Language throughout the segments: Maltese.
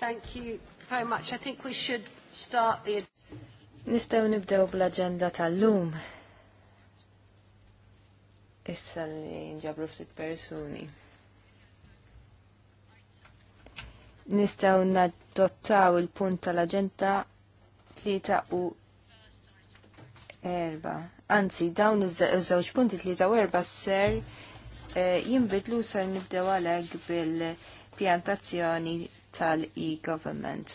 Thank you very much. I think we should start the... Nistaw nibdew bl-agenda tal-lum. Issa li nġabru ftit persuni. Nistaw nadottaw il-punt tal-agenda tlieta u erba. Anzi, dawn iż-żewġ punti tlieta u erba ser eh, jimbidlu sar nibdew għalek bil-pjantazzjoni tal-e-government.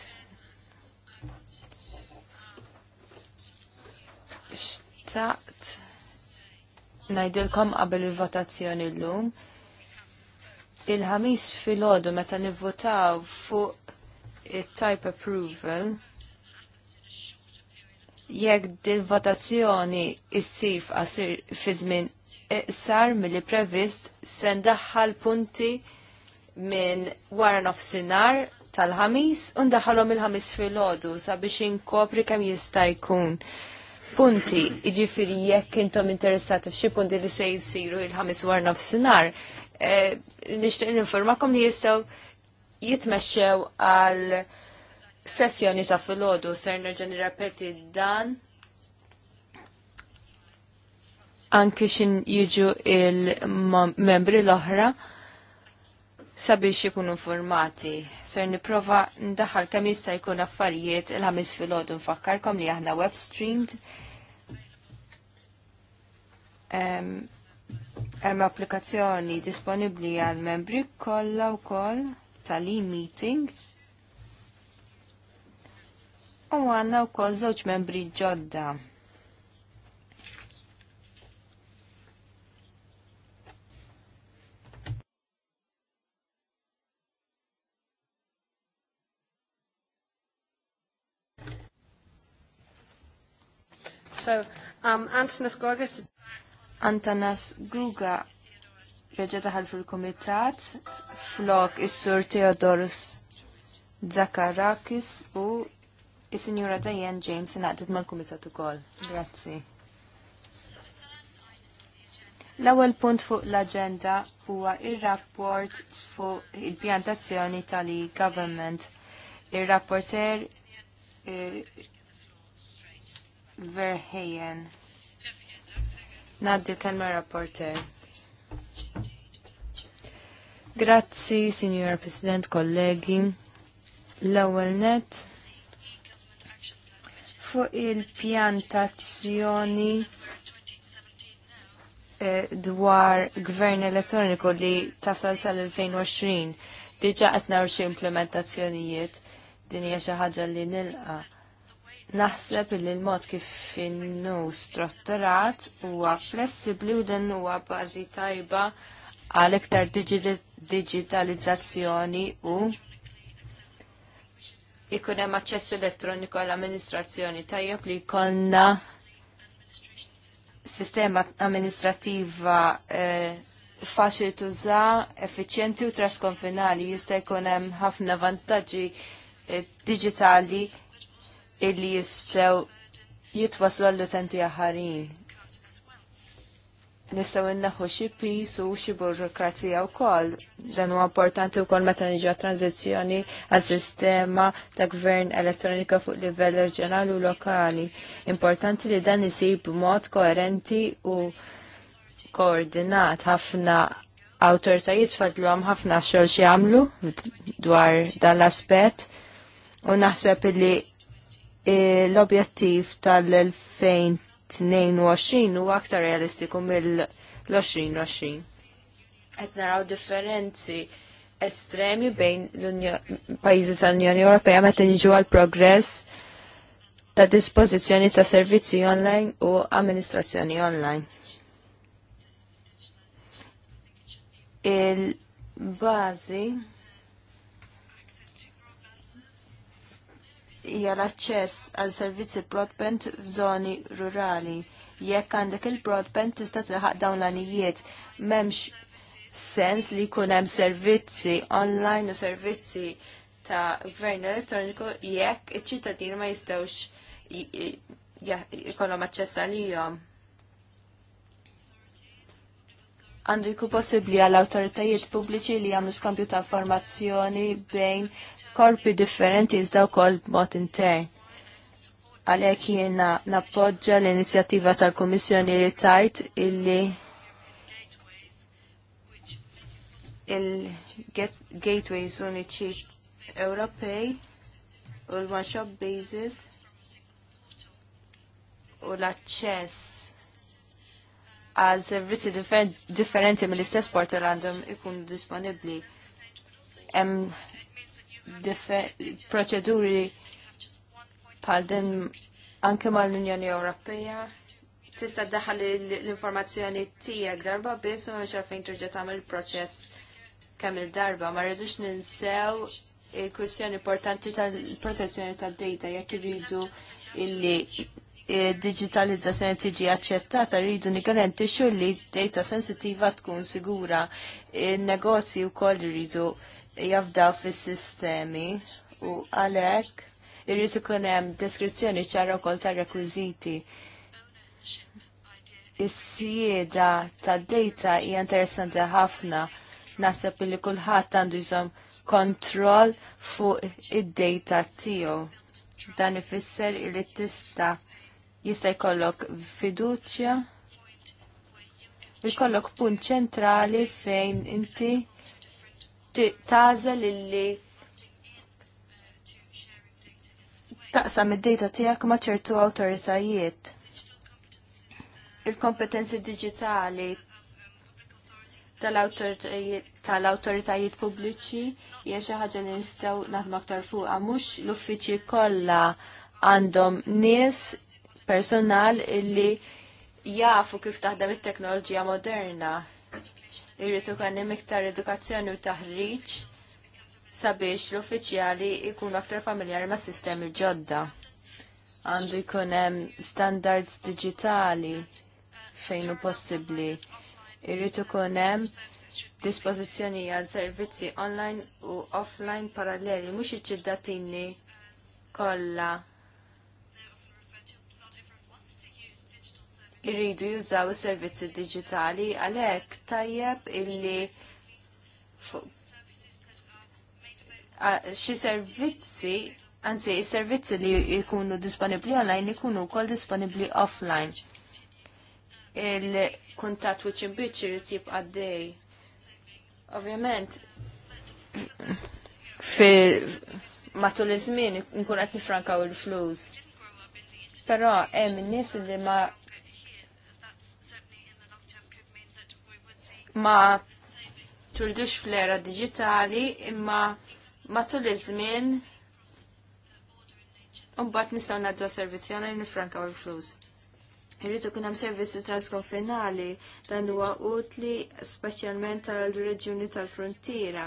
Xtaqt najdilkom qabel il-votazzjoni l-lum. Il-ħamis fil-ħodu meta nivvotaw fuq il-type approval, jekk dil-votazzjoni is-sif għasir fi żmien iqsar mill-li previst sendaħħal punti minn wara nofsinhar tal-ħamis u ndaħalhom il-ħamis fil-ħodu sabiex inkopri kemm jista' jkun punti, iġifiri jekk intom interessati f'xi punti li se jisiru il-ħamis war nofsinar, e, eh, nishtiq ninformakom li jistgħu jitmexxew għal sessjoni ta' filgħodu ser nerġa' nirrepeti dan anke xin jiġu il-membri l-oħra sabiex ikunu informati. Ser niprofa ndaħal kemm jista' jkun affarijiet il-ħamis filgħodu nfakkarkom li aħna web streamed. Hemm applikazzjoni disponibbli għal membri kollha wkoll tal-e-meeting. U għandna wkoll żewġ membri ġodda So, um, Antonas Gorgas. Antanas Guga reġa daħal fil-komitat flok is-sur Theodoros Zakarakis u is signora Diane James ingħaqdet mal-kumitat ukoll. Grazzi. L-ewwel punt fuq l-aġenda huwa ir-rapport fuq il-pjantazzjoni tal-government. Ir-rapporter eh, Verheyen. Naddi kalma rapporter. Grazzi, Signor President, kollegi. L-ewwel net fuq il-pjantazzjoni eh, dwar gvern elettroniku li tasal sal-2020 diġa qed nawr xi implementazzjonijiet din hija xi ħaġa li nilqa' Naħseb li l-mod kif innu strutturat huwa flessibli u dan huwa bażi tajba għal iktar digitalizzazzjoni u ikun hemm aċċess elettroniku għall amministrazzjoni tajjeb li jkollna sistema amministrattiva eh, faċli tuża, effiċjenti u traskonfinali jista' jkun hemm ħafna vantaġġi eh, digitali illi jistaw jitwaslu għall-utenti aħarin. Nistaw innaħu xi pis u xi burokrazija wkoll. Dan huwa importanti wkoll meta niġu tranzizjoni għas sistema ta' gvern elettronika fuq livell reġjonali u lokali. Importanti li dan isir b'mod koerenti u koordinat ħafna awtoritajiet għam ħafna xogħol xi jagħmlu dwar dan l-aspett u naħseb li l-objettiv tal-2022 huwa aktar realistiku mill-2020. Qed naraw differenzi estremi bejn l-pajjiżi tal-Unjoni Ewropea meta jiġu għal progress ta' dispożizzjoni ta' servizzi online u amministrazzjoni online. Il-bazi hija l-aċċess għal servizzi broadband f'żoni rurali. Jekk għandek il-broadband tista' tilħaq dawn l-anijiet m'hemmx sens li jkun hemm servizzi online u servizzi ta' gvern elettroniku jekk iċ-ċittadini ma jistgħux ikollhom aċċess għalihom. għandu jkun possibbli għall awtoritajiet pubbliċi li għamlu skompju ta' informazzjoni bejn korpi differenti iżda wkoll b'mod intern. Għalhekk jiena nappoġġa l-inizjattiva tal-Kummissjoni li tajt illi il-gateways uniċi Ewropej u l-one-shop basis u l-access għal servizzi differenti mill-istess portal għandhom ikunu disponibli. Hemm proċeduri pal din anke mal-Unjoni Ewropea tista' daħal l-informazzjoni tiegħek darba biss u mhux għalfejn terġa' tagħmel proċess kemm il-darba ma rridux ninsew il-kwistjoni importanti tal-protezzjoni tad-data jekk irridu illi digitalizzazzjoni tiġi aċċettata rridu nigarantixxu li data sensitiva tkun sigura. Il-negozji wkoll rridu jafdaw fis-sistemi u għalhekk irrid ikun hemm deskrizzjoni ċara wkoll ta' rekwiżiti Is-sieda tad-data hija interessanti ħafna. Naħseb li kulħadd għandu jżomm kontroll fuq id-data tiegħu. Dan ifisser li tista' jista' jkollok fiduċja jkollok punt ċentrali fejn inti tażel illi taqsam id-data tiegħek ma' ċertu awtoritajiet. Il-kompetenzi digitali tal-awtoritajiet pubbliċi hija xi ħaġa li nistgħu naħdmu aktar fuqha mhux l-uffiċċji kollha għandhom nies personal illi jafu kif taħdem it-teknoloġija moderna. Irritu kanni hemm iktar edukazzjoni u taħriġ sabiex l-uffiċjali jkunu aktar familjari mas sistemi ġodda. Għandu jkun hemm standards digitali fejn hu possibbli. Irrid ikun hemm dispożizzjoni għal servizzi online u offline paralleli mhux iċ-ċittadini kollha irridu jużaw is-servizzi digitali għalhekk tajjeb illi xi servizzi anzi is-servizzi li jkunu disponibbli online jkunu wkoll disponibbli offline. Il-kuntatt wiċċ imbiċċ irid jibqa' dej. Ovvjament fi matul iż-żmien nkun qed nifrankaw il-flus. Però hemm in nies li ma ma tuldux fl-era digitali imma matul iż-żmien Umbat nistaw naddu servizzi għana franka u flus Irritu kun hemm servizzi transkonfinali dan huwa utli speċjalment tal-reġjuni tal-frontiera.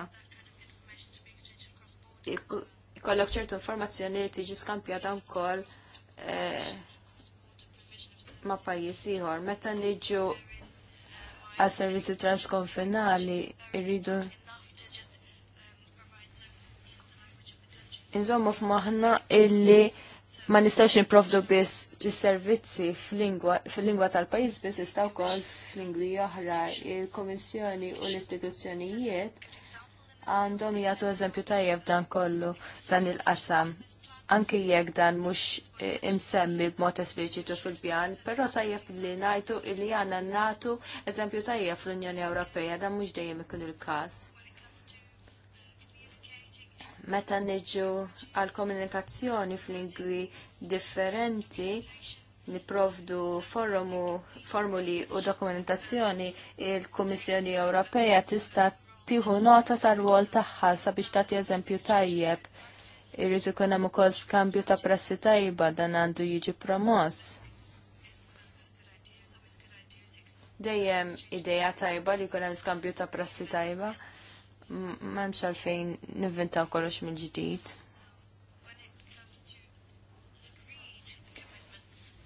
Ikollok ċertu informazzjoni li tiġi skampjata wkoll eh, ma' pajjiż ieħor. Meta niġu għas servizzi transkonfinali irridu Inżommu f'maħna illi ma nistax niprofdu biss is-servizzi fil-lingwa tal-pajjiż biss istaw wkoll fl-lingwi oħra il-Komissjoni u l-istituzzjonijiet għandhom jagħtu eżempju tajjeb dan kollu dan il-qasam anke jekk dan mhux eh, imsemmi b'mod espliċitu fil-pjan, però tajjeb li ngħidu li għandna nagħtu eżempju tajjeb fl-Unjoni Ewropea dan mhux dejjem ikun il-każ. Meta niġu għal komunikazzjoni f'lingwi differenti, niprovdu forumu, formuli u dokumentazzjoni, il-Kummissjoni Ewropea tista' tieħu nota tal-wol tagħha sabiex tagħti eżempju tajjeb irrid ikun hemm ukoll skambju ta' prassi tajba dan għandu jiġi promoss. Dejjem ideja tajba li jkun hemm skambju ta' prassi tajba. M'hemmx għalfejn nivvintaw kollox minn ġdid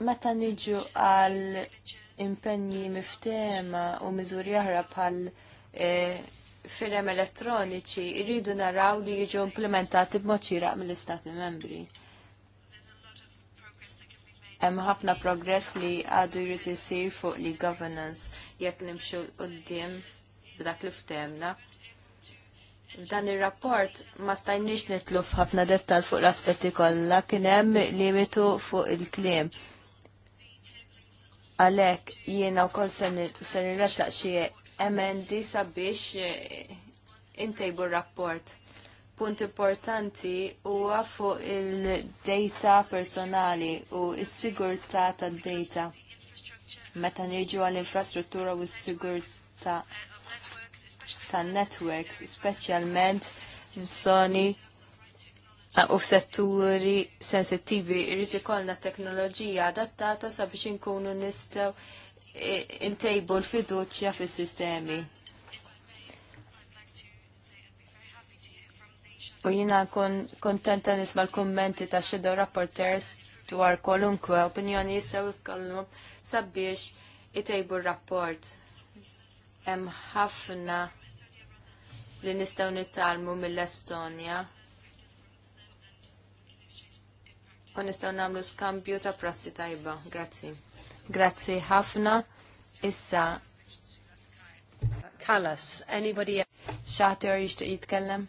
Meta niġu għal impenji miftema u miżuri oħra bħal eh, firem elettroniċi jridu naraw li jiġu implementati b'mod xieraq mill-Istati membri. Hemm ħafna progress li għadu jrid isir fuq li governance jekk nimxu l-qudiem b'dak li ftemna. F'dan ir-rapport ma stajniex nitlu f'ħafna dettal fuq l-aspetti kollha kien hemm limitu fuq il-kliem Għalhekk, jiena wkoll se sen nirrestaq emendi sabiex eh, intejbu rapport. Punt importanti huwa fuq il-data personali u s-sigurtà tad-data. Meta nirġu għall-infrastruttura u s-sigurtà tan-networks, speċjalment f'żoni eh, u f'setturi sensittivi irrid ikollna teknoloġija adattata sabiex inkunu nistgħu intejbu l-fiduċja fis-sistemi. U jina kon, kontenta nisma l-kommenti ta' xedo rapporters dwar kolunkwe opinjoni jistaw kollum sabiex itejbu rapport. Hemm ħafna li nistaw nitalmu mill-Estonja. U nistaw namlu skambju ta' prassi tajba. Grazzi. Grazie ħafna. Issa. Kallas, anybody else? Xaħter jishtiq jitkellem?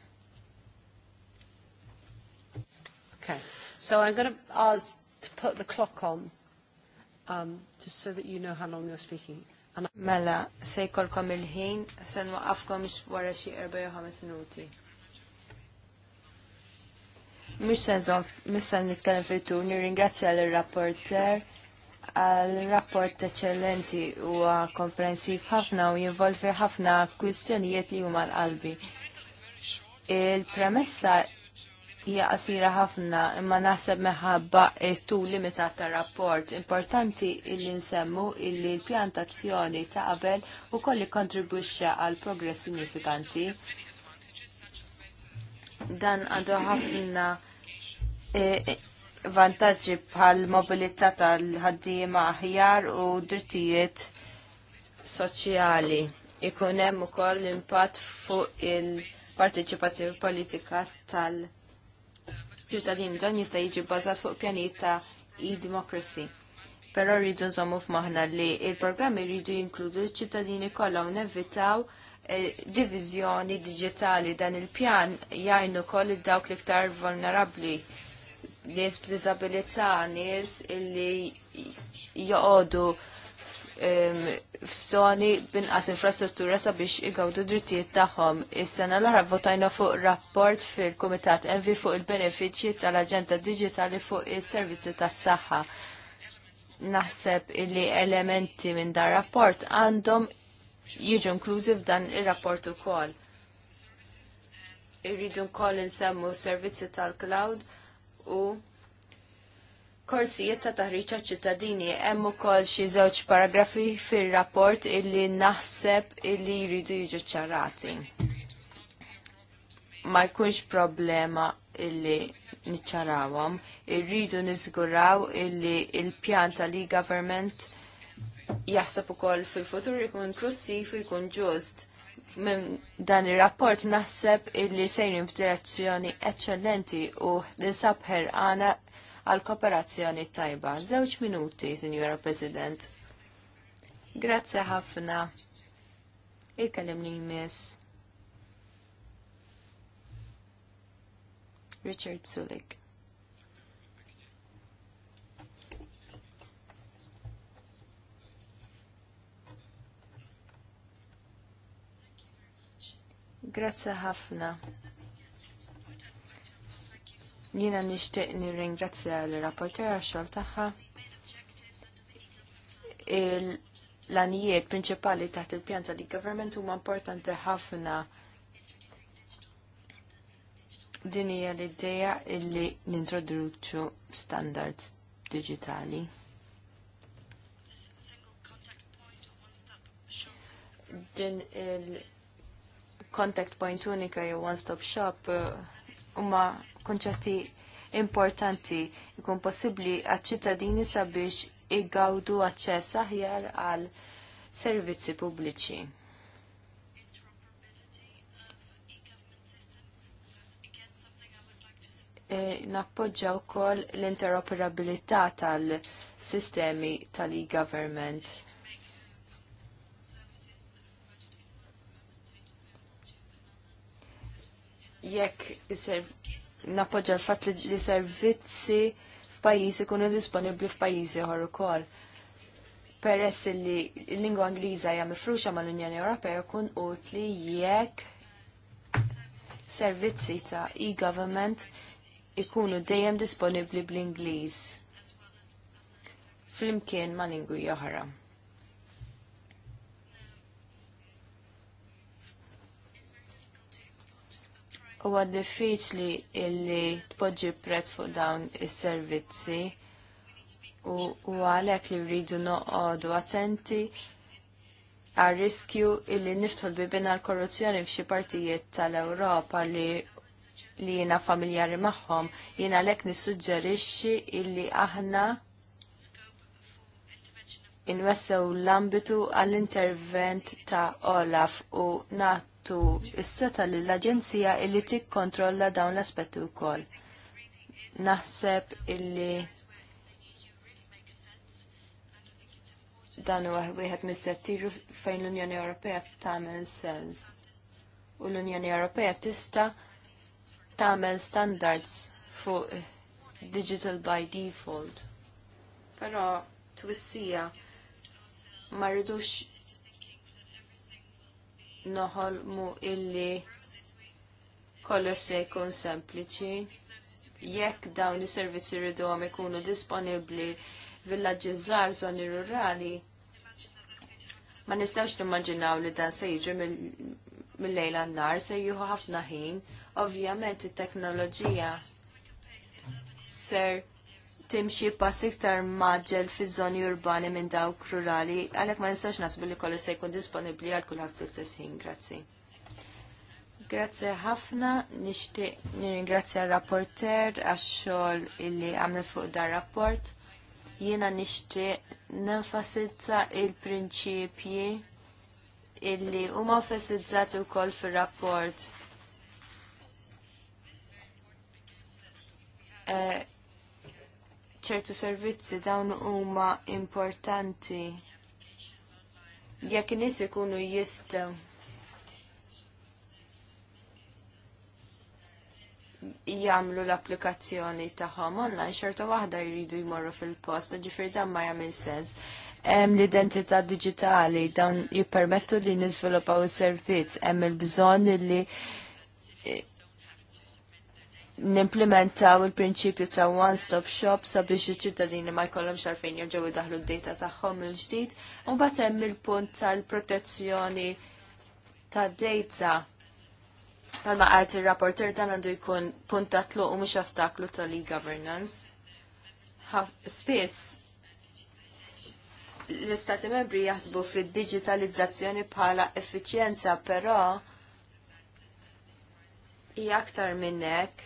Okay. So I'm going to ask to put the clock on, um, just so that you know how long you're speaking. And mela, se jkolkom il-ħin, sen waqafkom wara xi 45 minuti. Mux senżon, mish sen nitkellem fil-tur, nirringrazzja l-rapporter għal rapport eċċellenti huwa komprensiv ħafna u jinvolvi ħafna kwistjonijiet li huma l-qalbi. Il-premessa hija qasira ħafna imma naħseb meħabba tu limitat ta' rapport. Importanti illi nsemmu illi l-pjantazzjoni ta' qabel u kolli kontribuxxa għal progress sinifikanti. Dan għandu ħafna eh, vantaġġi bħal mobilità tal-ħaddiema aħjar u drittijiet soċjali. Ikun hemm ukoll impatt fuq il-partiċipazzjoni politika tal-ċittadini dan jista' jiġi bbażat fuq pjanijiet ta' e-democracy. Però rridu nżommu f'maħna li il-programmi rridu jinkludu l-ċittadini kollha u nevitaw eh, diviżjoni diġitali dan il-pjan jajnu koll id-dawk l-iktar vulnerabbli nies b'diżabilità, nies illi joqogħdu f'stoni bin as infrastruttura sabiex igawdu drittijiet tagħhom. Is-sena l-aħħar votajna fuq rapport fil-Kumitat Envi fuq il-benefiċċji tal-Aġenda Digitali fuq is-servizzi tas-saħħa. Naħseb illi elementi minn dar rapport għandhom jiġu inklużi f'dan ir-rapport ukoll. Irridu nkoll insemmu servizzi tal-cloud u korsijiet ta' taħriġ ċittadini hemm ukoll xi żewġ paragrafi fir-rapport illi naħseb illi jridu jiġu ċarati. Ma jkunx problema illi niċċarawhom, irridu niżguraw illi il-pjan tal e-government jaħseb ukoll fil-futur ikun inklusiv u jkun ġust dan il-rapport naħseb illi sejrin f'direzzjoni eccellenti u nisabħer għana għal kooperazzjoni tajba. Zewċ minuti, Signora President. Grazie ħafna. Il-kellem li jmiss. Richard Sulik. Grazzi ħafna. Jiena nixtieq nirringrazzja l-rapporter għax-xogħol tagħha. L-anijiet prinċipali taħt il-pjan tal-government huma importanti ħafna din hija l-idea illi nintroduċu standards digitali. Din il- contact point unika jew one-stop shop eh, huma konċetti importanti jkun possibbli għaċ-ċittadini sabiex igawdu aċċess aħjar għal servizzi pubbliċi. E, nappoġġa wkoll l-interoperabilità tal-sistemi tal-e-government. jekk napoġġa l-fatt li servizzi f'pajjiż ikunu disponibbli f'pajjiżi oħor ukoll. Peress li l-lingwa Angliża hija mifruxa mal-Unjoni Ewropea jkun utli jekk servizzi ta' e-government ikunu dejjem disponibbli bl-Ingliż flimkien ma' lingwi oħra. huwa diffiċli illi tpoġġi prezz fuq dawn is-servizzi u għalhekk li rridu noqogħdu attenti għal riskju illi niftu l korruzzjoni f'xi partijiet tal-Ewropa li li jiena familjari magħhom, jiena lek nissuġġerixxi illi aħna inwessew l-ambitu għall-intervent ta' Olaf u nat Tu s-seta l-Aġenzija illi tikkontrolla dawn l-aspetti u kol. Naħseb illi dan huwa wieħed mis-settiru fejn l-Unjoni Ewropea tagħmel sens. U l-Unjoni Ewropea tista' tagħmel standards fuq digital by default. Però twissija ma rridux noħolmu illi kollox se jkun sempliċi. Jekk dawn is-servizzi rridu ikunu disponibbli villaġġi żgħar żoni rurali, ma nistgħux nimmaġinaw li dan se jiġri mill-lejla n-nar se jieħu ħafna ħin, ovvjament it-teknoloġija ser timxi pass iktar maġġel fi zoni urbani minn dawk rurali, għalhekk ma nistax nasbu li kollu se jkun disponibbli għal kulħadd fl-istess ħin. Grazzi. Grazzi ħafna, nixtieq nirringrazzja r-rapporter għax-xogħol illi għamlet fuq dar rapport. Jiena nixtieq nenfasizza il-prinċipji illi huma fesizzati wkoll fir-rapport. Eh, ċertu servizzi dawn huma importanti jekk nies ikunu jistgħu jagħmlu l-applikazzjoni tagħhom online xorta waħda jridu jmorru fil-post, ġifier dan ma jagħmel sens. Hemm l-identità diġitali dawn jippermettu li niżviluppaw is-servizz, hemm il-bżonn li nimplementaw il-prinċipju ta' one-stop shop sabiex iċ-ċittadini ma jkollhom xarfejn jerġgħu jdaħlu d-data tagħhom il-ġdid u mbagħad hemm il-punt tal-protezzjoni tad-data Palma qalt ir rapporter dan għandu jkun punt ta' tluq u mhux ostaklu tal-e-governance. Spiss, l-istati membri jaħsbu fid digitalizzazzjoni bħala effiċjenza, però hija aktar minnek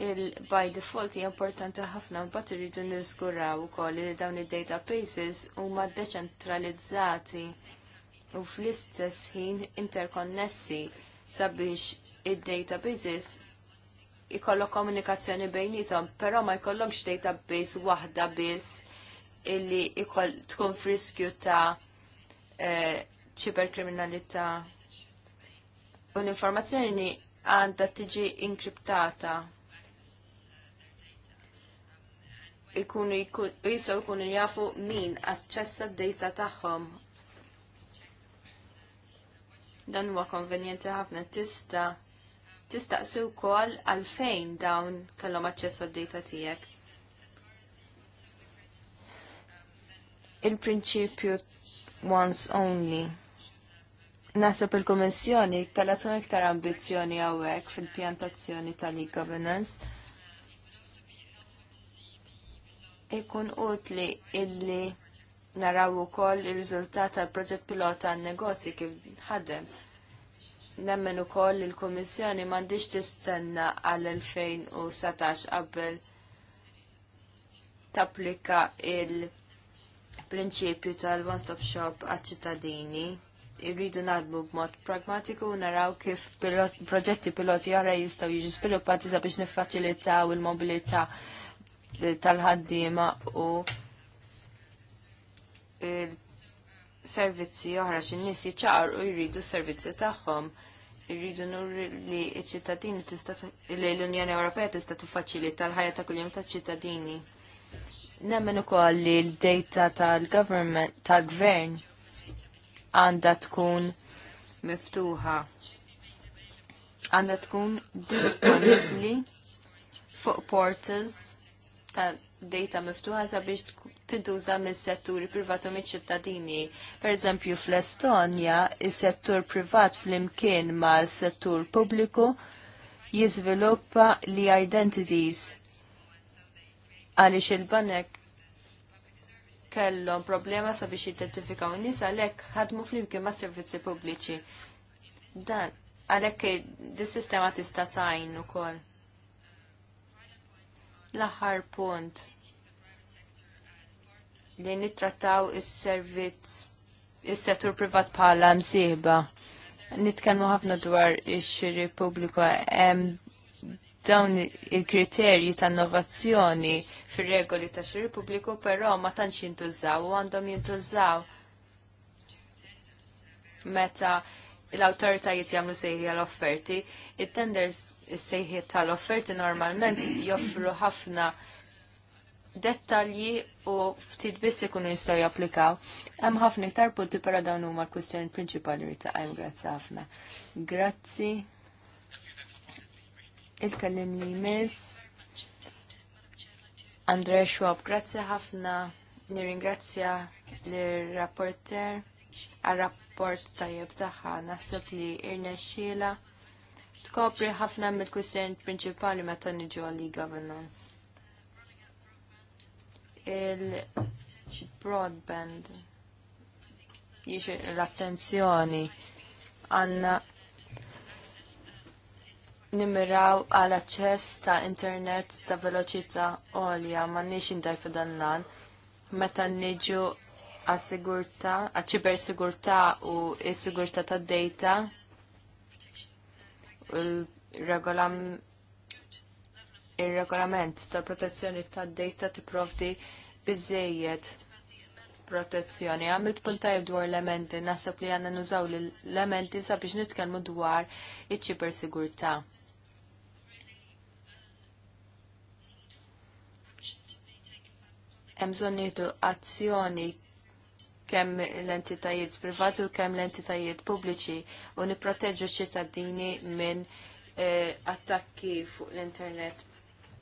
il-by default hija importanti ħafna mbagħad irridu niżguraw ukoll li dawn id-databases huma deċentralizzati u fl-istess ħin interkonnessi sabiex id-databases ikollok komunikazzjoni bejnietom, però ma jkollokx database waħda biss illi ikoll tkun friskju ta' eh, ċiberkriminalità. u l-informazzjoni għandha tiġi inkriptata ikunu jisaw ikunu jafu min aċċessa d-data tagħhom. Dan huwa konvenjenti ħafna tista tistaqsi wkoll għalfejn dawn kellhom aċċessa d-data tiegħek. Il-prinċipju once only. Nasab il kummissjoni tal-azzjoni iktar ambizzjoni għawek fil-pjantazzjoni tal-e-governance ikun utli illi naraw ukoll ir-riżultat tal-proġett pilota għan-negozji kif ħadem. Nemmen ukoll il-Kummissjoni m'għandix tistenna għal 2017 qabel tapplika il-prinċipju tal-one stop shop għal-ċittadini. Irridu naħdmu b'mod pragmatiku u naraw kif proġetti piloti oħra jistgħu jiġi sviluppati sabiex niffaċilitaw il-mobilità il mobilita il mobilità tal-ħaddiema u servizzi oħra x'in-nies jiċċaqar u jridu s-servizzi tagħhom. Irridu nur li ċ-ċittadini tista' li l-Unjoni Ewropea tista' tiffaċilita l-ħajja ta' kuljum taċ-ċittadini. Nemmen ukoll li l-data tal-government tal-gvern għandha tkun miftuħa. Għandha tkun disponibbli fuq portals ta' data miftuħa sabiex tintuża mis-setturi privatu miċ-ċittadini. Per eżempju, fl-Estonja, is-settur privat fl-imkien ma' settur pubbliku jiżviluppa li identities għaliex il-banek kellhom problema sabiex jidentifikaw nies għalhekk ħadmu flimkien ma' servizzi pubbliċi. Dan għalhekk dis-sistema tista' tajn ukoll. L-aħħar punt li nittrattaw is-servizz is-settur privat bħala msieba. Nitkellmu ħafna dwar ix-xiri pubbliku hemm dawn il-kriterji ta' innovazzjoni fir-regoli ta' xiri pubbliku, però ma tantx jintużaw u għandhom jintużaw meta l-awtoritajiet jagħmlu sejħi għall-offerti, it-tenders is-sejħiet tal-offerti normalment joffru ħafna dettalji u ftit biss ikunu jistgħu japplikaw. Hemm ħafna iktar punti però dawn huma l-kwistjoni prinċipali li taqajm grazzi ħafna. Grazzi. Il-kellim li miss. Andre Schwab, grazzi ħafna. Nirringrazzja l-rapporter għal rapport tajjeb tagħha. Naħseb li irnexxiela tkopri ħafna mill-kwistjoni prinċipali meta niġu għal governance. Il-broadband jiex l-attenzjoni għanna nimiraw għal aċċess ta' internet ta' veloċità għolja ma' nix indaj dan meta niġu għas-sigurta, għal sigurta u s-sigurta ta' data il-regolament tal-protezzjoni tad-data tipprovdi bizzejiet protezzjoni. Għamilt puntajb dwar elementi, nasab li għanna nużaw l-elementi sabiex nitkelmu dwar iċ-ċiber sigurta. Emżon azzjoni kemm l-entitajiet privati u kemm l-entitajiet pubbliċi u niproteġu ċittadini minn eh, attakki fuq l-internet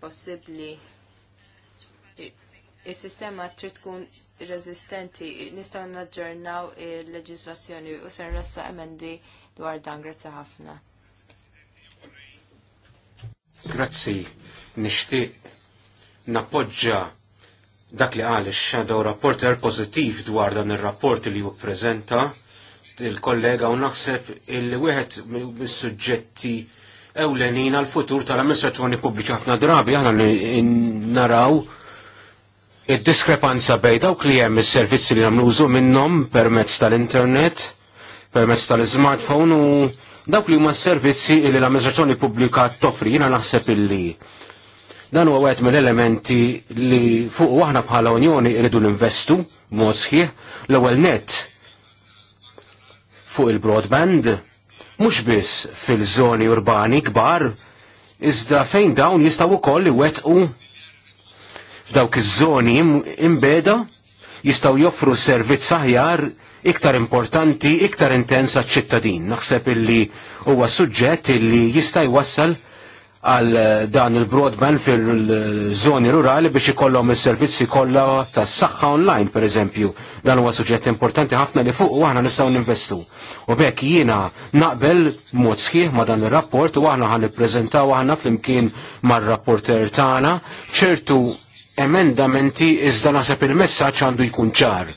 possibbli. Is-sistema trid tkun resistenti, nistgħu naġġornaw il-leġiżlazzjoni u se nrassa emendi dwar dan grazzi ħafna. Grazzi, nixtieq nappoġġa dak li għal shadow rapporter pozitiv dwar dan il-rapport li ju prezenta il-kollega u naħseb il-wieħed mis-suġġetti ewlenin għal futur tal-amministrazzjoni pubbliċa ħafna drabi aħna naraw id-diskrepanza bej dawk li hemm is-servizzi li nagħmlu użu minnhom permezz tal-internet, permezz tal-smartphone u dawk li huma s-servizzi li l-amministrazzjoni pubblika toffri. Jiena naħseb illi Dan huwa wieħed mill-elementi li fuq aħna bħala Unjoni irridu ninvestu investu sħiħ l-ewwel net fuq il-broadband mhux biss fil-żoni urbani kbar iżda fejn dawn jistgħu wkoll iwettqu f'dawk iż-żoni imbeda jistgħu joffru servizz aħjar iktar importanti, iktar intens għal ċittadin. Naħseb illi huwa suġġett illi jista' jwassal għal eh, dan il-broadband fil-żoni rurali biex ikollhom is-servizzi kollha tas-saħħa online pereżempju. Dan huwa suġġett importanti ħafna li fuq u aħna nistgħu ninvestu. U bekk jiena naqbel mod sħiħ ma' dan ir-rapport u aħna ħan nippreżentaw aħna flimkien mar-rapporter tagħna ċertu emendamenti iżda naħseb il-messaġġ għandu jkun ċar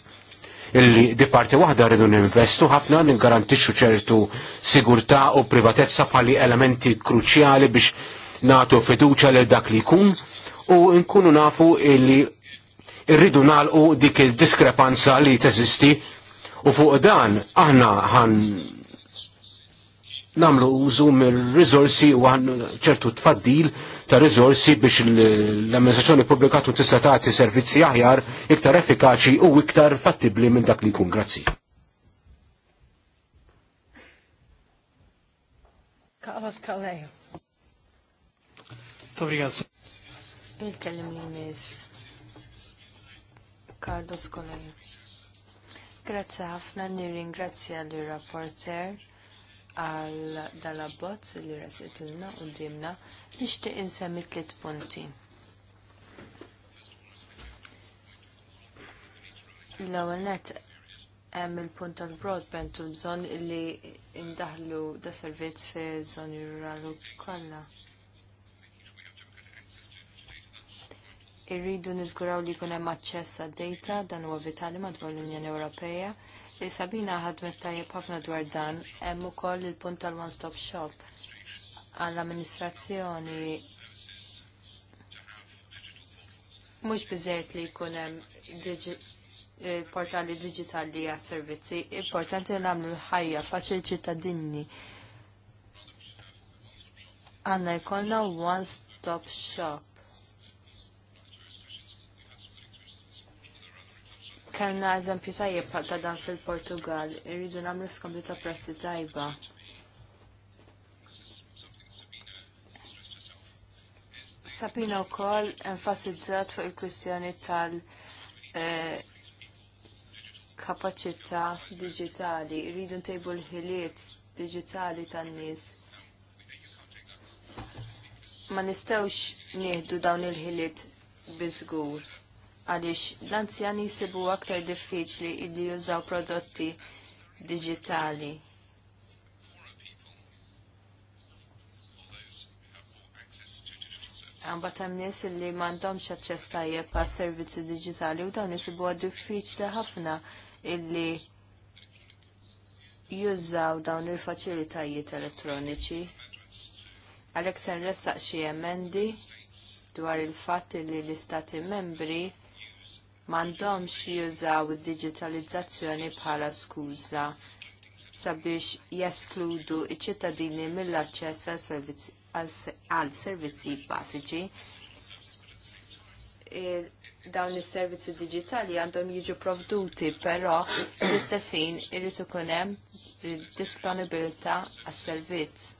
illi di parti waħda rridu ninvestu ħafna ningarantixxu ċertu sigurtà u privatezza bħali elementi kruċjali biex nagħtu fiduċja lil dak li jkun u nkunu nafu illi rridu nagħlqu dik il-diskrepanza li teżisti u fuq dan aħna ħan namlu użu mir-riżorsi u ċertu tfaddil ta' rizorsi biex l-amministrazzjoni pubblika tkun tista' tagħti servizzi aħjar iktar effikaċi u iktar fattibbli minn dak li jkun grazzi. Carlos Callejo. Tobrigazzo. Il-kellim li miz. Carlos Grazie ħafna nirringrazzja l-rapporter għal dal-abbozz li rasitilna u dimna nixtieq insemmi tliet punti. L-ewwel net hemm il-punt tal-broadband u bżonn li indaħlu da servizz fi żoni rurali kollha. Irridu niżguraw li jkun hemm aċċess għad-data dan huwa vitali madwar l-Unjoni Ewropea li Sabina ħadmet tajjeb ħafna dwar dan, hemm ukoll il-punt tal-one stop shop għall-amministrazzjoni mhux biżejt li jkun hemm eh, portali digitali għas servizzi, importanti li nagħmlu l-ħajja faċil ċittadini. Għanna jkollna one stop shop kellna eżempju tajjeb ta' dan fil-Portugal, irridu nagħmlu skambju ta' prezzi tajba. Sabina wkoll enfasizzat fuq il-kwistjoni tal- eh, kapaċità diġitali, irridu ntejbu l-ħiliet diġitali tan-nies. Ma nistgħux nieħdu dawn il-ħiliet biżgur għaliex l-anzjani jisibu aktar diffiċli illi jużaw prodotti digitali. Għamba tam nies li mandom xaċċess tajjeb pa' servizzi digitali u dawn jisibu diffiċli ħafna illi jużaw dawn il-faċilitajiet elettroniċi. Għalek sen ressaq xie emendi dwar il-fat li l-istati membri mandomx jużaw digitalizzazzjoni bħala skuża sabiex jeskludu iċ-ċittadini mill-aċċess għal servizzi basiċi. E, dawn is-servizzi digitali għandhom jiġu provduti, però fl istess ħin irid ikun hemm disponibilità għas-servizz.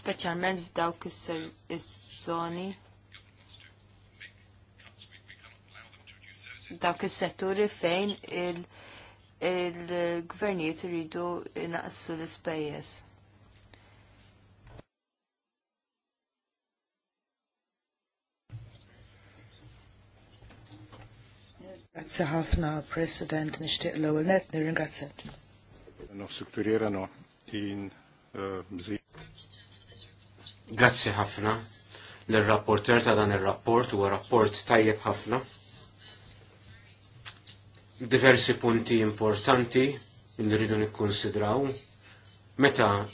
Speċjalment f'dawk is-żoni dawk is-setturi fejn il-gvernijiet il iridu naqsu l-ispejjeż. Grazzi ħafna, President, nishtiq l ewel net nirringrazzjak. No strukturiera no in eh, Grazzi ħafna l-rapporter ta' dan ir rapport huwa rapport tajjeb ħafna diversi punti importanti li rridu nikkonsidraw meta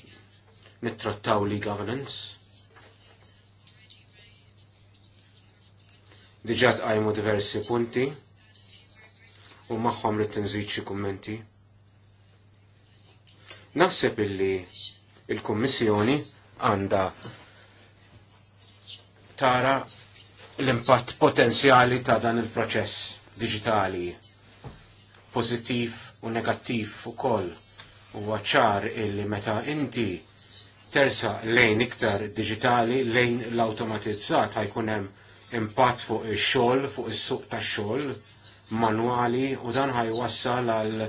nittrattaw li governance. Diġat tqajmu diversi punti u magħhom li tinżid xi kummenti. Naħseb illi il-Kummissjoni għandha tara l-impatt potenzjali ta' dan il-proċess digitali pozittiv u negattiv u koll. U ċar illi meta inti tersa lejn iktar digitali, lejn l-automatizzat ħajkunem hemm impatt fuq il xogħol fuq is-suq tax-xogħol manwali u dan ħajwassal għal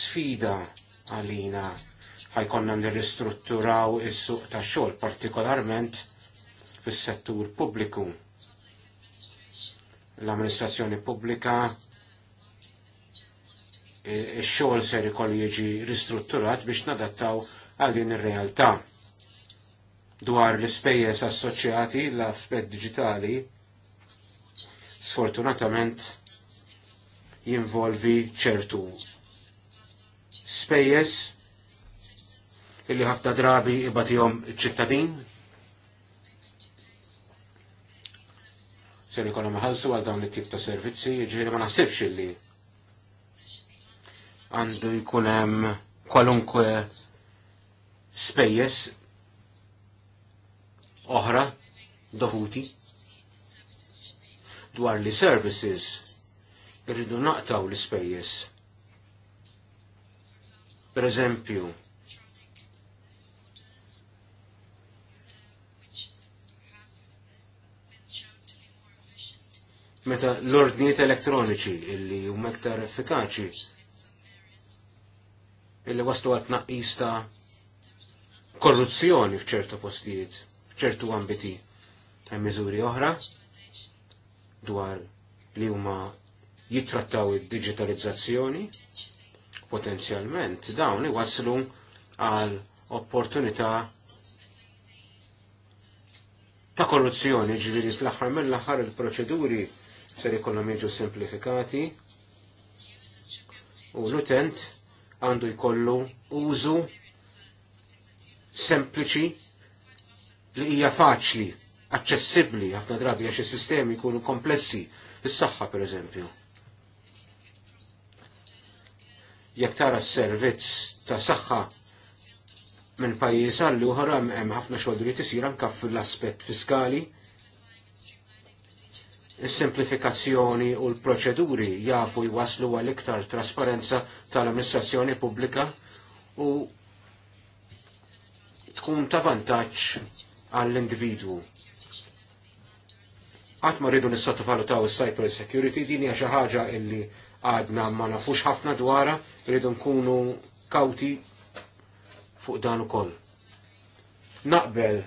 sfida għalina ħajkonna nirristrutturaw is-suq tax-xogħol, partikolarment fis-settur pubbliku l-amministrazzjoni pubblika il xogħol ser ikollu jiġi ristrutturat biex nadattaw għal din ir-realtà. Dwar l-ispejjeż assoċjati l-aspett diġitali sfortunatament jinvolvi ċertu spejjeż illi ħafna drabi ibatihom iċ-ċittadin ser ikollhom iħallsu għal dawn it-tip ta' servizzi, jiġri ma naħsibx illi għandu jkun hemm kwalunkwe spejjeż oħra dovuti dwar li services irridu naqtaw l-ispejjeż. Per eżempju, meta l-ordnijiet elettroniċi illi huma iktar effikaċi illi waslu għat naqis ta' korruzzjoni f'ċertu postijiet, f'ċertu ambiti. ta' miżuri oħra dwar li huma jittrattaw id-digitalizzazzjoni, potenzjalment dawn iwaslu għal opportunità ta' korruzzjoni, ġviri fl-axar mill-axar il-proċeduri ser ikollhom jiġu simplifikati u l-utent għandu jkollu użu sempliċi li hija faċli, aċċessibbli ħafna drabi għax is-sistemi jkunu komplessi, fis saħħa pereżempju. Jekk tara s-servizz ta' saħħa minn pajjiż għall oħra hemm ħafna xogħol li tisir anke fl-aspett fiskali is-simplifikazzjoni u l-proċeduri jafu jwaslu għal iktar trasparenza tal-amministrazzjoni pubblika u tkun ta' vantaġġ għall-individwu. Qatt ma rridu nissottovalutaw is-cyber security din hija xi ħaġa illi għadna ma nafux ħafna dwarha, rridu nkunu kawti fuq dan ukoll. Naqbel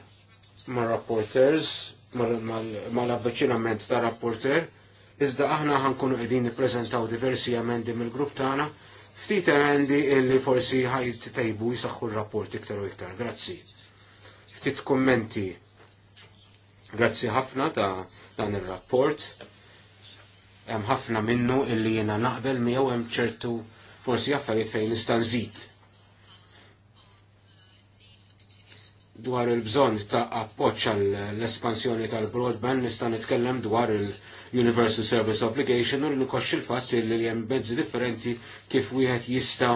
ma' rapporters mal-avveċinament ta' rapporter, iżda aħna ħankunu qegħdin nippreżentaw diversi amendi mill-grupp tagħna, ftit emendi illi forsi ħajt tejbu jisaxħu r-rapport iktar u iktar. Grazzi. Ftit kommenti. Grazzi ħafna ta' dan ir-rapport. Hemm ħafna minnu illi jiena naqbel miegħu hemm ċertu forsi affarijiet fejn nista' nżid dwar il-bżonn ta' appoġġ għall-espansjoni tal-broadband nista' nitkellem dwar il-Universal Service Obligation u nikoxx il-fatt li hemm mezzi differenti kif wieħed jista'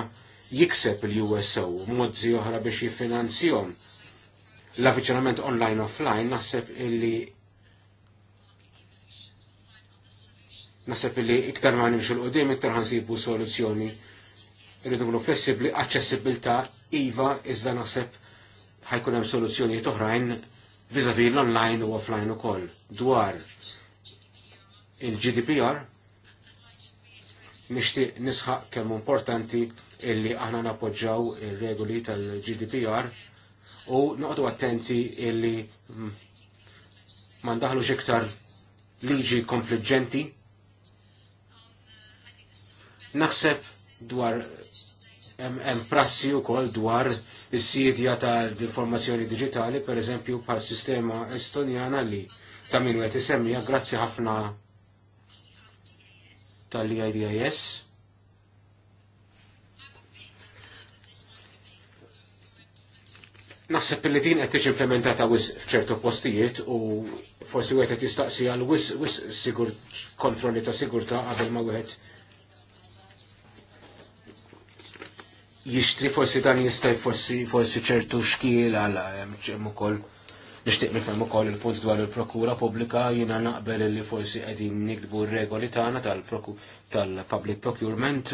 jikseb il-USO mozzi oħra biex jiffinanzjhom. l avvicinament online offline naħseb illi naħseb illi iktar ma nimxu l-qudiem iktar ħansibu soluzzjoni irridu flessibbli, aċċessibilità iva iżda naħseb ħajkun hemm soluzzjonijiet oħrajn viżavi l-online u offline ukoll dwar il-GDPR nixtieq nisħaq kemm importanti illi aħna napoġġaw il regoli tal-GDPR u noqdu attenti illi mandaħlu ndaħlux iktar liġi konfliġġenti. Naħseb dwar hemm prassi wkoll dwar is-sidja tal-informazzjoni digitali, per eżempju, bħal sistema estonjana li ta' min għet isemmija, grazzi ħafna tal-IDIS. Naħseb li din qed tiġi implementata wis f'ċertu postijiet u forsi wieħed qed jistaqsi għal wis wis sigur kontrolli ta' sigurtà qabel ma wieħed jishtri forsi dan jistaj forsi forsi ċertu xkiel għal hemm eh, ukoll nixtieq nifhem ukoll il-punt dwar il-prokura pubblika jiena naqbel li forsi qegħdin nikdbu r-regoli tagħna tal-public procurement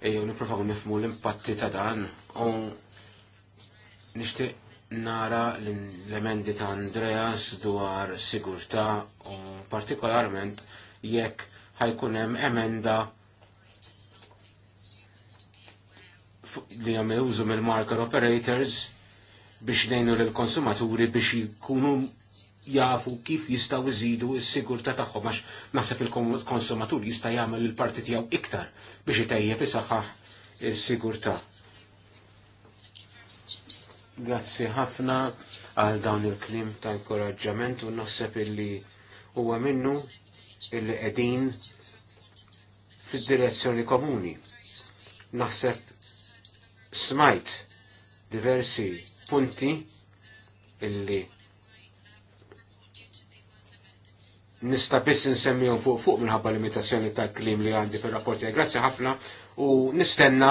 ejjew nippruvaw nifmu l-impatti ta' dan u nixtieq nara l-emendi ta' Andreas dwar sigurtà u partikolarment jekk ħajkun hemm emenda li jagħmel użu mill-marker operators biex nejnu l-konsumaturi biex jkunu jafu kif jistaw iżidu s-sigurta tagħhom għax naħseb il-konsumatur jista' jagħmel il-parti tiegħu iktar biex itejjeb isaħħaħ is-sigurta. Grazzi ħafna għal dawn il-klim ta' inkoraġġament u naħseb illi huwa minnu illi qegħdin fid-direzzjoni komuni. Naħseb smajt diversi punti illi nista biss nsemmihom fuq fuq minħabba limitazzjoni ta' klim li għandi fir-rapporti. Grazzi ħafna u nistenna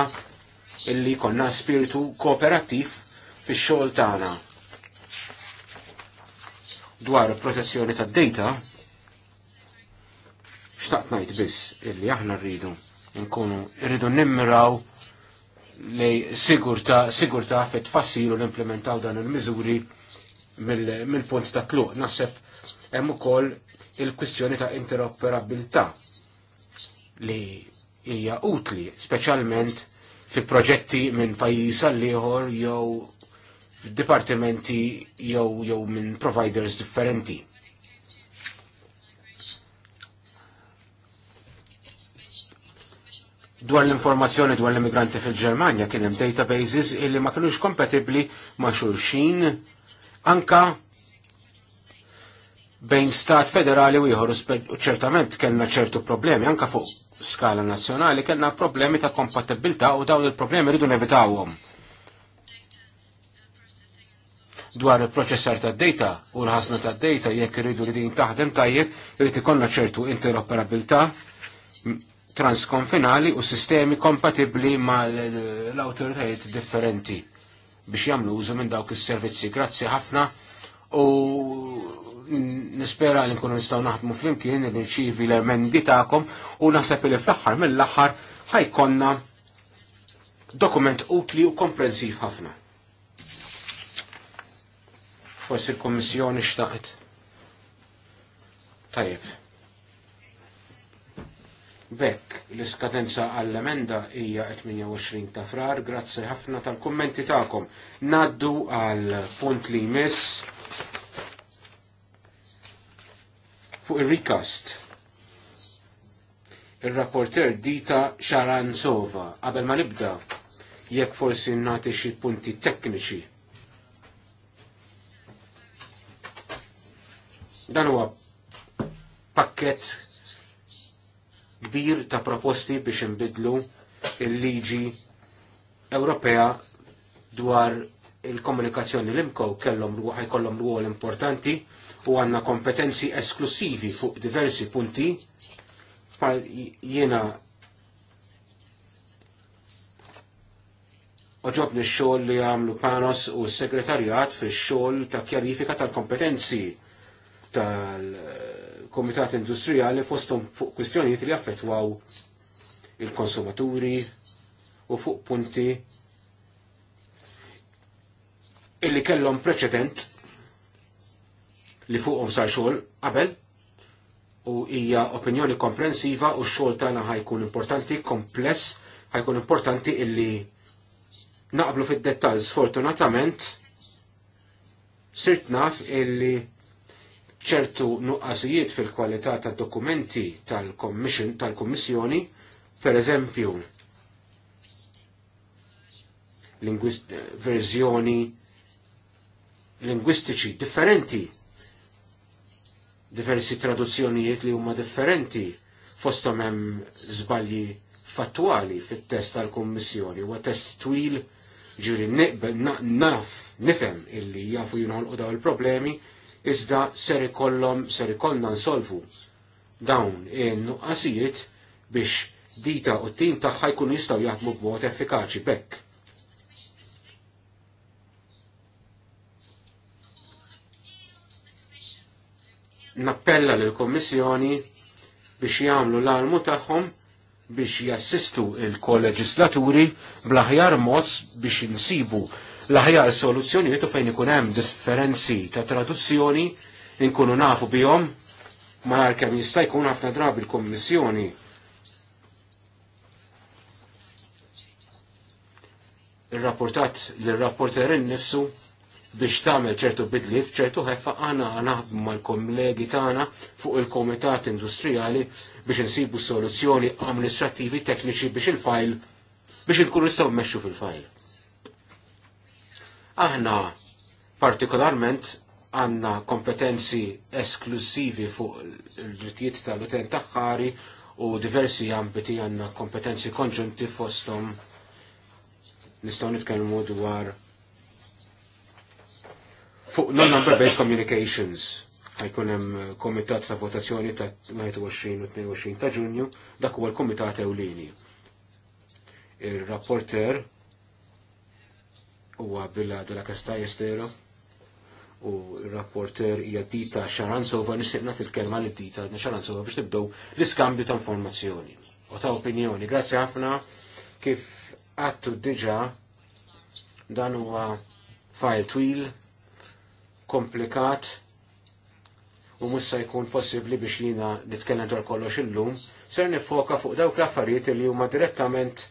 illi konna spiritu kooperattiv fix xogħol tagħna dwar protezzjoni tad data xtaqt ngħid biss illi aħna rridu nkunu rridu nimmiraw lej sigurta, sigurta fit tfassil l-implementaw dan il-mizuri mill-punt ta' tluq. Naħseb hemm ukoll il-kwistjoni ta' interoperabilità li hija utli, speċjalment fi proġetti minn pajjiż għal ieħor jew dipartimenti jew jew minn providers differenti. dwar l-informazzjoni dwar l-immigranti fil-Ġermanja kien hemm databases illi ma kinux kompatibbli ma' xulxin anka bejn stat federali u ieħor u ċertament kellna ċertu problemi anka fuq skala nazzjonali kellna problemi ta' kompatibilità u dawn il-problemi rridu nevitawhom. Dwar il-proċessar ta' data u l-ħasna ta' data jekk irridu li din taħdem tajjeb irid ikollna ċertu interoperabilità transkonfinali u sistemi kompatibli mal-autoritajiet differenti biex jagħmlu użu minn dawk is-servizzi. Grazzi ħafna u nispera li nkunu nistgħu naħdmu flimkien li nċivi l-emendi tagħkom u naħseb li fl-aħħar mill-aħħar ħajkonna dokument utli u komprensiv ħafna. Forsi l-Kommissjoni xtaqet. Tajjeb. Bekk l-iskadenza għall-emenda hija 28 ta' frar, grazzi ħafna tal-kummenti tagħkom. Naddu għal punt li jmiss fuq ir-recast. Ir-rapporter Dita Xaranzova, qabel ma nibda, jekk forsi nagħti xi punti tekniċi. Dan huwa pakket kbir ta' proposti biex imbidlu il-liġi Ewropea dwar il-komunikazzjoni l-imkow kellhom ħajkollhom rwol importanti u għandna kompetenzi esklusivi fuq diversi punti bħal jiena oġobni x-xogħol li għamlu Panos u s-segretarjat fix-xogħol ta' kjarifika tal-kompetenzi tal-, -kompetenzi tal komitat industrijali fostom fuq kwistjonijiet li affettwaw il-konsumaturi u fuq punti illi kellhom preċedent li fuqhom sar xogħol qabel u hija opinjoni komprensiva u x-xogħol tagħna ħajkun importanti, kompless, ħajkun importanti illi naqblu fid-dettall sfortunatament sirt naf illi ċertu nuqqasijiet fil-kwalità tad dokumenti tal-Commission tal-Kummissjoni, per eżempju, verżjoni lingwistiċi differenti, diversi traduzzjonijiet li huma differenti, fostom hemm żbalji fattuali fit-test tal-Kummissjoni, huwa test twil ġiri naf, nifem illi jafu jinħolqu daw il-problemi, iżda ser ikollhom ser ikollna nsolvu dawn in-nuqqasijiet biex dita u t-tim tagħha jkunu jistgħu jaħdmu b'mod effikaċi bekk. Nappella lill kommissjoni biex jagħmlu l-almu tagħhom biex jassistu il-kolleġislaturi blaħjar mod biex insibu l-aħjar soluzzjoni u fejn ikun hemm differenzi ta' traduzzjoni inkunu nafu bihom ma kemm jista' jkun ħafna drabi l-Kommissjoni. Ir-rapportat lir-rapporter innifsu biex tagħmel ċertu bidli ċertu ħeffa għana naħdmu mal-kollegi tagħna fuq il-Komitat Industrijali biex insibu soluzzjoni amministrativi tekniċi biex il-fajl biex inkunu nistgħu mmexxu fil-fajl. Aħna partikolarment għanna kompetenzi esklusivi fuq il-drittijiet tal-utent taħħari u diversi ambiti għanna kompetenzi konġunti fostom nistaw nitkellmu dwar fuq non-number based communications ħajkun hemm komitat ta' votazzjoni ta' 21 u 22 ta' Ġunju, dak huwa l-komitat ewlieni. Il-rapporter u Billa della kasta Stero u rapporter hija Dita Xaransova nisiqna til kelma li Dita Xaransova biex tibdow l-iskambju ta' informazzjoni u ta' opinjoni. Grazzi ħafna kif għattu diġa dan huwa fajl twil, komplikat u mussa jkun possibli biex jina nitkellem dwar kollox illum, ser nifoka fuq dawk l-affarijiet li huma direttament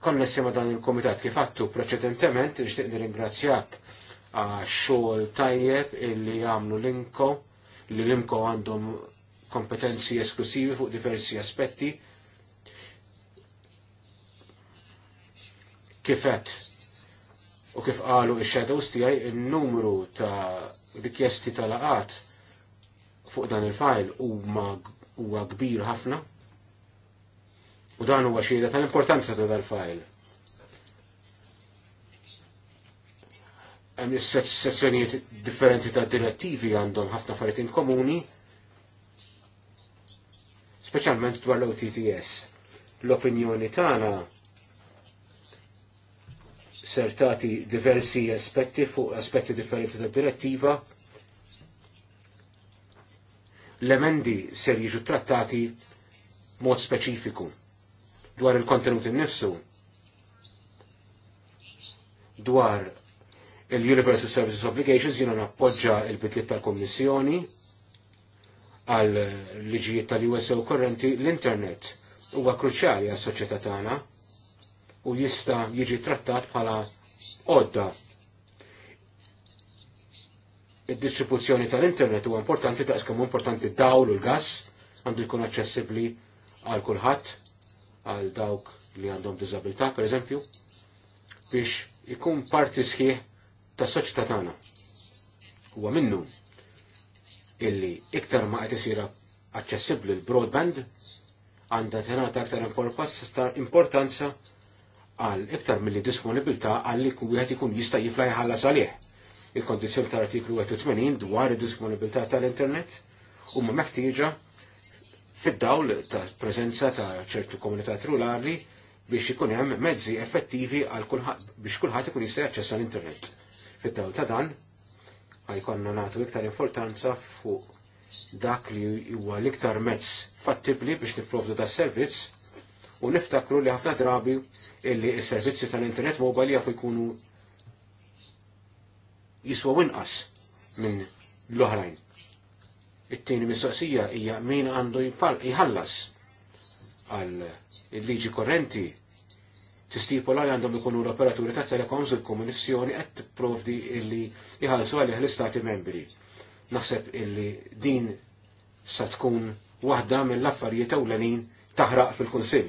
konnessi ma dan il-komitat kif għattu preċedentement nixtieq nirringrazzjak għax-xogħol tajjeb illi għamlu l-inko li l inko għandhom kompetenzi esklusivi fuq diversi aspetti. Kifet u kif qalu ix-shadows tiegħi in-numru ta' rikjesti tal-laqat fuq dan il-fajl huma huwa kbir ħafna. U dan huwa xhieda tal-importanza ta' dal-fajl. Hemm is-sezzjonijiet differenti ta' direttivi għandhom ħafna affarijiet komuni, speċjalment dwar l-OTTS. L-opinjoni tagħna sertati diversi aspetti fuq aspetti differenti tad direttiva. L-emendi ser jiġu trattati mod speċifiku dwar il-kontenut innifsu dwar il-Universal Services Obligations jiena nappoġġa il-bidliet tal-Kommissjoni għal liġijiet tal u korrenti l-internet huwa kruċjali għas soċjetà tagħna u jista' jiġi trattat bħala għodda id-distribuzzjoni tal-internet huwa importanti daqs kemm importanti dawl u l-gass għandu jkun aċċessibbli għal kulħadd għal dawk li għandhom diżabilità, per eżempju, biex ikun parti sħiħ tas soċjetà tagħna. Huwa minnu illi iktar ma qed isir aċċessibbli l-broadband għandha tingħata aktar importanza għal iktar milli disponibilità għal li wieħed ikun jista' jifla jħalla salih. Il-kondizzjoni tal-artiklu 80 dwar id-disponibilità tal-internet huma meħtieġa fid-dawl ta' preżenza ta' ċertu komunità rurali biex ikun hemm mezzi effettivi għal kulħadd biex kulħadd ikun jista' jaċċessa l-internet. Fid-dawl ta' dan ħajkonna nagħtu iktar importanza fuq dak li huwa l-iktar mezz fattibli biex nipprovdu da' servizz u niftakru li ħafna drabi illi s-servizzi tal-internet mobile jafu jkunu jiswa winqas minn l-oħrajn. It-tieni mistoqsija hija min għandu jħallas għal il-liġi korrenti tistipula li għandhom ikunu l-operaturi ta' telekoms il-komunissjoni qed tipprovdi illi jħallsu għalih l-istati membri. Naħseb illi din sa tkun waħda mill-affarijiet ewlenin taħraq fil-Kunsill.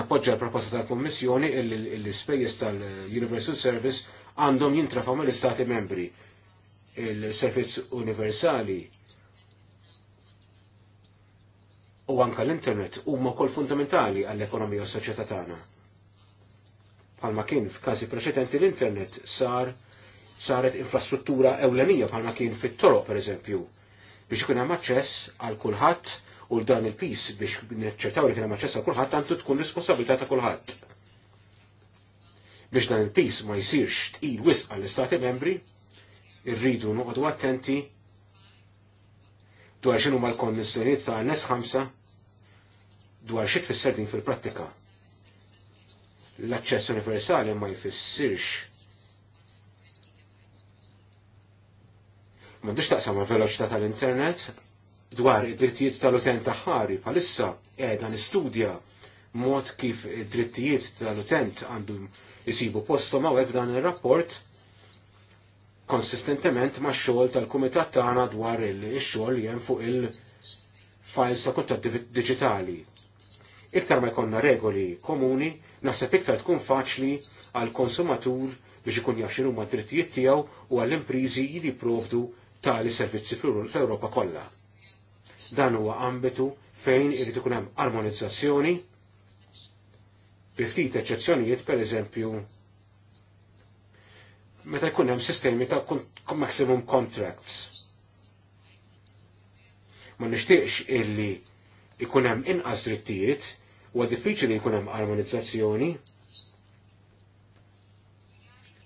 Nappoġġa l-proposta tal-Kommissjoni illi l-ispejjeż tal-Universal Service għandhom jintrafaw mill-Istati membri il-servizz universali u anka l-internet huma kol fundamentali għall-ekonomija u s-soċjetà tagħna. Palma kien f'każi preċedenti l-internet sar saret infrastruttura ewlenija bħalma kien fit-toroq pereżempju biex ikun hemm aċċess għal kulħadd u dan il-pis biex neċċertaw li kien hemm aċċess għal kulħadd għandu tkun responsabilità ta' kulħadd. Biex dan il-pis ma jsirx tqil wisq għall-istati membri, irridu noqogħdu attenti dwar x'inhu mal-konnessjonijiet ta' nes ħamsa dwar xi tfisser din fil-prattika. L-aċċess universali ma jfissirx M'għandux taqsam ma' veloċità tal-internet dwar id-drittijiet tal-utent taħħari bħalissa qiegħda nistudja mod kif id-drittijiet tal-utent għandu jisibu postom hawnhekk dan ir-rapport konsistentement ma' xogħol tal-kumitat tagħna dwar il-xogħol li hemm fuq il-files ta' kuntat diġitali. Iktar ma jkollna regoli komuni, naħseb iktar tkun faċli għal konsumatur biex ikun jaf x'inhu mad drittijiet tiegħu u għall impriżi li jipprovdu tali servizzi fl-Ewropa kollha. Dan huwa ambitu fejn irid ikun hemm armonizzazzjoni, biftit eċċezzjonijiet pereżempju meta jkun hemm sistemi ta' maximum contracts. Ma nixtieqx illi jkun hemm inqas drittijiet u diffiċli jkun hemm armonizzazzjoni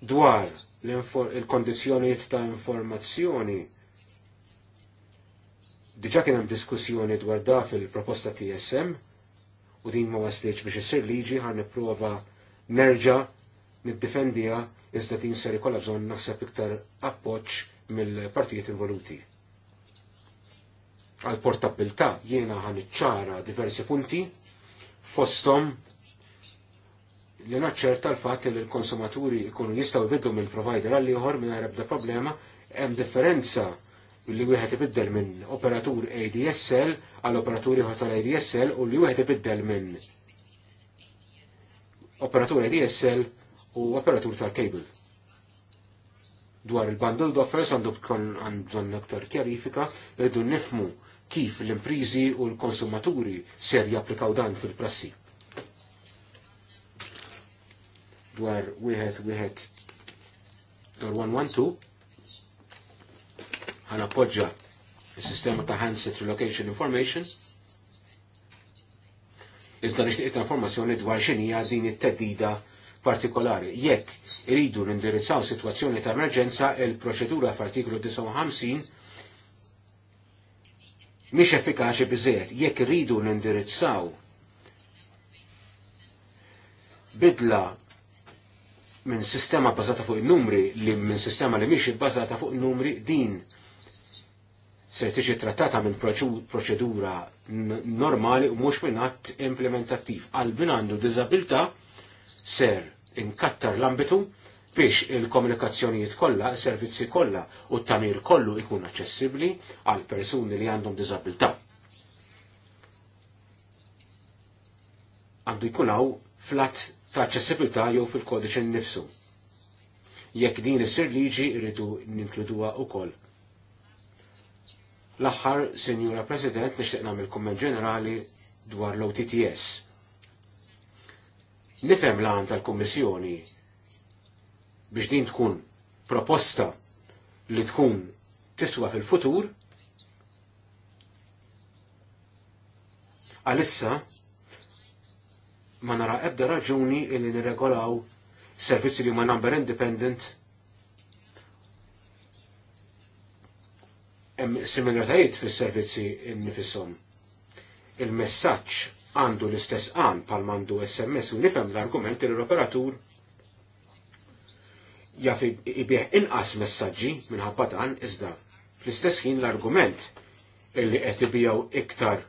dwar il-kondizzjonijiet ta' informazzjoni. Diġà kien hemm diskussjoni dwar da fil-proposta TSM u din ma waslitx biex isir liġi ħan nipprova nerġa' niddifendiha iżda din ser ikolla bżonn naħseb iktar appoġġ mill-partijiet involuti. Għal portabilità jiena ħan iċċara diversi punti fostom li naċċerta l-fatt li l-konsumaturi jkunu jistgħu jbiddu minn provider għal ieħor minn ebda problema hemm differenza li wieħed ibiddel minn operatur ADSL għal operatur ieħor tal-ADSL u li wieħed ibiddel minn operatur ADSL u operatur tal-kabel. Dwar il-bundled offers għandu għandhom aktar kjarifika rridu nifmu kif l-imprizi u l-konsumaturi ser japplikaw dan fil-prassi. Dwar wieħed wieħed dwar 112 ħana poġġa il-sistema ta' handset relocation information iżda nixtieq informazzjoni dwar xinija din it-teddida partikolari. Jekk iridu nindirizzaw situazzjoni ta' emerġenza, il-proċedura f'artiklu 59 mhix effikaċi biżejjed. Jekk iridu nindirizzaw bidla minn sistema bażata fuq in-numri li minn sistema li mhix bbażata fuq in-numri din se tiġi trattata minn proċedura normali u mhux minn att implementattiv. Għalbin għandu diżabilità ser inkattar l-ambitu biex il-komunikazzjonijiet kollha, servizzi kollha u t-tamir kollu ikun aċċessibbli għal persuni li għandhom diżabilità. Għandu jkun hawn flat ta' aċċessibilità jew fil-kodiċi nnifsu. Jekk din isir liġi rridu ninkluduha wkoll. L-aħħar, Sinjura President, nixtieq nagħmel kumment ġenerali dwar l-OTTS Nifhem l-għan tal-Kummissjoni biex din tkun proposta li tkun tiswa fil-futur, għalissa ma nara ebda raġuni illi nirregolaw servizzi li huma number independent hemm fis-servizzi nifishom. Il-messaġġ għandu l-istess għan pal mandu SMS u nifem l-argument li l-operatur jaf ibieħ inqas messaġġi minħabba dan iżda fl-istess ħin l-argument illi qed ibijaw iktar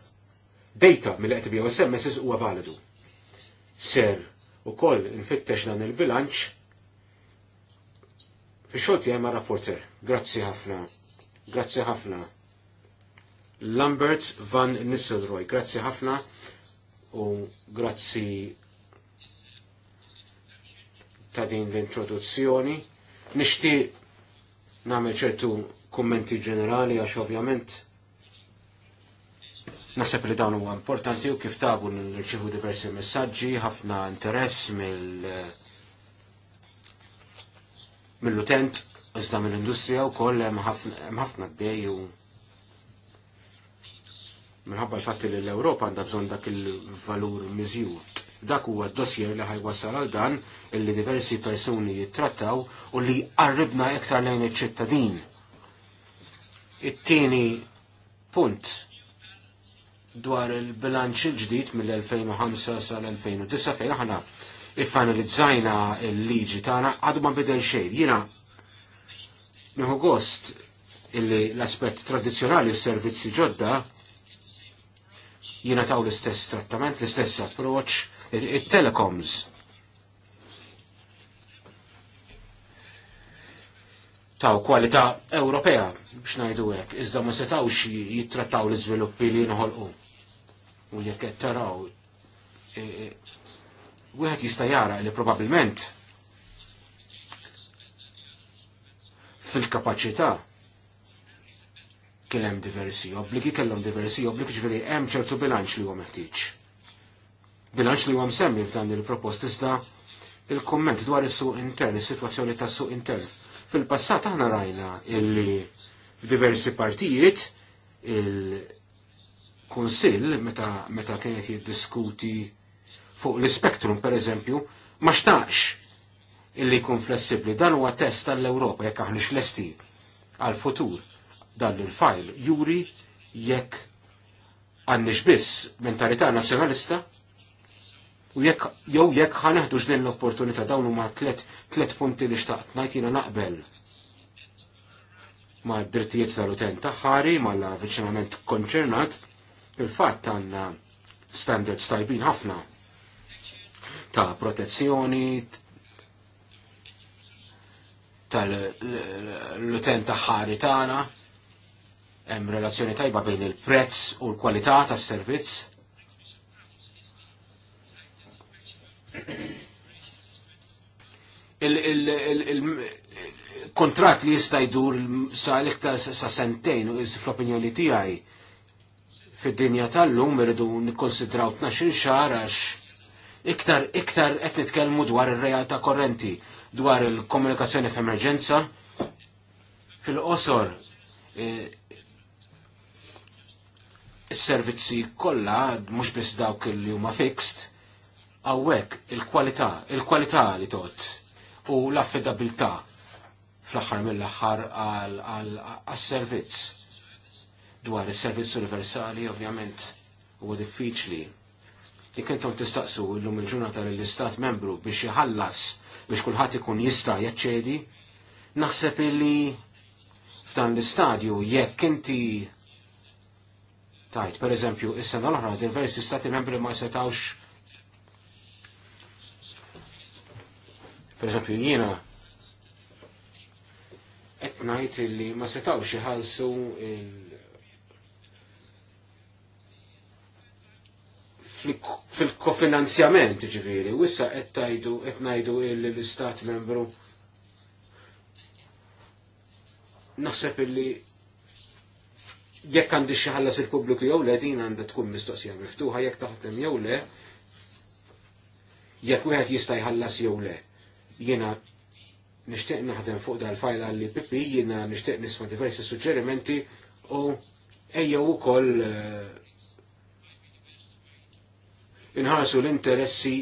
data mill qed ibijaw SMS huwa validu. Ser ukoll infittex dan il-bilanċ Fix-xogħol tiegħi ma' rapporter. Grazzi ħafna. Grazzi ħafna. Lambert van Nisselroy. Grazzi ħafna u grazzi ta' din l-introduzzjoni. Nixtieq nagħmel ċertu kummenti ġenerali għax ovvjament nasab li dawn huwa importanti u kif tabu nirċivu diversi messaġġi, ħafna interess mill mill-utent, iżda mill-industrija u koll hemm ħafna d u minħabba l-fatti li l-Europa għandha bżonn dak il-valur miżjud. Dak huwa d-dossier li ħajwassal għal dan illi diversi persuni jittrattaw u li qarribna iktar lejn iċ-ċittadin. It-tieni punt dwar il-bilanċ il-ġdid mill-2005 sal-2009 fejn aħna iffanalizzajna il-liġi tagħna għadu ma bidel xejn. Jiena nieħu gost illi l-aspett tradizzjonali u servizzi ġodda jina taw l-istess trattament, l-istess approċ, il-telecoms. Taw kwalità Ewropea biex ngħidu hekk, iżda ma setawx jittrattaw l-iżviluppi li jinħolqu. U jekk qed taraw e, e, wieħed jista' jara li probabbilment fil-kapaċità kellem hemm diversi obbligi, kellhom diversi obbligi ġveri hemm ċertu bilanċ li huwa meħtieġ. Bilanċ li għom msemmi f'dan il-propost iżda il-komment dwar is-suq intern, is-sitwazzjoni tas-suq intern. Fil-passat aħna rajna illi f'diversi partijiet il-Kunsill meta, meta kienet jiddiskuti fuq l-spektrum per eżempju, ma xtaqx illi jkun flessibli dan huwa test tal-Ewropa jekk aħna lesti għal-futur dan il-fajl juri jekk għandix biss mentalità nazzjonalista u jekk jew jekk ħaneħdux din l-opportunità dawn huma tlet tlet punti li xtaqt ngħid jiena naqbel ma' drittijiet tal-utent taħħari, ma' l-avvicinament konċernat, il-fatt għanna standards tajbin ħafna ta' protezzjoni tal-utent taħħari tagħna. Ta hemm relazzjoni tajba bejn il-prezz u l-kwalità tas-servizz. Il-kontrat li jista' jdur sa l-iktar sa sentejn u fl-opinjoni tiegħi fid-dinja tal-lum irridu nikkonsidraw 12 xahar għax iktar iktar qed nitkellmu dwar ir-realtà korrenti dwar il-komunikazzjoni f'emerġenza fil-qosor eh, Is-servizzi kollha mhux biss dawk li huma fixed, hawnhekk il-kwalità, il-kwalità li tot u l-affidabilità fl-aħħar mill-aħħar għal servizz Dwar is-servizz universali ovvjament huwa diffiċli li kentom tistaqsu l-lum il-ġurnata l-istat membru biex jħallas biex kullħat ikun jista jaċċedi, naħseb li f'dan l-istadju jekk inti tajt. Per eżempju, is-sena l-oħra diversi stati membri ma setawx. Per eżempju, jiena qed ngħid li ma setawx iħallsu il fil-kofinanzjament ġifiri, issa qed tajdu qed ngħidu l-istat membru naħseb illi jekk għandi xaħallas il-pubbliku jew le din għandha tkun mistoqsija miftuħa jekk taħdem jew le jekk wieħed jista' jħallas jew le. Jiena nixtieq naħdem fuq dal-fajl għalli Pippi jiena nixtieq nisma' diversi suġġerimenti u ejjew ukoll eh, inħarsu l-interessi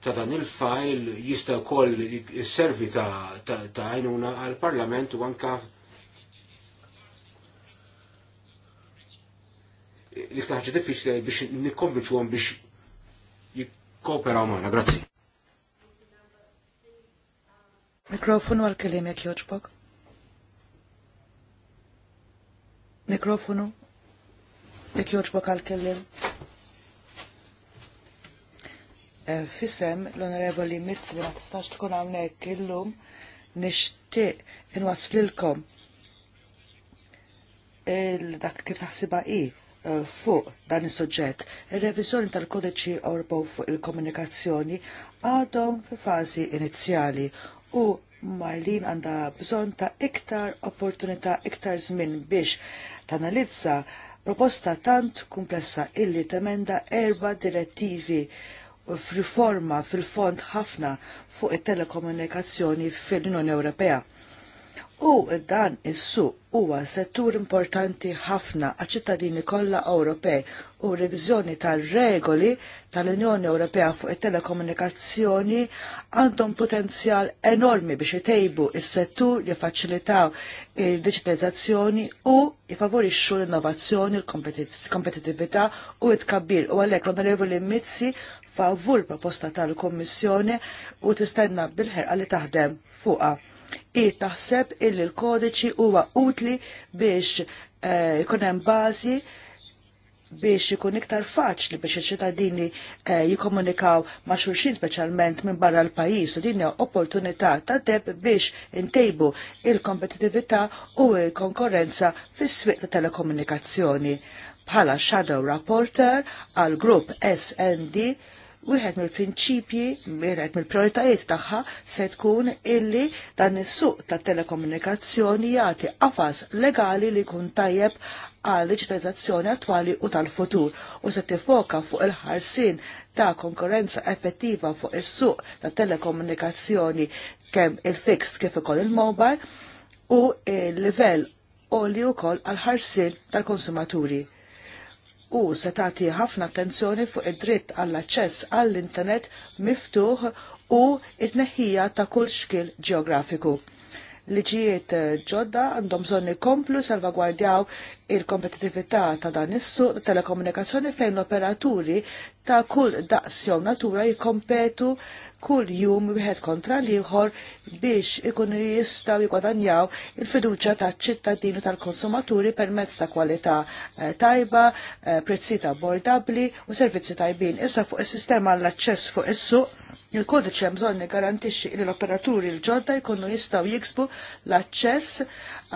ta' dan il-fajl jista' wkoll is-servi ta' għajnuna għall-Parlament u anka l-iktar ħaġa diffiċli biex nikkonvinċu għom biex jikkooperaw maħna. Grazzi. Mikrofonu għal kelim jek joġbok. Mikrofonu jek joġbok għal kelim. Eh, Fisem l-Onorevoli Mitz li ma tistax tkun hawnhekk illum nixtieq inwaslilkom il dak kif taħsibha hi fuq dan is-suġġett. Ir-reviżjoni tal-Kodiċi Orbow fuq il-komunikazzjoni għadhom fi fażi inizjali u Marlin għandha bżonn ta' iktar opportunità, iktar żmien biex tanalizza proposta tant komplessa illi temenda erba direttivi f'riforma fil-fond ħafna fuq it-telekomunikazzjoni fil-Unjoni Ewropea U dan is-suq huwa settur importanti ħafna għaċ-ċittadini kollha Ewropej u reviżjoni tar-regoli tal-Unjoni Ewropea fuq it-telekomunikazzjoni għandhom potenzjal enormi biex itejbu is-settur jiffaċilitaw il-diġitalizzazzjoni u jifavorixxu l-innovazzjoni, l kompetitività u t-kabbir. U għalhekk l-Onorevoli Mizzi favur proposta tal-Kommissjoni u tistenna bil-ħerqa li taħdem fuqha i taħseb illi l-kodiċi huwa utli biex eh, ikun hemm bażi biex ikun iktar faċli biex iċ-ċittadini eh, jikkomunikaw ma' xulxin speċjalment minn barra l-pajjiż u din opportunità ta' deb biex intejbu il-kompetitività u l-konkurrenza fis-swieq ta' telekomunikazzjoni. Bħala Shadow Rapporter għal grupp SND wieħed mill-prinċipji, wieħed mill-prioritajiet tagħha se tkun illi dan is-suq tat-telekomunikazzjoni jagħti qafas legali li jkun tajjeb għal digitalizzazzjoni attwali u tal-futur u se tifoka fuq il-ħarsin ta' konkurrenza effettiva fuq is-suq tat telekomunikazzjoni kemm il-fixed kif ukoll il-mobile u il-livell u li wkoll għal ħarsin tal-konsumaturi u se tagħti ħafna attenzjoni fuq id-dritt għall-aċċess għall-internet miftuħ u t tneħħija ta' kull xkil ġeografiku liġijiet ġodda għandhom bżonn komplu salvagwardjaw il-kompetitività ta' dan is-suq telekomunikazzjoni fejn l-operaturi ta' kull daqsjew natura jikompetu kull jum wieħed kontra l-ieħor biex ikunu jistgħu jikwadanjaw il-fiduċja taċ-ċittadini tal-konsumaturi permezz ta' kwalità eh, tajba, eh, prezzi ta' bordabbli u servizzi tajbin. Issa fuq is-sistema l-aċċess fuq is-suq Il-kodiċi hemm bżonn garantixxi li l-operaturi l-ġodda jkunu jistgħu jiksbu l-aċċess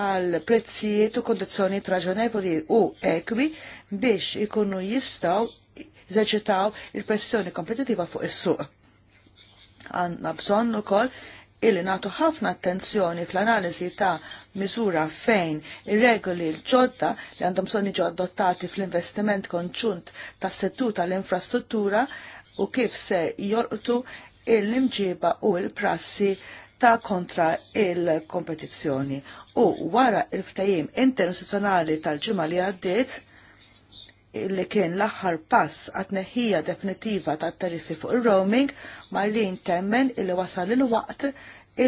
għal prezzijiet u kondizzjonijiet raġonevoli u ekwi biex ikunu jistgħu jeżeċitaw il-pressjoni kompetitiva fuq is-suq. Għandna bżonn ukoll illi natu ħafna attenzjoni fl-analizi ta' miżura fejn ir-regoli l-ġodda li għandhom bżonn ġo adottati fl-investiment konċunt tas settur tal-infrastruttura u kif se jorqtu il-imġiba u il-prassi ta' kontra il-kompetizzjoni. U wara il-ftajim internazzjonali tal-ġimma li għaddiet, li kien l-aħħar pass għat neħija definitiva ta' tariffi fuq il-roaming, Marlin temmen illi wasal il-waqt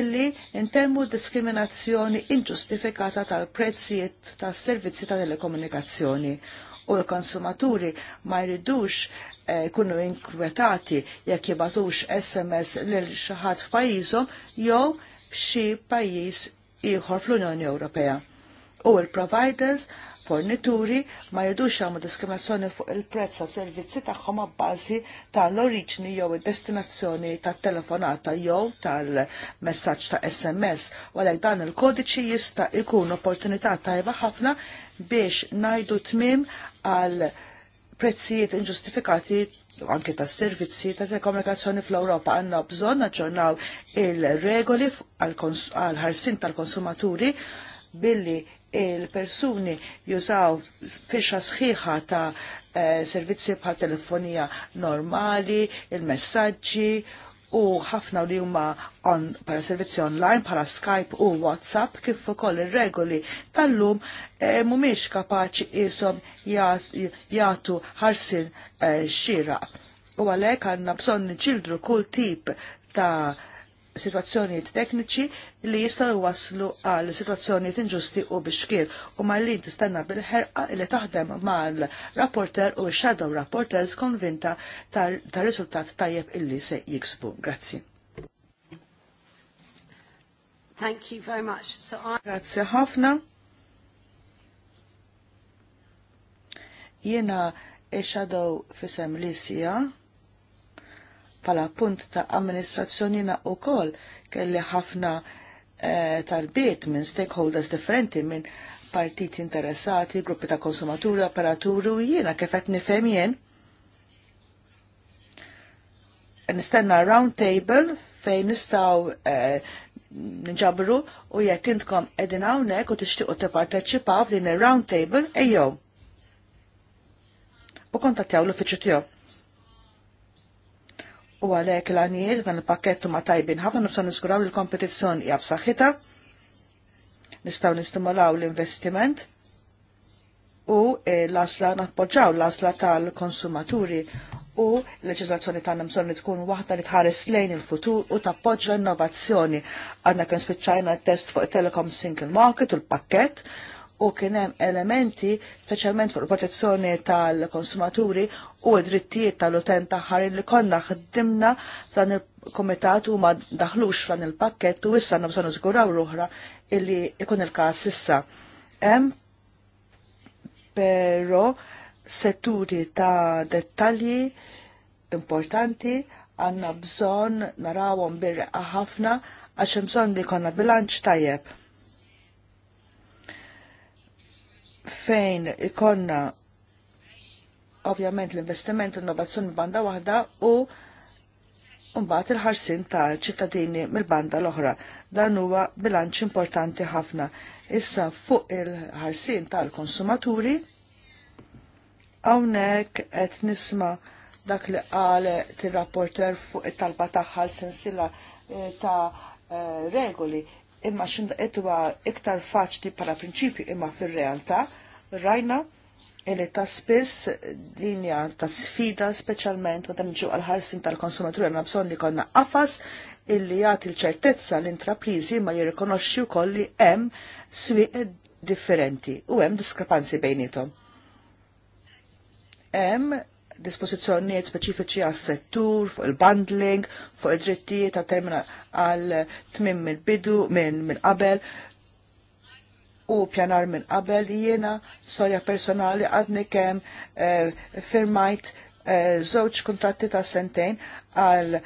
illi intemmu diskriminazzjoni inġustifikata tal-prezzijiet tas servizzi ta' telekomunikazzjoni u l-konsumaturi ma jridux eh, jkunu eh, inkwetati jekk jibatux SMS lil xi ħadd f'pajjiżhom jew f'xi pajjiż ieħor fl-Unjoni Ewropea u l-providers fornituri ma jidux għamu diskriminazzjoni fuq il-prezz ta' servizzi tagħhom abbażi tal-oriġni jew id-destinazzjoni tat-telefonata jew tal-messaġġ ta' SMS għalhekk dan il-kodiċi jista' jkun opportunità tajba ħafna biex najdu tmim għal prezzijiet inġustifikati anke ta' servizzi ta' telekomunikazzjoni fl-Europa għanna bżon naġġornaw il-regoli għal-ħarsin tal-konsumaturi billi il-persuni jużaw fisċa sħiħa ta' eh, servizzi bħal telefonija normali, il-messagġi u ħafna li huma on para servizzi online para Skype u WhatsApp kif ukoll ir-regoli tal-lum eh, mhumiex kapaċi ishom jagħtu ħarsin eh, xira. U għalhekk għandna bżonn ċildru kull tip ta' situazzjonijiet tekniċi li jistaw waslu għal situazzjonijiet inġusti u bixkir u ma li tistanna bil-ħerqa li taħdem mal-rapporter u shadow rapporters konvinta tar riżultat tajjeb illi se jiksbu. Grazzi. Thank you very much. So I... Grazie ħafna. Jena e-shadow fisem Lisija pala punt ta' na' u kol kelli ħafna eh, tal-biet minn stakeholders differenti minn partiti interessati, gruppi ta' konsumaturi, operaturi u jiena kifet nifhem jien. Nistenna round table fejn nistaw eh, nġabru u jekk intkom edin hawnhekk u tixtiequ tipparteċipaw f'din ir-round table ejjew. U kontattjaw l-uffiċċju tiegħu. U għalhekk l-għanijiet dan il-pakkettu ma tajbin ħafna nifsa niskuraw il-kompetizzjoni hija saħħita, nistgħu nistimulaw l-investiment u eh, l-asla nappoġġaw l-asla tal-konsumaturi u l-leġizlazzjoni tagħna bżonn tkun waħda li tħares lejn il-futur u tappoġġa l-innovazzjoni. Għandna kien spiċċajna test fuq Telecom Single Market u l-pakkett u kien hemm elementi speċjalment fuq il protezzjoni tal-konsumaturi u d-drittijiet tal-utent aħħar li konna ħdimna f'dan il-komitat u ma daħlux f'dan il-pakket u issa nabżon niżguraw ruħra illi ikun il-każ issa. Hemm però setturi ta' dettalji importanti għanna bżon narawhom birreqa ħafna għax hemm li konna bilanċ tajjeb fejn ikonna ovvjament l-investiment u l-innovazzjoni banda waħda u mbagħad il-ħarsin tal-ċittadini mill-banda l-oħra. Dan huwa bilanċ importanti ħafna. Issa fuq il-ħarsin tal-konsumaturi hawnhekk qed nisma dak li qal tir-rapporter fuq it-talba tagħha l-sensila eh, ta' eh, regoli imma etwa iktar faċli para prinċipju imma fil-realtà rajna illi ta' spiss linja ta' sfida specialment meta nġu għal-ħarsin tal-konsumaturi għandna bżonn li konna qafas illi jagħti l-ċertezza l-intrapriżi ma jirrikonoxxi wkoll li hemm swieq differenti u hemm diskrepanzi bejnietom. Hemm dispożizzjonijiet speċifiċi għas-settur, fuq il-bundling, fuq id-drittijiet ta' termina għal tmim mill-bidu minn qabel u pjanar minn qabel jiena storja personali għadni kem eh, firmajt eh, żewġ kontratti ta' sentejn għal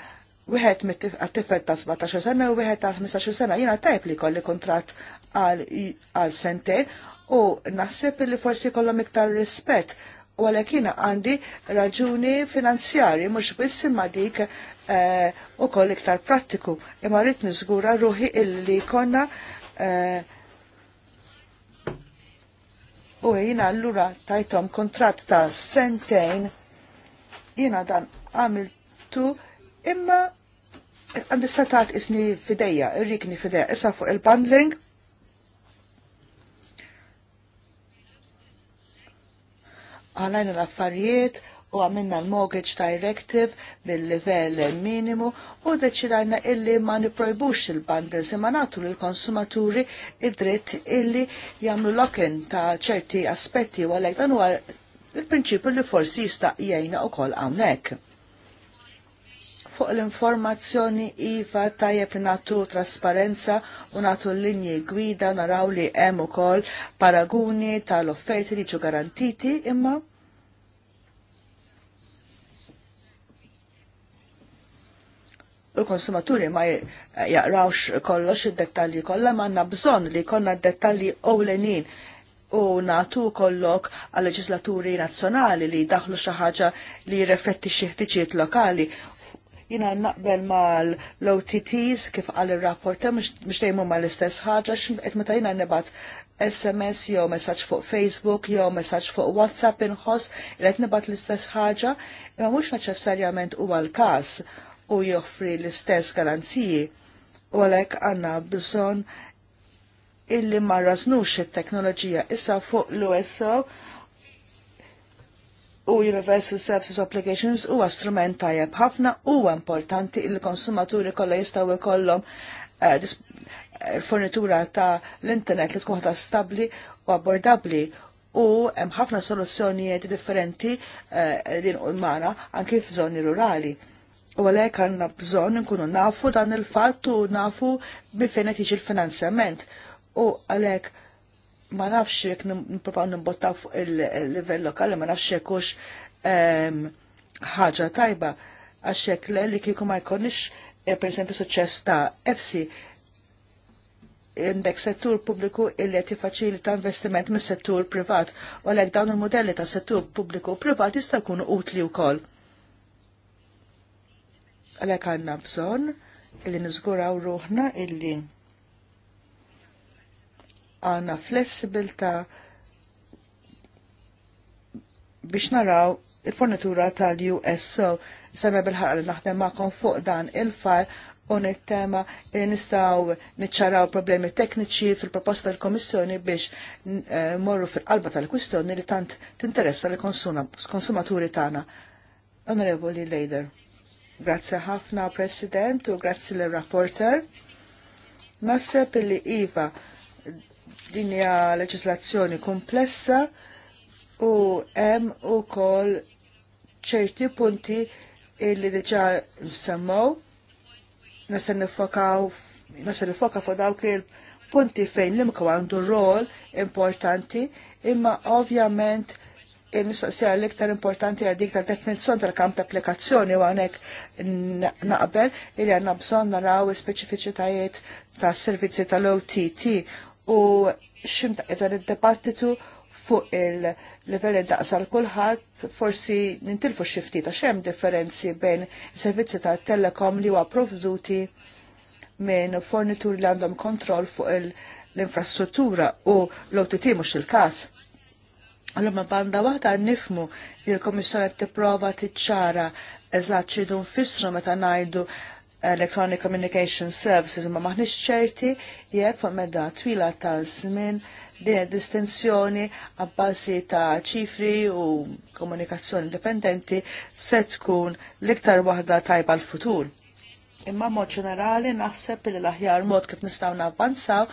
wieħed għat tifet ta' 17 sena u wieħed ta' 15 sena jiena tajb li kolli kontrat għal sentejn u naħseb li forsi kollom iktar rispett u għalhekk jiena għandi raġuni finanzjari, mhux biss imma dik eh, u koll iktar prattiku imma rrit nizgura ruħi illi konna eh, u jiena allura tajtom kontratt ta' sentejn jiena dan għamiltu imma għandi satat isni fideja, irrikni fideja, issa fuq il-bundling, għalajna l-affarijiet u għamilna l-Mortgage Directive bil-level minimu u deċidajna illi ma niprojbux il-bundles imma natu l-konsumaturi id-dritt illi jamlu lokin ta' ċerti aspetti u għalek dan huwa il-prinċipju li forsi jista' jgħina u kol għamnek fuq l-informazzjoni iva tajjeb li nagħtu trasparenza u nagħtu l-linji gwida naraw li hemm ukoll paraguni tal-offerti li ġu garantiti imma il-konsumaturi ma jaqrawx kollox id-dettalji kollha ma għandna bżonn li jkollna d-dettalji ewlenin u natu kollok għal leġislaturi nazzjonali li daħlu xi ħaġa li jirrefletti ħtiġijiet lokali jina naqbel mal l-OTTs kif għal il-rapporta mux dejmu l istess ħagġa x'qed meta jina nibat SMS jew messaċ fuq Facebook jew messaċ fuq WhatsApp inħoss li qed nibgħat l-istess ħaġa imma mhux neċessarjament huwa l-każ u joffri l-istess garanziji u għalhekk għandna bżonn illi ma il it-teknoloġija issa fuq l-USO u Universal Services Applications huwa strument tajjeb ħafna huwa importanti il konsumaturi kollha jistgħu jkollhom eh, eh, fornitura ta' l-internet li tkun ħata u abordabbli u hemm ħafna soluzzjonijiet differenti uh, din ulmana anke f'żoni rurali. U għalhekk għandna bżonn nkunu nafu dan il-fatt u nafu bi qed jiġi l-finanzjament. U għalhekk ma nafx jek nipropaw nimbottaw fuq il-livell lokali, ma nafx jek ux ehm, ħaġa tajba, għax jek le li kiku ma jkonix, eh, per esempio, suċċess ta' EFSI, indek settur pubbliku illi qed ta' investiment mis-settur privat u għalhekk dawn il-modelli ta' settur pubbliku u privat jista' jkunu utli wkoll. Għalek għanna bżonn illi niżguraw ruħna illi għana flessibilta biex naraw il-fornitura tal-USO. Sebe bil-ħar li naħdem ma'kom fuq dan il-far u nittema nistaw niċċaraw problemi tekniċi fil-proposta tal-Komissjoni biex eh, morru fil-qalba tal-kwistjoni li tant tinteressa li konsumaturi tagħna. Onorevoli Leider. Grazzi ħafna President u grazzi l-Rapporter. Naħseb li Iva Din hija leġislazzjoni komplessa u hemm ukoll ċerti punti illi diġà nsemmaw. nasa nifokaw nasa nifoka fuq dawk il-punti fejn li imkaw għandu rol importanti imma ovvjament il-mistoqsija l-iktar importanti għadik ta' definizjon tal-kamp ta' applikazzjoni u għanek naqbel il għanna bżon naraw speċifiċitajiet ta' servizzi tal-OTT u ximta qiegħda id debattitu fuq il-livelli id l-kulħadd forsi nintilfu xifti ta' xem differenzi bejn servizzi ta' telekom li huwa provduti minn fornitur li għandhom kontroll fuq l-infrastruttura u l-OTT mhux il-każ. Allura banda waħda nifmu li l-Komissjoni tipprova tiċċara eżatt x'idu nfissru meta ngħidu Electronic Communication Services ma maħniex ċerti jekk fuq medda twila ta' żmien din id-distinzjoni għabbażi ta' ċifri u komunikazzjoni indipendenti se tkun l-iktar waħda tajba l-futur. Imma mod ġenerali naħseb li l-aħjar mod kif nistgħu navvanzaw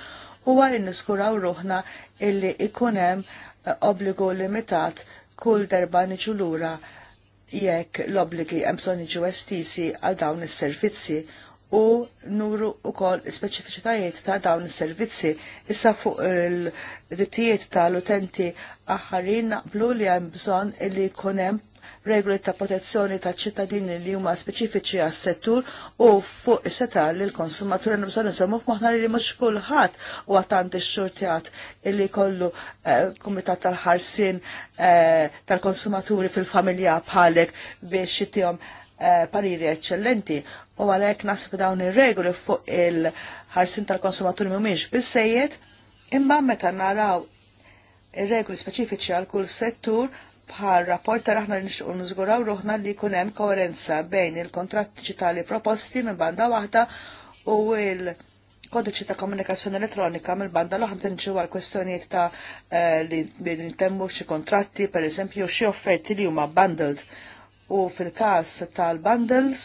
huwa li niskuraw ruħna illi ikun hemm obbligu limitat kull darba niġu lura jekk l-obbligi hemm bżonn jiġu estisi għal dawn is-servizzi u nuru wkoll speċifiċitajiet ta' dawn is-servizzi issa fuq il-rittijiet tal-utenti aħħarin naqblu li hemm bżonn li jkun hemm regoli ta' protezzjoni ta' ċittadini li huma speċifiċi għas settur u fuq is-seta li l-konsumatur għandu bżonn nsemmu f'moħħna li mhux kulħadd u għatant ix-xurtjat illi jkollu eh, kumitat tal-ħarsin eh, tal-konsumaturi fil-familja bħalek biex jittihom eh, pariri eccellenti u għalhekk nasib dawn ir-regoli fuq il-ħarsin tal-konsumaturi mhumiex bissejjed imma meta naraw ir-regoli speċifiċi għal kull settur bħal rapporter aħna nixqu nżguraw ruħna li jkun hemm koerenza bejn il-kontratt diġitali proposti minn banda waħda u il kodiċi ta' komunikazzjoni elettronika mill banda l oħra tinġu għal kwestjonijiet ta' eh, li nintemmu xi kontratti, per eżempju, xi offerti li huma bundled. U fil-każ tal-bundles,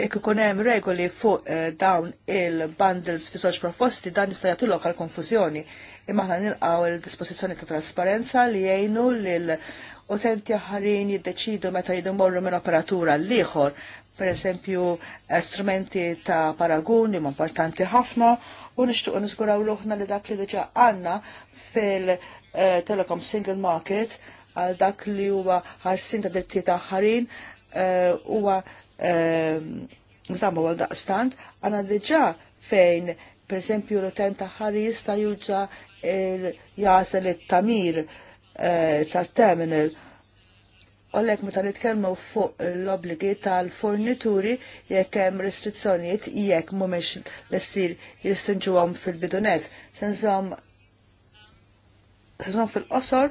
jekk ikun hemm regoli fuq eh, dawn il-bundles fi żewġ proposti dan jista' jagħtilok għal konfużjoni imma ħna nilqaw il-dispożizzjoni ta' trasparenza li jgħinu l utenti ħarin jiddeċidu meta jidu morru minn operatura l-ieħor, per eżempju eh, strumenti ta' paragun li importanti ħafna u nixtuq nisguraw ruħna li dak li diġa għanna fil-Telecom eh, Single Market għal dak li huwa ħarsin ta' dritti ta' ħarin eh, huwa nżammu għal daqstant għanna diġa fejn per esempio l-utent ħari jista' juża jasel it-tamir eh, tal terminal Ollek meta nitkellmu fuq l-obbligi tal-fornituri jekk hemm restrizzjonijiet jekk mhumiex l jistinġu għom fil-bidunet. Senżom Senżom fil-qosor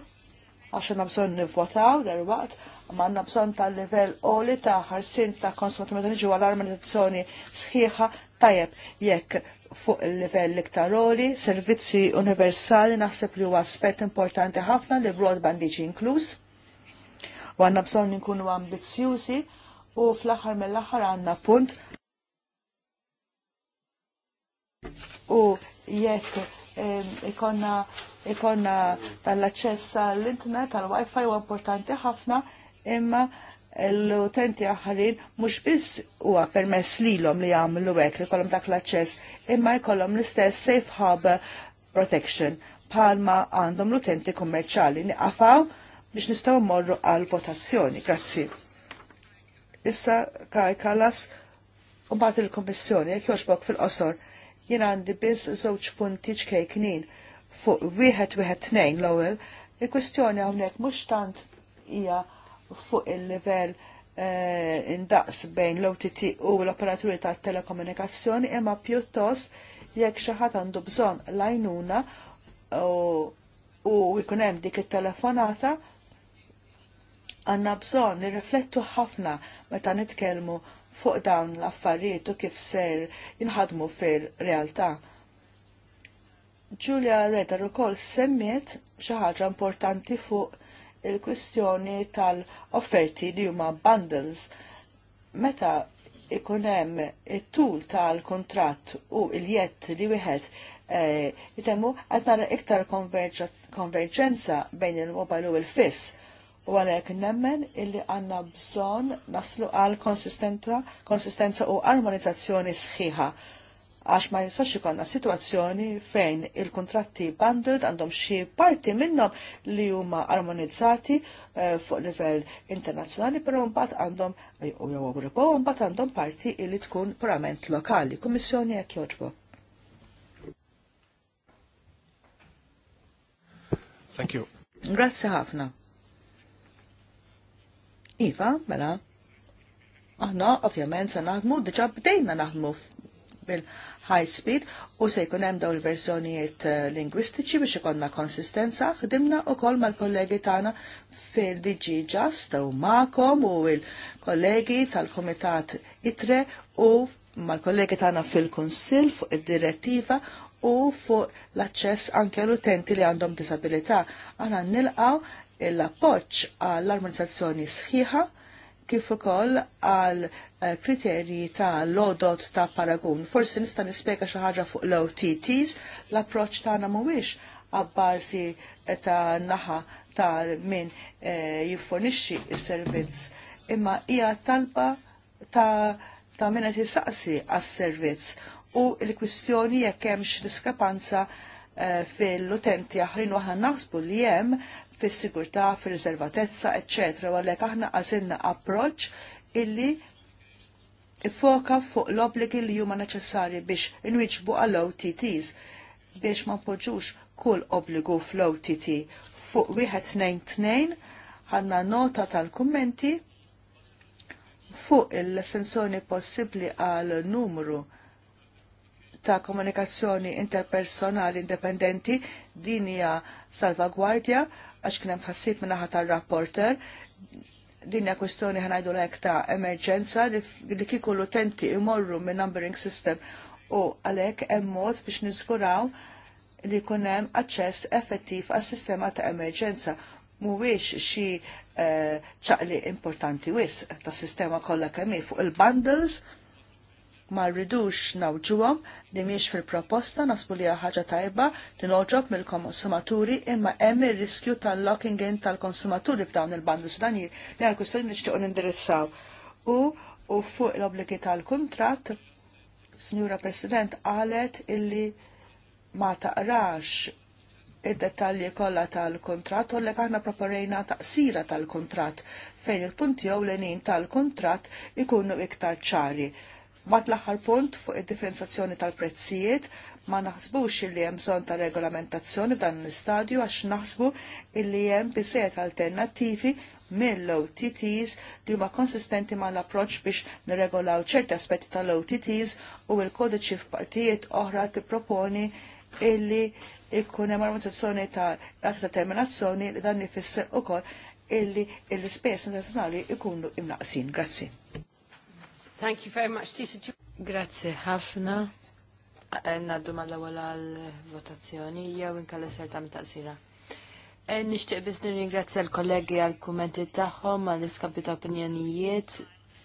għaxan nabżon nivvotaw nivvotaw derwaqt ma nabżon tal-level oli ta' ħarsin ta' konsumatur meta niġu għal-armonizzazzjoni sħiħa tajjeb jekk fuq il-livell iktar servizzi universali naħseb li huwa aspett importanti ħafna li broadband iġi inkluż. U għandna bżonn inkunu ambizzjużi u fl-aħħar mill-aħħar għandna punt. U jekk ikonna ikonna tal-aċċess għall-internet, għall wifi u importanti ħafna, imma l-utenti aħħarin mhux biss huwa permess lilhom li jagħmlu hekk li kolom dak l-aċċess imma jkollhom l-istess safe harbor protection palma għandhom l-utenti kummerċali niqafaw biex nistgħu mmorru għal votazzjoni. Grazzi. Issa Kaj Kallas u il kommissjoni jekk jogħġbok fil-qosor jien għandi biss żewġ punti knin fuq wieħed wieħed tnejn l-ewwel. Il-kwestjoni hawnhekk mhux tant hija fuq il-level eh, indaqs bejn l-OTT u l-operaturi ta' telekomunikazzjoni imma pjuttost jekk xi ħadd għandu bżonn lajnuna u jkun hemm dik it-telefonata għandna bżonn nirriflettu ħafna meta nitkellmu fuq dawn l-affarijiet u kif ser jinħadmu fir realtà Julia Redder ukoll semmiet xi ħaġa importanti fuq il-kwistjoni tal-offerti li huma bundles. Meta ikun hemm it-tul tal-kontratt u il-jett li wieħed jitemmu eh, qed nara iktar konverġenza bejn il-mobile u l-fiss. U għalhekk nemmen illi għandna bżonn naslu għal konsistenza u armonizzazzjoni sħiħa għax ma jinsax ikonna situazzjoni fejn il-kontratti bundled għandhom xi parti minnhom li huma armonizzati eh, fuq livell internazzjonali, però mbagħad għandhom eh, jew Ewropew mbagħad għandhom parti li tkun purament lokali. Kummissjoni jekk joġbok. Thank you. Grazzi ħafna. Iva, mela, aħna ovvjament se naħdmu diġà bdejna naħdmu bil-high speed u se jkun hemm dawn il-verżjonijiet eh, lingwistiċi biex ikonna konsistenza ħdimna wkoll mal-kollegi tagħna fil-DG Just u magħkom u l-kollegi tal-Kumitat ITRE u mal-kollegi tagħna fil-Kunsill fuq id-direttiva u fuq l-aċċess anke l-utenti li għandhom disabilità. Aħna nilqaw l-appoġġ għall-armonizzazzjoni sħiħa kif ukoll għal kriterji ta' lodot ta' paragun. Forsi nista' nispjega xi ħaġa fuq l-OTTs, l-approċċ tagħna mhuwiex għabbażi ta' naħa ta' min eh, jiffornixxi s-servizz, imma hija talba ta' ta' min qed jisaqsi għas-servizz u l-kwistjoni jekk hemmx diskrepanza eh, fil-utenti aħrin aħna naħsbu li hemm fis-sigurtà, fir-riservatezza, eċċetra, u għalhekk aħna għażilna approċċ illi ifoka fuq l-obligi li huma neċessarji biex inwiġbu għall-OTTs biex ma poġġux kull obbligu fl-OTT. Fuq wieħed tnejn tnejn ħanna nota tal-kummenti fuq il-sensoni possibbli għal numru ta' komunikazzjoni interpersonali indipendenti din hija salvagwardja għax kien hemm ħassib min-naħa tar-rapporter dinja kwestjoni ħanajdu l ta' emerġenza li kiku l-utenti imorru minn numbering system u għalek mod biex nizguraw li kunem aċċess effettiv għas sistema ta' emerġenza muwiex xi eh, ċaqli importanti wis ta' sistema kollha kemm fuq il-bundles ma rridux nawġuhom li miex fil-proposta nasbu li ħaġa tajba li noġob mill-konsumaturi imma hemm ir-riskju tal-locking in tal-konsumaturi f'dawn il-bandi Sudanji li għal kustodin nixtiequ nindirizzaw. U u fuq l-obbligi tal-kuntratt, Signora President qalet illi ma taqrax id-detalji kollha tal-kontrat u l aħna proporejna taqsira tal-kontrat fejn il-punti jew l-enin tal-kontrat ikunu iktar ċari Mat l-aħħar punt fuq id-differenzazzjoni tal-prezzijiet ma naħsbux illi hemm bżonn ta' regolamentazzjoni f'dan l-istadju għax naħsbu illi hemm biżejjed alternattivi mill-OTTs li huma konsistenti ma' l-approċċ biex nirregolaw ċerti aspetti tal-OTTs u l-kodiċi f'partijiet oħra tipproponi illi jkun hemm armonizzazzjoni ta' rata ta' terminazzjoni li dan ifisser ukoll illi l-ispejjeż internazzjonali jkunu imnaqsin. Grazzi. Thank you very much, Tisa. Grazie ħafna. Eh, Naddu mal-ewwel għall-votazzjoni jew inkella ser ta' mitaqsira. Eh, nixtieq biss nirringrazzja l-kollegi għall-kummenti tagħhom għall-iskambju ta' opinjonijiet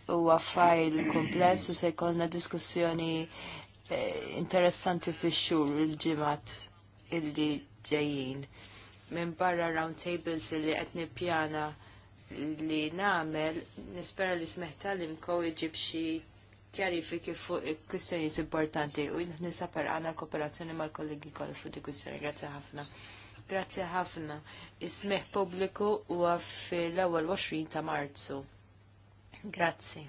huwa fajl kompless u se jkollna diskussjoni eh, interessanti fix-xhur il-ġimgħat illi ġejjin. Minn barra round tables illi qed nippjana li namel nispera li smeħta li mkow iġib xi kjarifiki fuq kwistjonijiet importanti u nisapar għana kooperazzjoni mal-kollegi kolli fuq di kustjoni. Grazie ħafna. Grazie ħafna. Ismeħ pubbliku u l ewwel 20 ta' Marzu. Grazie.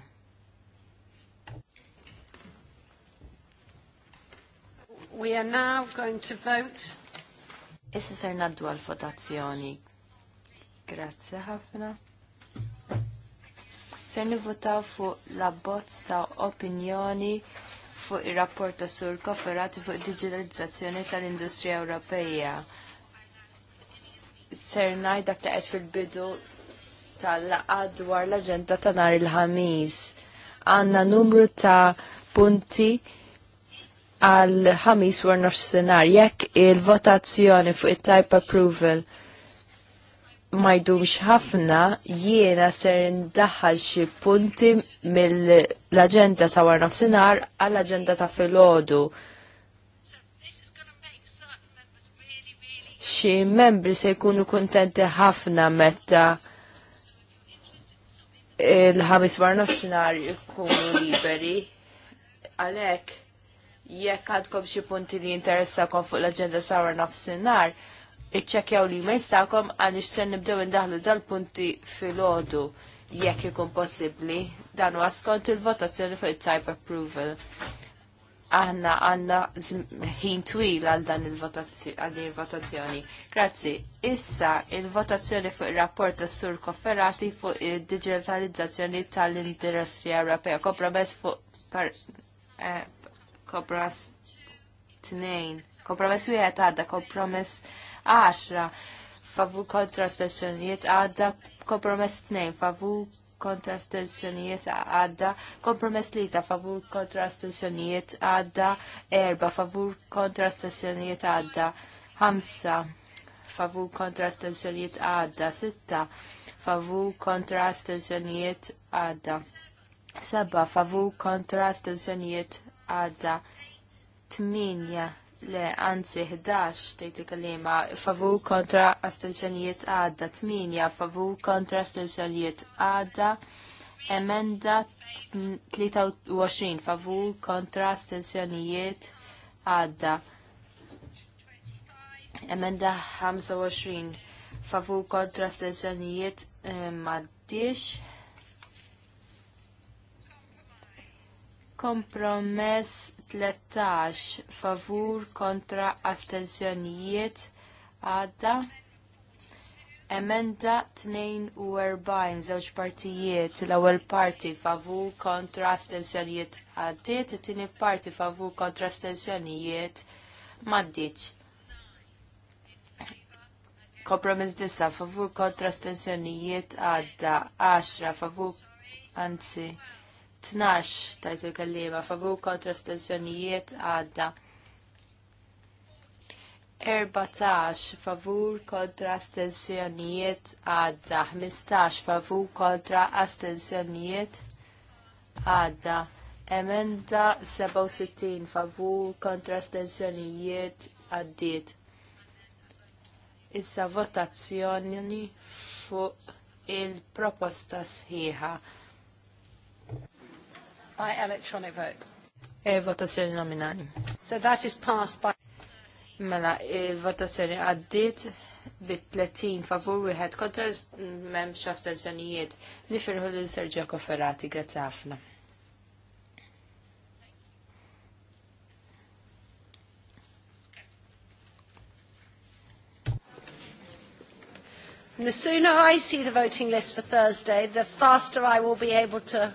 We are now going to vote. Issa ser naddu għal votazzjoni. Grazie ħafna. Ser nivvotaw fuq l-abbozz ta' opinjoni fuq ir-rapport ta' Sur Koferati fuq digitalizzazzjoni tal-Industrija Ewropeja. Ser ngħid dak li qed fil-bidu tal-laqgħa dwar l-aġenda ta' nhar il-ħamis. Għandna numru ta' punti għal ħamis war nofsinhar jekk il-votazzjoni fuq it-type approval ma jdumx ħafna jiena ser ndaħħal xi punti mill-aġenda ta' war nofsinhar għall-aġenda ta' filgħodu. Xi membri se jkunu kuntenti ħafna meta il-ħamis war nofsinhar ikunu liberi. Għalhekk jekk għandkom xi punti li jinteressakom fuq l-aġenda ta' war nofsinhar, iċċekjaw li ma jistakom għaliex se nibdew indaħlu dal-punti fil-ħodu jekk ikun possibbli dan huwa skont il-votazzjoni fuq it-type approval. Aħna għandna ħin twil għal dan il-votazzjoni. Grazzi. Issa il-votazzjoni fuq ir-rapport tas sur kofferati fuq id-digitalizzazzjoni tal-Industrija Ewropea. Kompromess fuq par, eh, kompromess tnejn. Kompromess wieħed għadda kompromess għaxra favur kontra astensjonijiet għadda kompromess t-nejn favur kontra astensjonijiet għadda kompromess li ta' favur kontra astensjonijiet għadda erba favur kontra astensjonijiet għadda ħamsa favur kontra astensjonijiet għadda sitta favur kontra astensjonijiet għadda seba favur kontra astensjonijiet għadda tminja le anzi 11 tejt il-kelliema favur kontra astensjonijiet għadda 8 favur kontra astensjonijiet għadda emenda 23 favur kontra astensjonijiet għadda emenda 25 favur kontra astensjonijiet maddix. kompromess 13 favur kontra astenzjonijiet għadda emenda 42 żewġ partijiet l-ewwel parti favur kontra astenzjonijiet għaddiet it-tieni parti favur kontra astenzjonijiet m'għaddiċ. Kompromiss disa favur kontra astenzjonijiet għadda 10 favur anzi Tnax tajt il-kallima favur kontra stenzjonijiet għadda. 14 favur kontra astensjonijiet għadda, 15 favur kontra astensjonijiet għadda, emenda 67 favur kontra astensjonijiet għaddit. Issa votazzjoni fuq il-proposta sħiħa by electronic vote. E votazzjoni nominali. So that is passed by Mela, il-votazzjoni għaddit bi 30 favur u wieħed kontra m'hemmx astensjonijiet. Nifirħu l Sergio Koferati, grazie ħafna. the sooner I see the voting list for Thursday, the faster I will be able to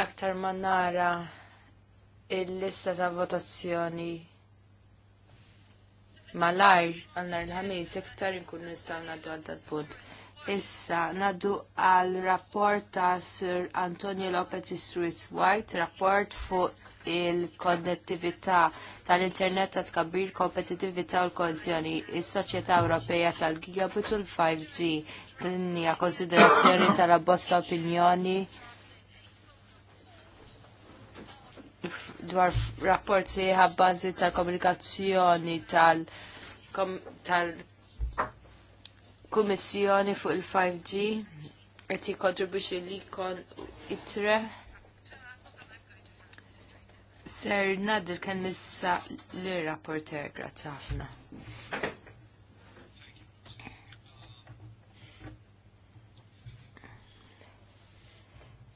aktar ma nara il-lista ta' votazzjoni malajr għal-nar l-ħamis, iktar inkun nistaw naddu għal punt. Issa, naddu għal rapport ta' Sir Antonio Lopez Street White, rapport fuq il-konnettività tal-internet ta' tkabbir kompetitività u l-kozjoni, is-Soċjetà Ewropea tal-Gigabit u l-5G, dinja konsiderazzjoni tal abbossa opinjoni dwar rapport sieħa bażi tal-komunikazzjoni tal-Kummissjoni fuq il-5G qed jikkontribwixxi li kon itre. Ser Nadil kien issa lir-rapporter grazzi ħafna.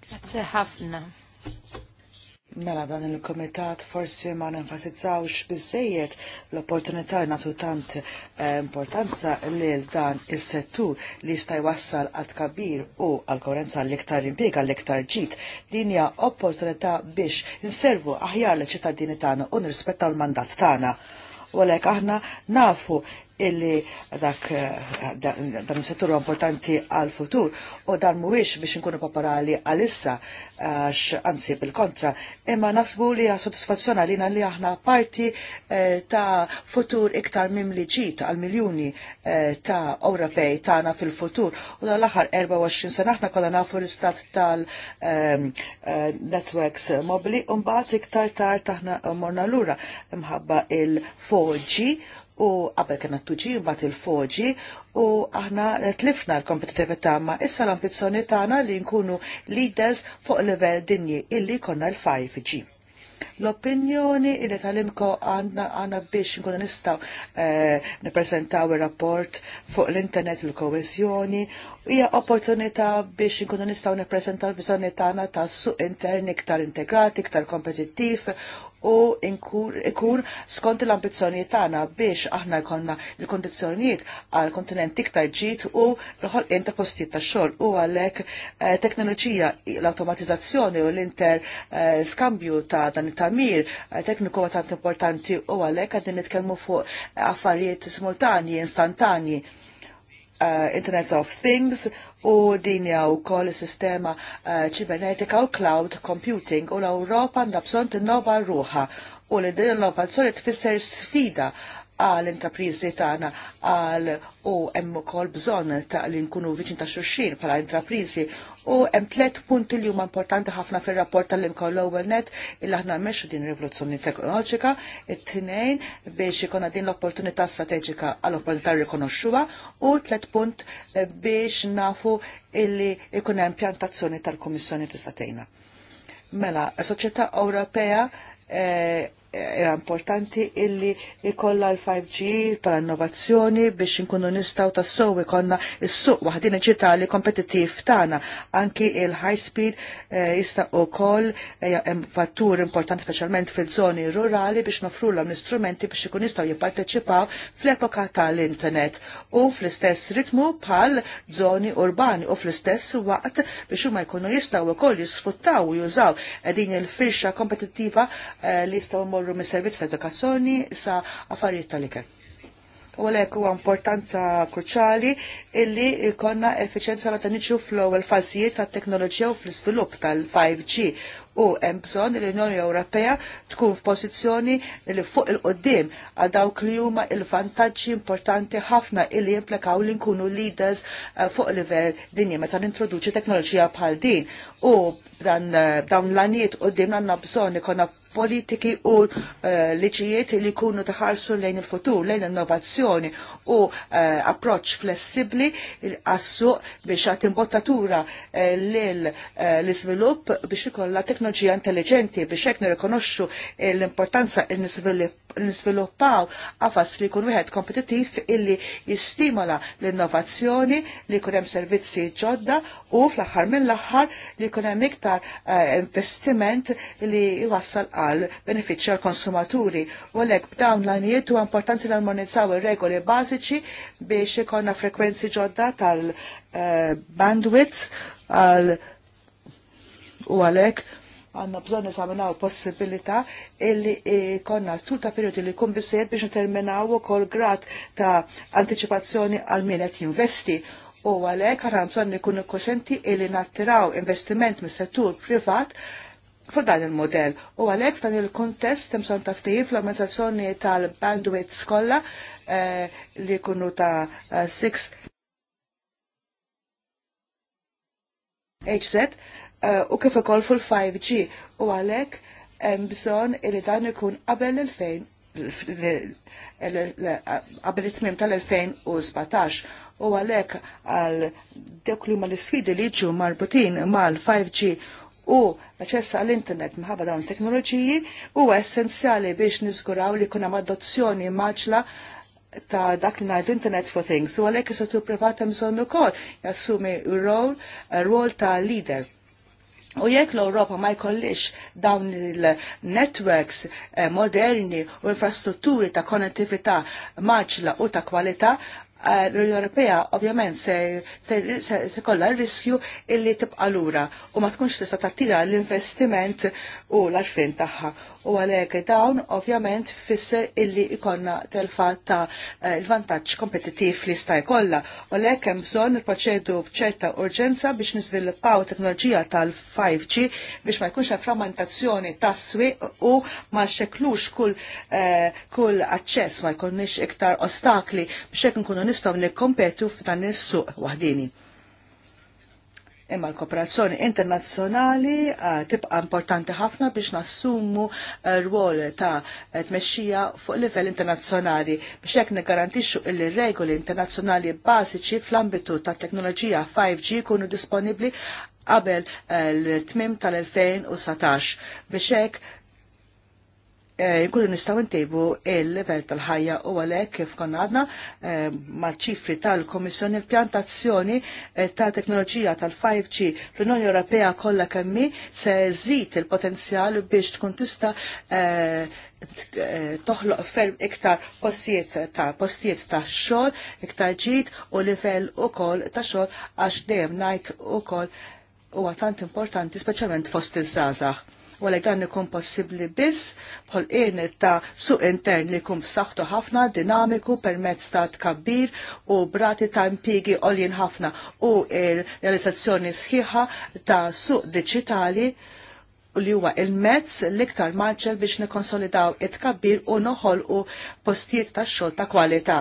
Grazzi ħafna. Mela dan il-komitat forsi ma nenfasizzawx bizzejiet l-opportunità li natu tant eh, importanza li dan is-settur li jista' jwassal għad kabir u għal korenza l-iktar impiega l-iktar ġit. Din hija opportunità biex inservu aħjar l-ċittadini tagħna u nirrispettaw l-mandat tagħna. U għalhekk aħna nafu illi dak eh, dan settur importanti għal futur u dan mhuwiex biex inkunu paparali għalissa għax anzi bil-kontra imma naħsbu li għas soddisfazzjon għalina li aħna parti eh, ta' futur iktar mimli ġit għal miljuni eh, ta' Ewropej tagħna fil-futur u dan l-aħħar 24 sena aħna kollha nafu l-istat tal-networks mobili u mbagħad iktar tard aħna morna lura imħabba il-4G u qabel kena t-tuġi mbat il-foġi u aħna tlifna l-kompetitività ma issa l-ambizzjoni tagħna li nkunu leaders fuq level dinji illi konna l-5G. L-opinjoni illi tal-imko għanna biex nkunu nistaw eh, nipresentaw il-rapport fuq l-internet il-kohesjoni hija opportunità biex nkunu nistaw nippreżentaw l-viżjoni tagħna tas suq intern iktar integrati, iktar kompetittiv u ikur skont l-ambizzjonijiet tagħna biex aħna jkollna l-kondizzjonijiet għal kontinent iktar ġid u l-ħolqien ta' postijiet ta' xogħol u għalhekk eh, teknoloġija l-automatizzazzjoni u l-inter eh, skambju ta' dan it-tamir eh, tekniku tant importanti u għalhekk qegħdin nitkellmu fuq affarijiet simultani, instantani, uh, Internet of Things u din jaw kol sistema eh, ċibernetika u cloud computing u l-Europa għandha bżonn tinnova ruħa u li din l-innovazzjoni tfisser sfida għal intraprizi tagħna għal u hemm ukoll bżonn ta' li nkunu viċin ta' xulxin bħala intraprizi u hemm tliet punti li huma importanti ħafna fir-rapport tal-inkoll l-ewwel net illi aħna mmexxu din rivoluzzjoni teknoloġika, it-tnejn biex ikona din l-opportunità strateġika għal opportunità rikonoxxuha u tliet punt biex nafu illi ikun hemm pjantazzjoni tal-Kummissjoni tista' tgħinna. Mela, s-soċjetà Ewropea eh, era importanti illi ikolla l-5G pala innovazzjoni biex nkunu nistaw tassow ikonna il-suq waħdina ċitali kompetitiv tana. Anki il-high speed eh, jista u kol eh, fattur importanti specialment fil zoni rurali biex nofru l istrumenti biex ikun nistaw jipparteċipaw fl-epoka tal-internet u fl-istess ritmu pal żoni urbani u fl-istess waqt biex huma jkunu jistaw kol jisfruttaw u jużaw din il-firxa kompetittiva eh, li jistaw imorru mis servizz ta' edukazzjoni sa' affarijiet tal iker U għalek huwa importanza kruċali illi jkollna effiċenza la taniċu fl-ewwel fażijiet tat-teknoloġija u fl-iżvilupp tal-5G u hemm bżonn li l-Unjoni Ewropea tkun f'pożizzjoni li fuq il-qoddim għal dawk li huma l-vantaġġi importanti ħafna illi jimplikaw li nkunu leaders eh, fuq livell dinji meta nintroduċi teknoloġija bħal din u dan eh, dawn l-għaniet qoddim għandna bżonn ikonna politiki u eh, liġijiet li jkunu taħarsu lejn il-futur, lejn innovazzjoni u eh, approċ flessibli għassu biex għat imbottatura eh, l-izvilup biex ikolla teknoloġija intelligenti biex jek nirrikonoxxu l-importanza nisviluppaw għafas li kun wieħed kompetittiv illi jistimola l-innovazzjoni li kun hemm servizzi ġodda u fl-aħħar mill-aħħar li kun hemm iktar investiment li jwassal għal għal beneficja għal konsumaturi u għalhekk b'dawn l-għanijiet huwa importanti l-armonizzaw ir-regoli bażiċi biex ikonna frekwenzi ġodda tal-bandwidth eh, għal u għalhekk għanna bżon nisaminaw possibilita illi konna tul ta' periodi li kun bisejed biex n-terminaw u kol grad ta' anticipazzjoni għal minet qed jinvesti. U għalek għanna bżon nikun koxenti illi nattiraw investiment mis settur privat Fu dan il-modell. U għalhekk f'dan il-kontest temson son taftijib fl-organizzazzjoni tal-bandwidth skolla eh, li jkunu ta' 6 eh, HZ eh, u kif ukoll full 5G u għalhekk hemm bżonn li dan ikun qabel il-fejn qabel it-tmim tal-2017 u għalhekk għal dawk li huma l-isfidi li ġu marbutin mal-5G u l-aċċess għall-internet minħabba dawn teknoloġiji huwa essenzjali biex niżguraw li kuna adozzjoni maġla ta' dak li najdu Internet for Things. U għalhekk is-settur privat hemm bżonn ukoll jassumi rol rol ta' leader. U jekk l-Europa ma jkollix dawn il-networks eh, moderni u infrastrutturi ta' konnettività maġla u ta' kwalità, l-Unjoni Ewropea ovvjament se tkollha r-riskju illi tibqa' lura u ma tkunx tista' tattira l-investiment u l-għarfien tagħha. U għalhekk dawn ovvjament fisser illi jkollna telfa ta' eh, l-vantaġġ kompetittiv li sta' jkollha. U għalhekk hemm bżonn nipproċedu b'ċerta urġenza biex niżviluppaw teknoloġija tal-5G biex ma jkunx hemm frammentazzjoni tas-swieq u ma xeklux kull eh, kull aċċess ma jkunx iktar ostakli biex hekk nkunu nistaw nikkompetu f'dan is-suq waħdini. Imma l-kooperazzjoni internazzjonali eh, tibqa' importanti ħafna biex nassumu eh, rwol ta' tmexxija fuq livell internazzjonali biex hekk niggarantixxu li regoli internazzjonali bażiċi fl-ambitu ta' teknoloġija 5G jkunu disponibbli qabel eh, l-tmim tal-2017 biex hekk Eh, Kullu nistaw ntejbu il-level tal-ħajja u għalek kif konna għadna eh, maċ-ċifri tal-Komissjoni l-pjantazzjoni eh, ta' teknoloġija tal-5G l-Unjoni Ewropea kollha kemmi se żid il-potenzjal biex tkun tista' toħloq ferm iktar postijiet ta' postijiet ta' xogħol, iktar ġid u livell ukoll ta' xogħol għax dejjem ngħid ukoll huwa tant importanti speċjalment fost iż-żgħażagħ u dan ikun possibbli biss bħol qienet ta' suq intern li jkun f'saħħtu ħafna, dinamiku permezz ta' tkabbir u brati ta' impigi għoljin ħafna u l-realizzazzjoni sħiħa ta' suq diġitali u li huwa il-mezz l-iktar maġġel biex nikonsolidaw it-kabbir u noħolqu postijiet ta' xogħol ta' kwalità.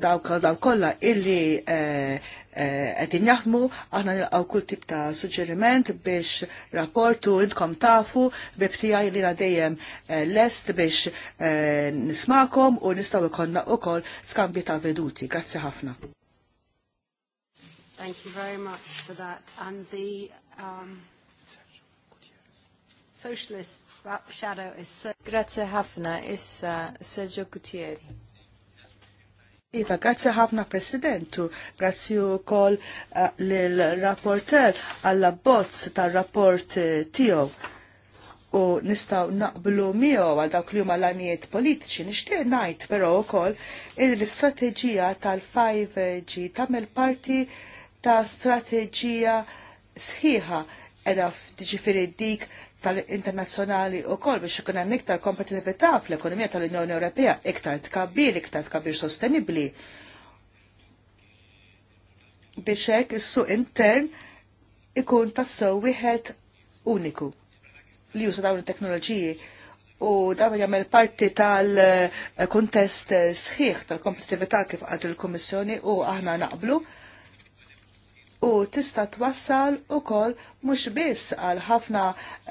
Dawk kollha illi eh, għedin jaħdmu, aħna nilqgħu kull tip ta' suġġeriment biex rapportu intkom tafu bibtijaj li dejjem eh, lest biex eh, nismakom u nistaw ikonna u kol skambi ta' veduti. Grazzi ħafna. Thank you very much for that. And the um, socialist shadow is... Grazie ħafna, issa Sergio Gutierrez. Iva, grazzi ħafna Presidentu, grazzi u kol eh, l-rapporter għalla bozz tal-rapport eh, tiegħu. U nistaw naqblu miegħu għal dawk li huma l-għanijiet politiċi, nixtieq ngħid però wkoll l-istrateġija tal-5G tagħmel parti ta' strateġija sħiħa edha ġifiri dik tal-internazzjonali u kol biex ikun hemm iktar kompetitività fl-ekonomija tal-Unjoni Ewropea, iktar tkabbir, iktar tkabbir sostenibbli. Biex hekk is-suq intern ikun tassew wieħed uniku li juża dawn it-teknoloġiji u dawn jagħmel parti tal-kuntest sħiħ tal-kompetitività kif qalt il-Kummissjoni u aħna naqblu u tista' twassal ukoll mhux biss għal ħafna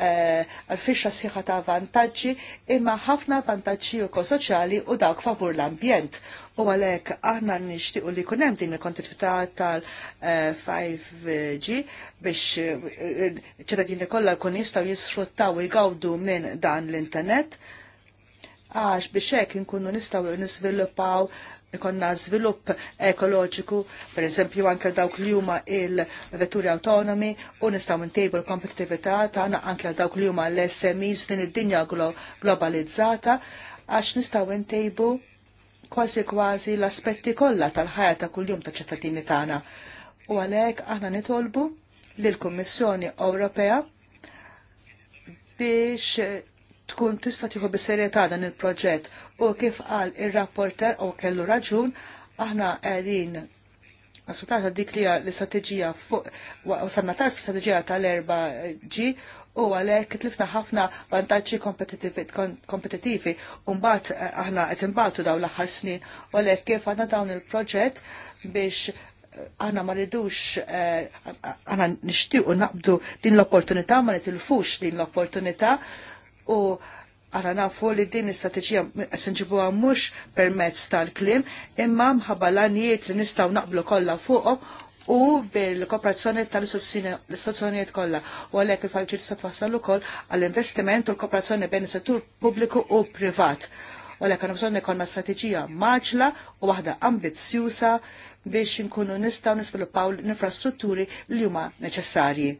eh, għal fixxa siħa ta' vantaġġi imma ħafna vantaġġi kol soċali u dawk favur l-ambjent. U għalhekk aħna nixtiequ li jkun hemm din il-kontività tal-5G eh, biex eh, ċittadini kollha jkun jistgħu jisfruttaw u jgawdu minn dan l-internet għax biex hekk inkunu nistgħu nisviluppaw ikonna żvilupp ekoloġiku, per eżempju anke dawk li huma il-vetturi autonomi u nistgħu ntejbu l-kompetitività tagħna anke dawk li huma l-SMEs f'din id-dinja globalizzata għax nistgħu ntejbu kważi kważi l-aspetti kollha tal-ħajja ta' kuljum ta' ċittadini tagħna. U għalhekk aħna nitolbu lill-Kummissjoni Ewropea biex tkun tista' tiħu bis-serjetà dan il-proġett u kif qal ir-rapporter u kellu raġun aħna qegħdin assolutata dik li l-istrateġija fuq u sanna tard fl-istrateġija tal-erba ġi u għalhekk kitlifna ħafna vantaġġi kompetittivi u mbagħad eh, aħna qed imbagħtu dawn l-aħħar snin u għalhekk kif għandna dawn il-proġett biex eh, aħna ma ridux eh, aħna nixtiequ naqbdu din l-opportunità ma nitilfux din l-opportunità u għara nafu li din istrateġija senġibuha mhux permezz tal-klim imma mħabba l li nistgħu naqblu kollha fuqhom u bil-kooperazzjoni tal-istituzzjonijiet kollha. U għalhekk il-faċil se twassal ukoll għall-investiment u l-kooperazzjoni bejn is-settur pubbliku u privat. U għalek għan bżonn ikollna strateġija maġla u waħda ambizzjuża biex inkunu nistgħu nisviluppaw l-infrastrutturi li huma neċessarji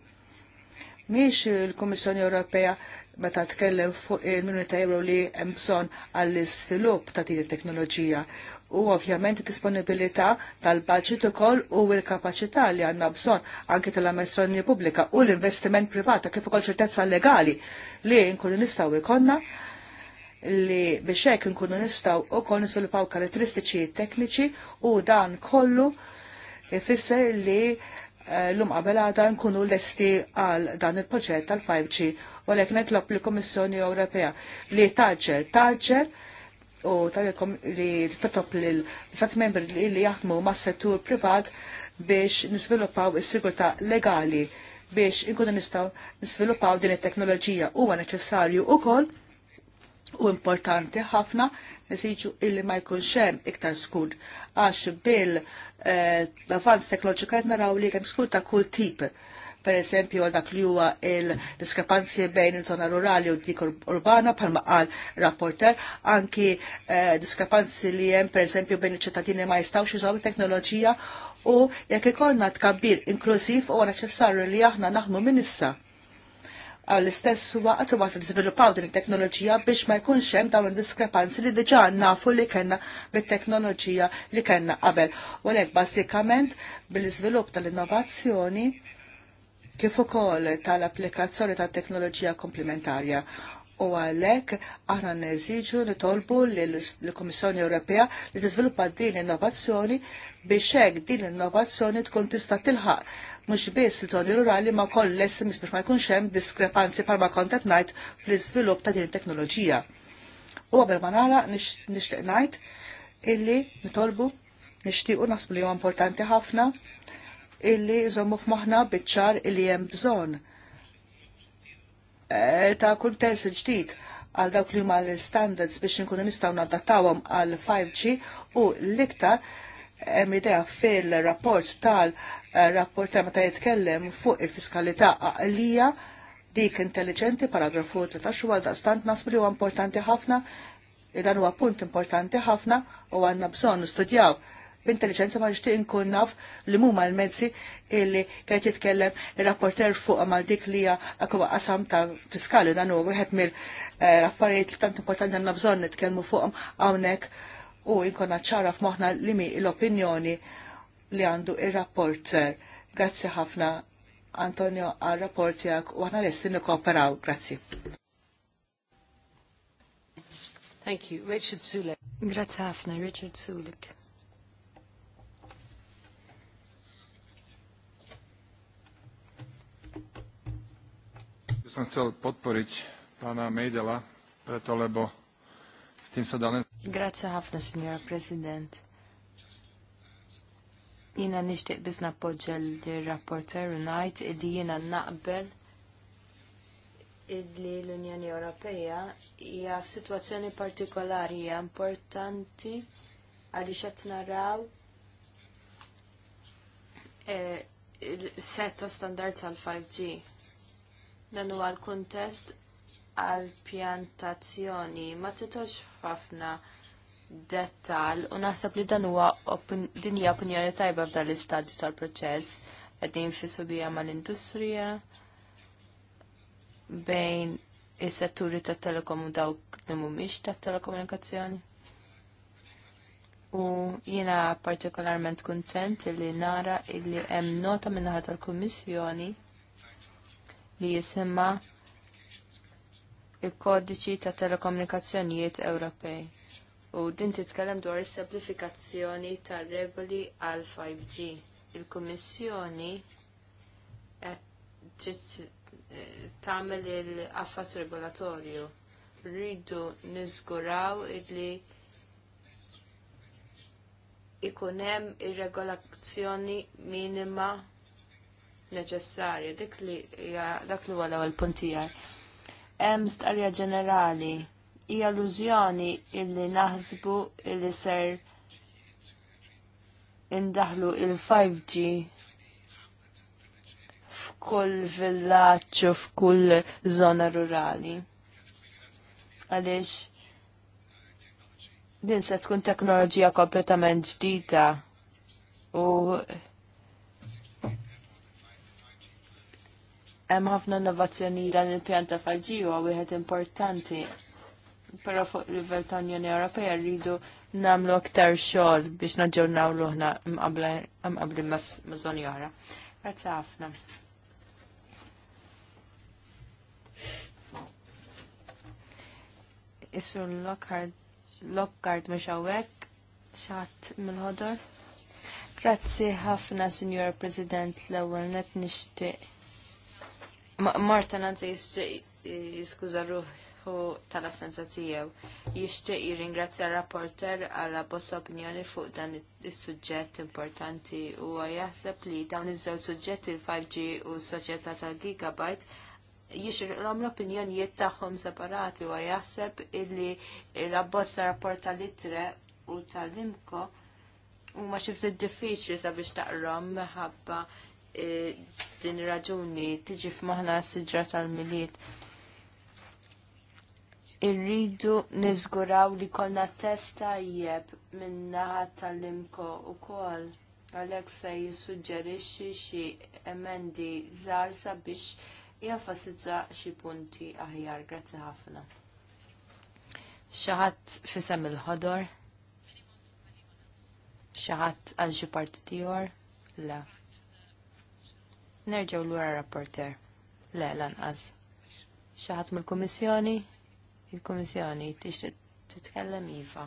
miex il-Komissjoni Ewropea meta tkellem fuq il-minu ta' euro li hemm bżonn għall-istilup ta' din it-teknoloġija u ovvjament disponibilità tal-budget ukoll u l-kapaċità li għandna bżonn anke tal-amministrazzjoni pubblika u l-investiment privata kif ukoll ċertezza legali li nkunu nistgħu jkollna li biex hekk nkunu nistgħu ukoll niżviluppaw karatteristiċi tekniċi u dan kollu ifisser li eh, l-lum qabel għada nkunu lesti għal dan il-proġett tal-5G u lek netlob l-Komissjoni Ewropea li taġġel, taġġel u tal li li l sat membri li jaħdmu ma' settur privat biex nisvilupaw is sigurta legali biex inkunu nistaw nisvilupaw din it-teknoloġija huwa neċessarju ukoll u importanti ħafna nisiġu illi ma jkunx hemm iktar skud għax bil eh, l-avanz teknoloġika naraw li hemm skud ta' kull tip per esempio għal dak li huwa il-diskrepanzi bejn il-zona rurali u dik urbana bħalma qal rapporter, anki eh, diskrepanzi li hemm per eżempju bejn il-ċittadini ma jistgħux jużaw it-teknoloġija u jekk ikollna tkabbir inklużiv huwa neċessarju li aħna naħdmu minn issa għall-istess waqt waqt li żviluppaw din it-teknoloġija biex ma jkunx hemm dawn id-diskrepanzi li diġà nafu li kellna bit-teknoloġija li kellna qabel. U għalhekk bażikament bil-iżvilupp tal-innovazzjoni kif ukoll tal-applikazzjoni ta' teknoloġija komplementarja u għalek aħna neżiġu nitolbu l-Komissjoni Ewropea li tiżviluppa din l-innovazzjoni biex hekk din l-innovazzjoni tkun tista' tilħaq mhux biss l-żoni rurali ma koll l-SMS biex ma jkunx hemm diskrepanzi bħalma qed ngħid fl-iżvilupp ta' din it-teknoloġija. U qabel ma nara nixtieq ngħid illi nitolbu nixtiequ naħsbu li huwa importanti ħafna illi zommu f'moħħna biċ-ċar illi hemm bżonn e, ta' kuntess ġdid għal dawk li huma l-standards biex nkunu nistgħu nadattawhom għal 5G u l-iktar hemm idea fil-rapport tal-rapport ta' meta jitkellem fuq il-fiskalità għalija dik intelligenti paragrafu 13 u għal da' stand li huwa importanti ħafna dan huwa punt importanti ħafna u għandna bżonn studjaw b'intelligenza ma nixtieq inkun naf li mhuma l-mezzi illi qed jitkellem ir-rapporter fuq mal dik li hija qasam ta' fiskali dan huwa wieħed mill-affarijiet li tant importanti għandna bżonn nitkellmu fuqhom hawnhekk u jkollna ċara f'moħħna li mi l-opinjoni li għandu ir-rapporter. Grazzi ħafna Antonio għal rapport jak u għana l-estin nikkooperaw. Grazzi. Thank you. Richard Sulik. Grazie ħafna, Richard Sulek. by som chcel podporiť pána Mejdela, preto lebo s tým sa dá len... Grazie ħafna, signor President. Jina nishtiq biz nappoġġa l rapporteru unajt illi jina naqbel illi l-Unjoni Ewropea hija f'sitwazzjoni partikolari hija importanti għaliex qed naraw eh, setta standards tal-5G dan huwa l-kuntest għal pjantazzjoni ma titox ħafna dettal u naħseb li dan huwa din hija opinjoni tajba f'dan l-istadju tal-proċess qegħdin fi subija mal-industrija bejn is-setturi tat-telekom u dawk li mhumiex tat-telekomunikazzjoni. U jiena partikolarment kuntent li nara illi hemm nota minnaħa tal-Kummissjoni li jisimma il-kodiċi ta' telekomunikazzjonijiet Ewropej. U din titkellem dwar is-semplifikazzjoni tar regoli għal 5G. Il-Kummissjoni eh, tagħmel il-qafas regolatorju. Rridu niżguraw li ikun hemm ir-regolazzjoni minima neċessarja. dik li dak li għalaw l puntijar Hemm stqarja ġenerali, hija illużjoni illi naħsbu illi ser indaħlu il-5G f'kull villaġġ u f'kull zona rurali. Għaliex din se tkun teknoloġija kompletament ġdida u Hemm ħafna innovazzjoni dan il-pjanta fal u wieħed importanti. Però fuq livell ta' Unjoni Ewropea rridu nagħmlu aktar xogħol biex naġġornaw l-oħna ma' mażoni oħra. Grazzi ħafna. l Lockhart Lockhart mhux hawnhekk xatt mill-ħodor. Grazzi ħafna, Signor President, l-ewwel net nixtieq Marta nanzi jiskuza ruħu tal-assenza tijew. Jishtiq jirringrazzja rapporter għala bossa opinjoni fuq dan il sujġet importanti u jaħseb li dawn iż-żewġ suġġetti il-5G u s-soċjetà tal-gigabyte jixir l-opinjonijiet tagħhom separati u jaħseb illi l-abbozza rapport tal-itre u tal-imko u ma xifti diffiċli sabiex taqrom ħabba E, din raġuni tiġi f'maħna s-sġra tal-miliet. Irridu nizguraw li konna testa jieb minnaħa tal-imko u kol. Għalek se jissuġġerixxi xi emendi żgħar biex jenfasizza xi punti aħjar. Grazzi ħafna. Xi ħadd fisem il-ħodor? Xi ħadd għal xi parti Le. Nerġaw l għura rapporter. Le, lanqas. Xaħat mill-Komissjoni? Il-Komissjoni tixtieq titkellem iva.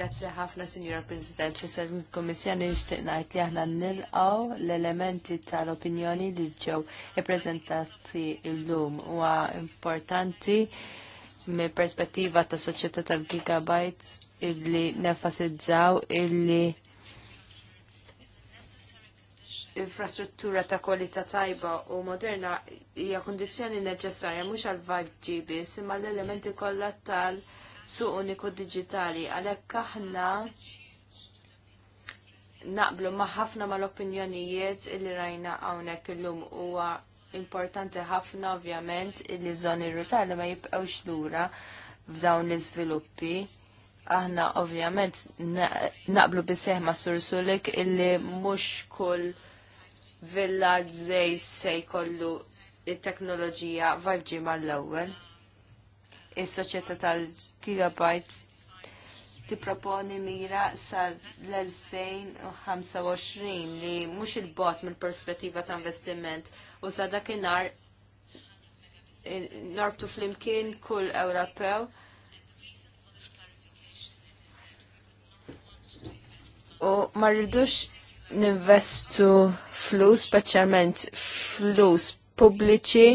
Grazie ħafna, Signora President, fissar il-Komissjoni ngħid li aħna nil-għaw l-elementi tal-opinjoni li ġew ippreżentati llum huwa importanti mill perspettiva tas soċjetà tal-gigabytes illi nefasizzaw illi infrastruttura ta' kwalità tajba u moderna hija kundizzjoni neċessarja mhux għal vibe biss imma l-elementi kollha tal-suq uniku diġitali għalhekk aħna naqblu ma' ħafna mal-opinjonijiet illi rajna hawnhekk illum huwa importanti ħafna ovvjament illi żoni rurali ma jibqgħux lura f'dawn l-iżviluppi aħna ovvjament naqblu bisseħ ma' sursulik illi mux kull Villard zej se jkollu il-teknoloġija 5G mal-ewwel. Is-soċjetà tal-gigabyte tipproponi mira sal-2025 li mhux il-bot mill-perspettiva ta' investiment u sa dakinhar norbtu flimkien kull Ewropew u ma rridux ninvestu flus, speċjalment flus pubbliċi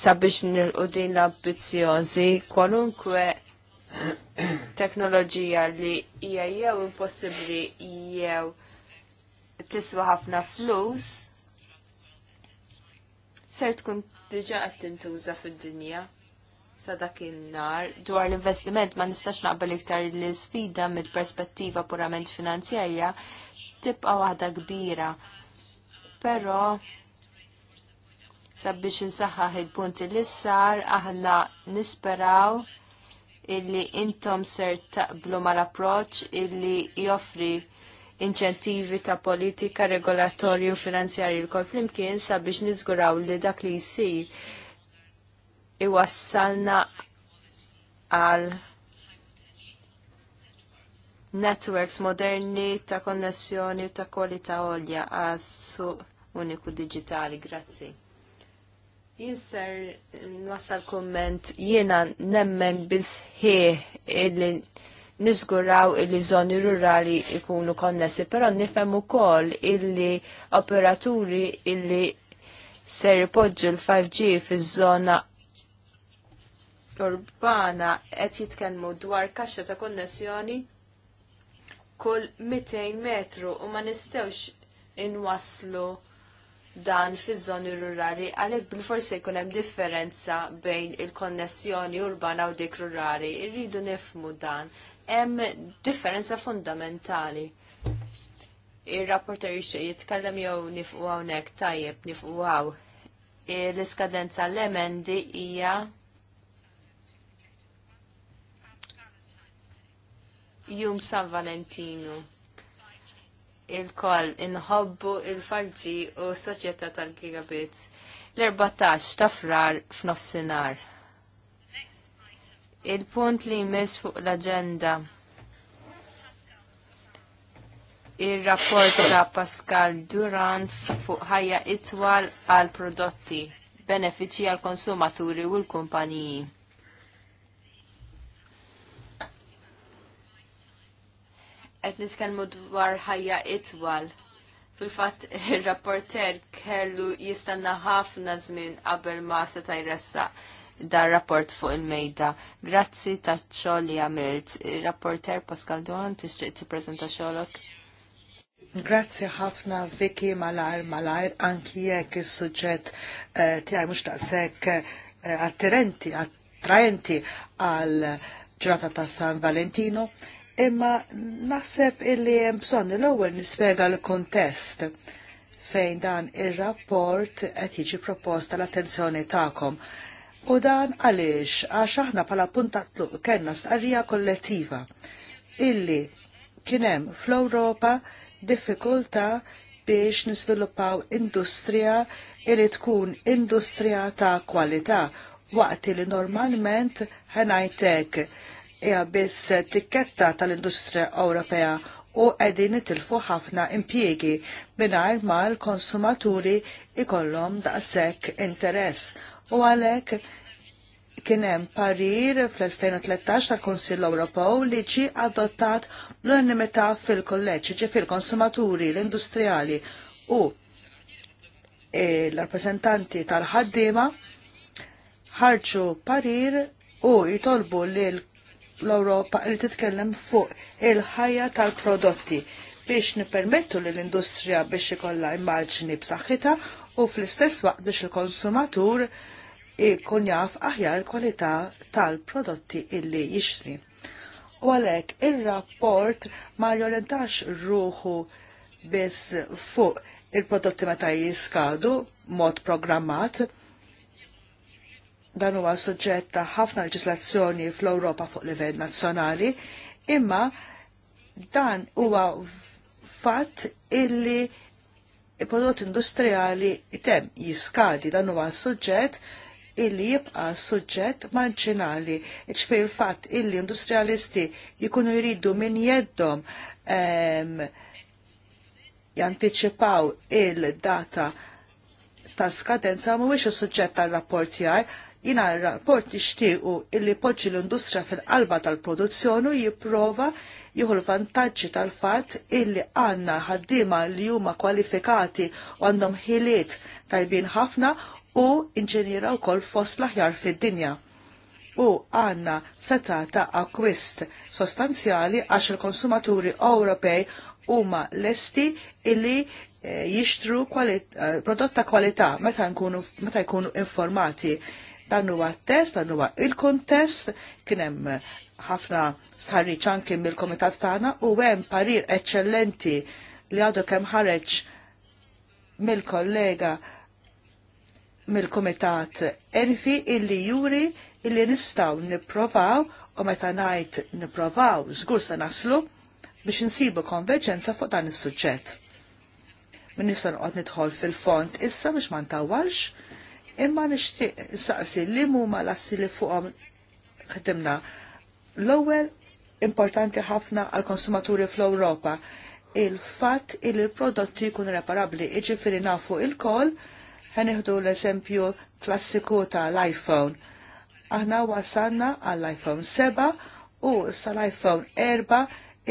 sabiex nilqu din l-ambizjozi kwalunkwe teknoloġija li hija jew impossibbli jew tiswa ħafna flus ser tkun diġa qed tintuża fid-dinja sa il-nar dwar l-investiment ma nistax naqbel iktar li sfida mill-perspettiva purament finanzjarja tibqa' waħda kbira. Però sabiex insaħħaħ il-punti li sar aħna nisperaw illi intom ser taqblu mal-approċ illi joffri inċentivi ta' politika regolatorju finanzjarju l-kol flimkien sabiex nizguraw li dak li jisir iwassalna għal networks moderni ta' konnessjoni u ta' kwalità olja għas su uniku digitali. Grazzi. Jinser nwasal komment jiena nemmen bizħi illi nizguraw illi zoni rurali ikunu konnessi, pero nifhem ukoll illi operaturi illi ser ipoġġu l-5G fiż-żona urbana qed jitkellmu dwar kaxxa ta' konnessjoni kull 200 metru u ma nistgħux inwasslu dan fiż-żoni rurali għalhekk bil-forsi jkun hemm differenza bejn il-konnessjoni urbana u dik rurali. Irridu nifmu dan. Hemm differenza fundamentali. Ir-rapporter jixtieq jitkellem jew nifqu hawnhekk tajjeb nifqu hawn. E, l-iskadenza l-emendi hija jum San Valentino. Il-koll inħobbu il-farġi u s tal-gigabits l-14 ta' frar f'nofsinhar. Il-punt li jmiss fuq l-agenda il-rapport ta' Pascal Duran fuq ħajja itwal għal prodotti, benefiċi għal konsumaturi u l-kumpaniji. qed nitkellmu dwar ħajja itwal. Fil-fatt ir-rapporter kellu jistanna ħafna żmien qabel ma seta' jressaq dar rapport fuq il-mejda. Grazzi ta' xogħol li għamilt. Ir-rapporter Pascal Duan tixtieq tippreżenta xogħolok. Grazzi ħafna Viki malajr malajr anki jekk is-suġġett eh, tiegħi mhux taqsek eh, attirenti, attraenti għal ġrata ta' San Valentino imma naħseb illi hemm bżonn l-ewwel nispjega l-kuntest fejn dan ir-rapport qed jiġi proposta l-attenzjoni tagħkom. U dan għaliex għax aħna bħala punta tluq kellna stqarrija kollettiva illi kien hemm fl-Ewropa diffikultà biex nisviluppaw industrija illi tkun industrija ta' kwalità waqt li normalment ħanajtek hija biss tikketta tal-industrija Ewropea u qegħdin nitilfu ħafna impjiegi mingħajr ma l-konsumaturi ikollhom daqshekk interess u għalhekk kien hemm parir fl-2013 tal-Kunsill Ewropew li ġi adottat l unanimità fil-kolleġġ, ġi fil-konsumaturi, l-industrijali u l-rappresentanti tal-ħaddiema ħarġu parir u jitolbu li l-Europa li titkellem fuq il-ħajja tal-prodotti biex nipermettu li l-industrija biex ikolla immarġni b'saħħitha u fl-istess waqt biex il-konsumatur ikun jaf aħjar kwalità tal-prodotti illi jixtri. U għalhekk ir-rapport ma jorentax ruħu biss fuq il-prodotti meta jiskadu mod programmat, dan huwa suġġett ta' ħafna leġislazzjoni fl-Ewropa fuq livell nazzjonali, imma dan huwa fatt illi il-prodott industrijali item jiskadi dan huwa suġġett illi jibqa suġġett marġinali, ċfir fatt illi industrialisti jikunu jridu minn jeddom ehm, jantiċipaw janticipaw il-data ta' skadenza mhuwiex is-suġġett tal-rapport jgħaj, jina rapport ixtiequ illi poġġi l-industrija fil-qalba tal-produzzjoni jipprova jieħu l-vantaġġi tal-fatt illi għandna ħaddiema li huma kwalifikati u għandhom ħiliet tajbin ħafna u inġeniera wkoll fost l-aħjar fid-dinja u għanna seta ta' akwist sostanzjali għax il-konsumaturi Ewropej huma lesti illi eh, jixtru eh, prodott ta' kwalità meta jkunu informati dan huwa test, dan huwa il-kontest, kien hemm ħafna sħarriċ anki mill-komitat tagħna u hemm parir eċċellenti li għadu kemm ħareġ mill-kollega mill-komitat Enfi illi juri illi nistaw nipprovaw u meta ngħid nipprovaw żgur se naslu biex insibu konverġenza fuq dan is-suġġett. Min nistgħu noqgħod nidħol fil-font issa biex ma ntawwalx Imma nixtieq saqsi li huma ma lassi li fuqhom ħdimna. L-ewwel importanti ħafna għal konsumaturi fl-Ewropa il-fatt il fatt il prodotti kun reparabli iġifiri nafu il-kol ħaniħdu l-eżempju klassiku ta l iphone Aħna wasanna għall-iPhone 7 u sal-iPhone 4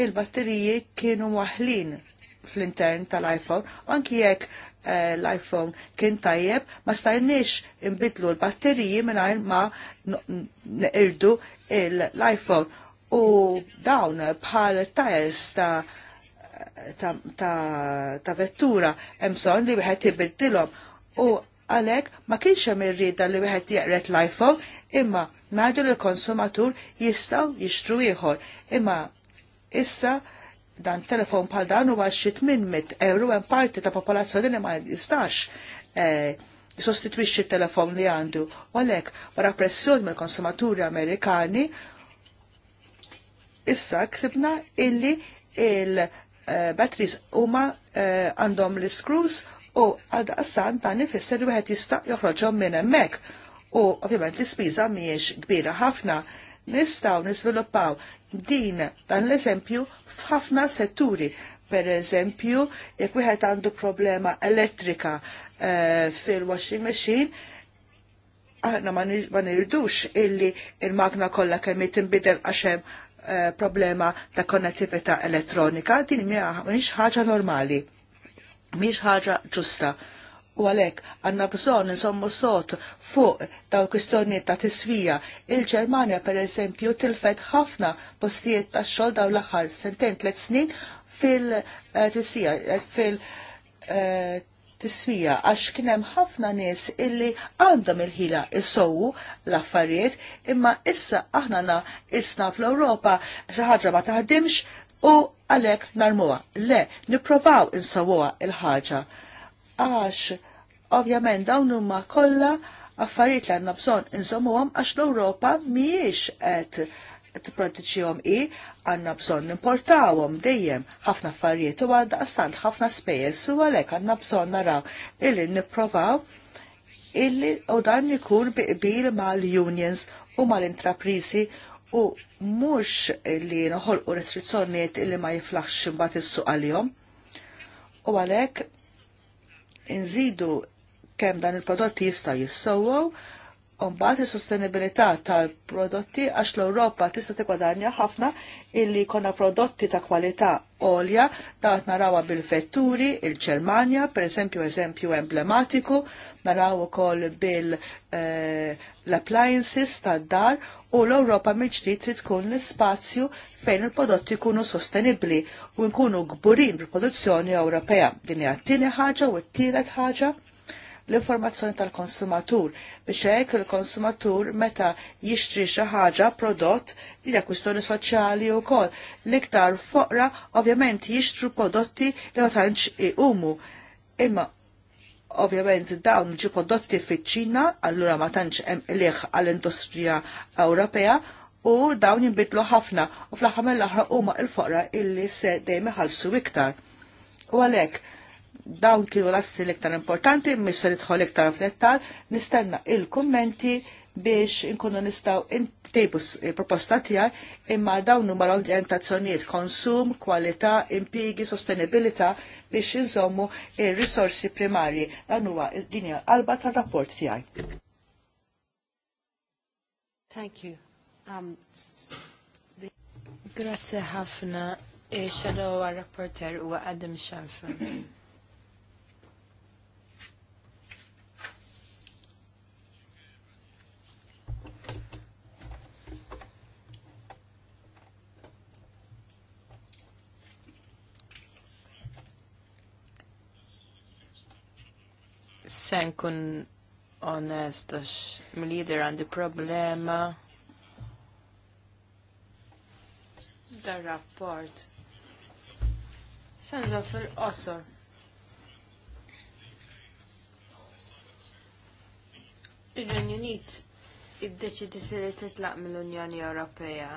il-batteriji kienu waħlin fl-intern tal-iPhone, anki jekk eh, l-iPhone kien tajjeb, ma stajniex imbidlu l-batteriji mingħajr ma irdu l-iPhone. U dawn bħal tajes ta' ta', ta, ta vettura hemm li wieħed ibiddilhom. U għalhekk ma kienx hemm irrieda li wieħed jaqret l-iPhone, imma ngħidu l-konsumatur jistgħu jixtru ieħor. Imma issa dan telefon bħal dan huwa xi mit euro hemm parti ta' popolazzjoni li ma jistax eh, t-telefon li għandu. U Għalhekk wara pressjoni mill-konsumaturi Amerikani issa ksibna illi il-batteries eh, huma eh, għandhom li l-screws u għal daqstan dan ifisser li wieħed jista' joħroġhom minn hemmhekk. U ovvjament l-ispiża mhijiex kbira ħafna nistgħu nisviluppaw din dan l-eżempju f'ħafna setturi. Per eżempju, jekk wieħed għandu problema elettrika eh, fil-washing machine, aħna ma nirdux illi il-magna kollha kemm tinbidel għax hemm eh, problema ta' konnettività elettronika, din mhix ħaġa normali, mhix ħaġa ġusta U għalek għanna bżon insommu sot fuq daw kwistjoni ta' tisvija. Il-Ġermania per eżempju tilfet ħafna postijiet ta' xol daw l-aħħar sentejn tliet snin fil-tisija, fil- eh, tisfija għax kienem ħafna nies illi għandhom il-ħila isowu l-affarijiet imma issa aħna na isna fl-Ewropa xi ħaġa ma taħdimx u għalhekk narmuwa. Le, nipprovaw insawuwa il-ħaġa għax Ovvjament dawn huma kollha affarijiet li għandna bżonn inżommuhom għax l-Ewropa mhijiex qed tipproduċihom i għandna bżonn importawhom dejjem ħafna affarijiet u għal daqstant ħafna spejjeż u għalhekk għandna bżonn naraw illi nipprovaw illi u dan jkun biqbil mal-unions u mal-intraprisi u mhux li noħolqu restrizzjonijiet illi ma jiflaħx imbagħad is-suq għalihom. U għalhekk inżidu kemm dan il-prodotti jista' jissowwow mbagħad il-sostenibilità tal-prodotti għax l-Europa tista' tikwadanja ħafna illi konna prodotti ta' kwalità olja dawt narawha bil-vetturi, il-Ġermanja, per eżempju eżempju emblematiku, naraw ukoll bil-appliances eh, tad-dar u l-Europa mill-ġdid trid tkun l-ispazju fejn il-prodotti jkunu sostenibli u nkunu gburin bil-produzzjoni Ewropea. Din hija t-tieni ħaġa u t-tielet ħaġa l-informazzjoni tal-konsumatur biex hekk il-konsumatur meta jixtri xi ħaġa prodott li hija kwistjoni soċjali wkoll. L-iktar foqra ovvjament jixtru prodotti li ma tantx iqumu. Imma ovvjament dawn ġi prodotti fiċ-Ċina, allura ma tantx hemm liħ għall-industrija Ewropea, u dawn jinbidlu ħafna u fl-aħħar mill-aħħar huma l-foqra illi se dejjem iħallsu iktar. U għalhekk dawn kienu l-assi l-iktar importanti, mister idħol iktar f'dettal, nistenna il-kommenti biex inkunu nistaw intejbu proposta tijaj imma dawn numar orientazzjoniet konsum, kwalità, impigi, sostenibilità biex inżommu il-risorsi primarji. Dan huwa dinja qalba tar-rapport tijaj. Thank you. Um, the... Grazie ħafna. E shadow rapporter reporter, Adam Shanford. sen nkun onest għax lider għandi problema dar rapport. Senżo fil-qosor. Il-Renju Unit iddeċidiet li titlaq mill-Unjoni Ewropea.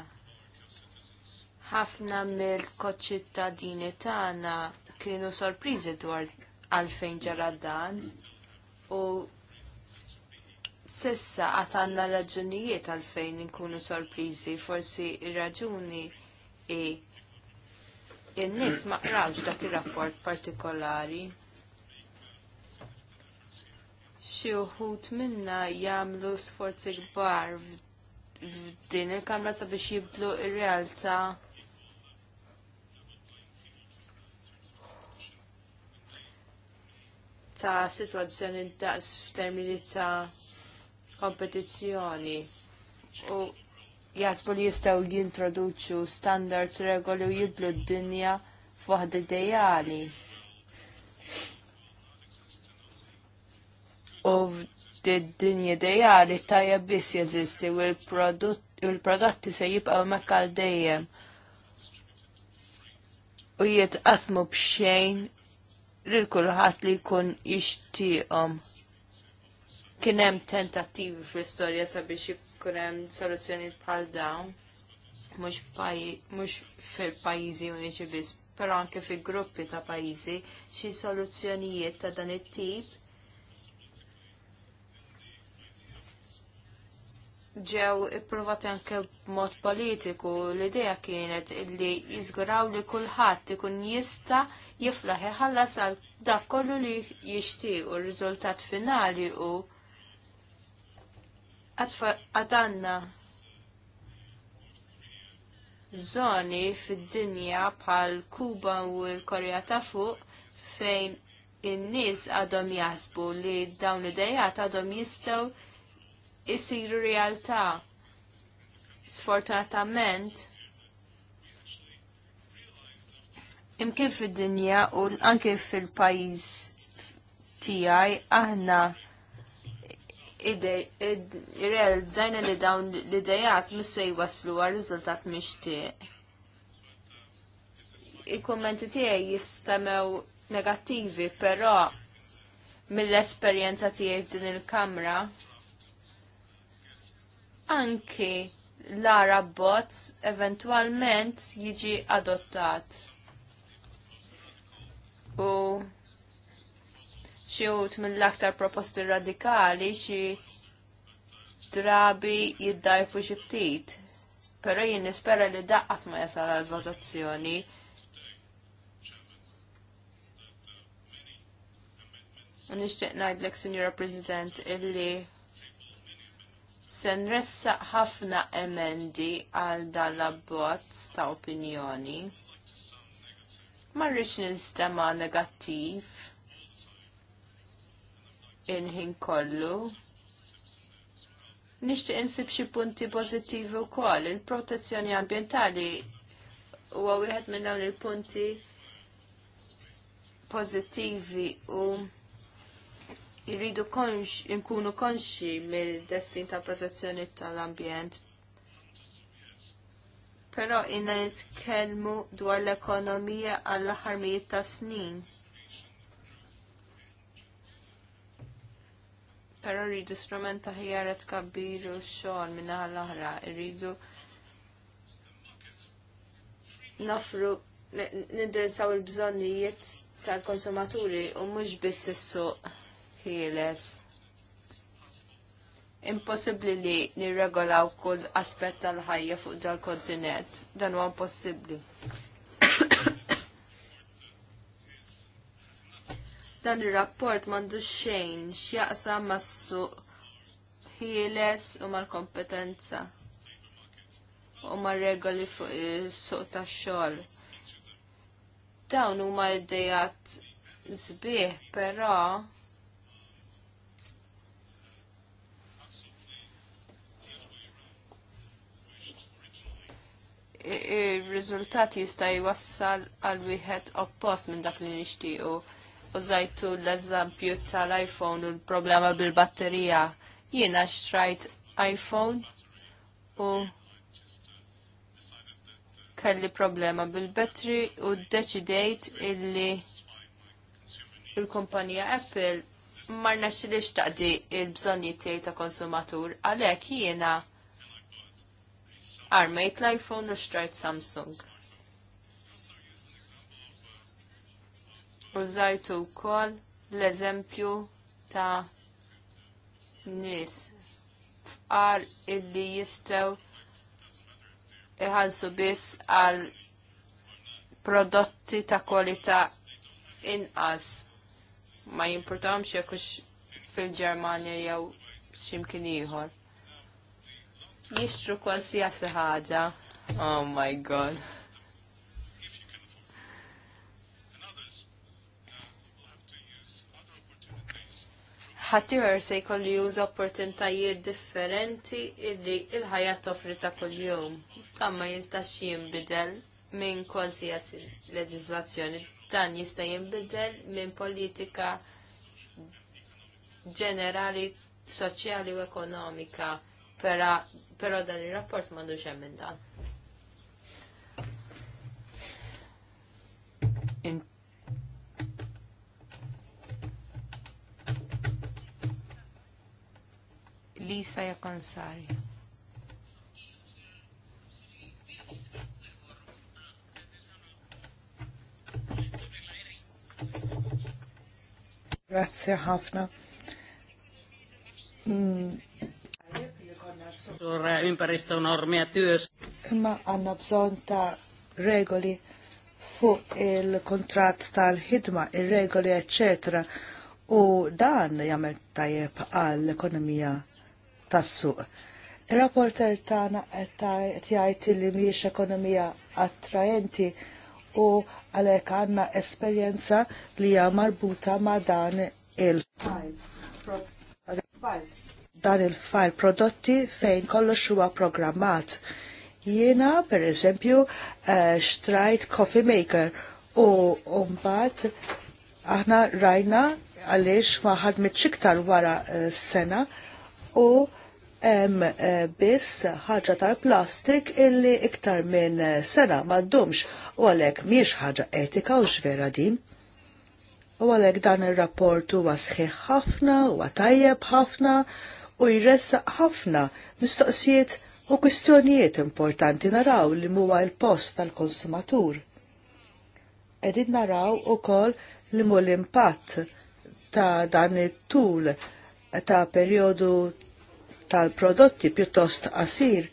Ħafna mill-koċittadini tagħna kienu sorpriżi dwar għalfejn ġara dan u sissa għatanna raġunijiet għalfejn nkunu sorprizi, forsi raġuni i in-nis ma qrawx dak ir-rapport partikolari. Xi wħud minna jagħmlu sforzi kbar f'din il-kamra sabiex jibdlu ir-realtà ta' situazzjoni daqs f'termini ta' kompetizzjoni u jasbu li jistaw jintroduċu standards regoli u jiblu d-dinja f'waħda ideali. U d-dinja ideali tajja biss jeżisti u l-prodotti se jibqaw mekkal dejjem u jitqasmu b'xejn lil kulħadd li jkun jixtieqhom. Kien hemm tentattivi fl-istorja sabiex ikun hemm soluzzjonijiet bħal dawn mhux fil-pajjiżi uniċi biss, però anke fi gruppi ta' pajjiżi xi soluzzjonijiet ta' dan it-tip ġew ipprovati anke b'mod politiku. L-idea kienet li jiżguraw li kulħadd ikun jista' jiflaħ iħallas għal dak kollu li jixtiequ r-riżultat finali u għadanna zoni fid-dinja bħal Kuba u l-Korea ta' fuq fejn in-nies għadhom jasbu li dawn l-idejat għadhom jistgħu jsiru realtà. Sfortunatament, imkien fid-dinja u anke fil-pajis tiegħi aħna irrealizzajna li dawn l-idejat missu jwaslu għal riżultat mixtieq. Il-kommenti tiegħi jistemew negattivi, però mill-esperjenza tiegħi f'din il-kamra anki l-Arab bots eventualment jiġi adottat u xi minn mill-aktar proposti radikali xi drabi jiddarfu xi ftit. Però jien nispera li daqqat ma jasal għall votazzjoni U nixtieq ngħidlek, Sinjura President, illi se nressaq ħafna emendi għal dan l-abbozz ta' opinjoni marriċ nistema negattiv inħin kollu. Nishtiq insib xi punti pożittivi wkoll. Il-protezzjoni ambjentali huwa wieħed minn dawn il-punti pożittivi u jridu konx, inkunu konxi mill-destin ta' protezzjoni tal-ambjent Però inna nitkellmu dwar l-ekonomija għall ħarmijiet ta' snin. Però rridu strument ta' ħjaret kabbiru xogħol minna għall-oħra, rridu nafru nindirsaw il-bżonnijiet tal-konsumaturi u mhux biss is-suq ħieles impossibbli li nirregolaw kull aspett tal-ħajja fuq dal-kontinent. Dan huwa impossibbli. Dan ir-rapport m'għandu xejn x'jaqsam mas-suq ħieles u mal-kompetenza u mar-regoli fuq is-suq tax-xogħol. Dawn huma idejat sbieħ, però il-riżultat jista' jwassal għal wieħed oppost minn dak li nixtiequ. Użajtu l-eżempju tal-iPhone u l-problema bil-batterija. Jiena xtrajt iPhone u kelli problema bil-betri u deċidejt illi il-kumpanija Apple marna xilix taqdi il-bżonni tiegħi ta' konsumatur għalhekk jiena armejt l-iPhone u xtrajt Samsung. Użajtu wkoll l-eżempju ta' nies f'ar illi jistgħu iħallsu biss għal prodotti ta' kwalità inqas ma jimportawx jekk fil-Ġermanja jew x'imkien ieħor jistru qualsiasi ħaġa. Oh my god. ħatiħor se jkolli juża opportunitajiet differenti illi il-ħajja toffri ta' kuljum. Dan ma jistax jinbidel minn kwalsiasi leġislazzjoni. Dan jista' jinbidel minn politika ġenerali, soċjali u ekonomika Pera, pero dan il-rapport ma xem minn dan. In... Lisa Jakonsari. Grazie Hafna. Mm ympäristönormia Imma għanna bżon ta' regoli fuq il-kontrat tal-ħidma, il-regoli, eccetera. U dan jagħmel tajjeb għall-ekonomija tas-suq. Ir-rapporter tagħna qed li mhijiex ekonomija attrajenti u għalhekk għandna esperjenza li hija marbuta ma' dan il-5 dan il file prodotti fejn kollox huwa programmat. Jiena, per eżempju, uh, eh, xtrajt coffee maker u mbagħad aħna rajna għaliex ma ħadmet wara uh, sena u hemm uh, eh, biss ħaġa tal-plastik illi iktar minn sena ma ddumx u għalhekk mhijiex ħaġa etika u x'vera din. U għalek dan il-rapport huwa sħiħ ħafna, huwa tajjeb ħafna, u jressaq ħafna mistoqsijiet u kwistjonijiet importanti naraw li muwa l-post tal-konsumatur. Edin naraw u kol li mu l-impatt ta' dan it-tul ta' periodu tal-prodotti pjuttost qasir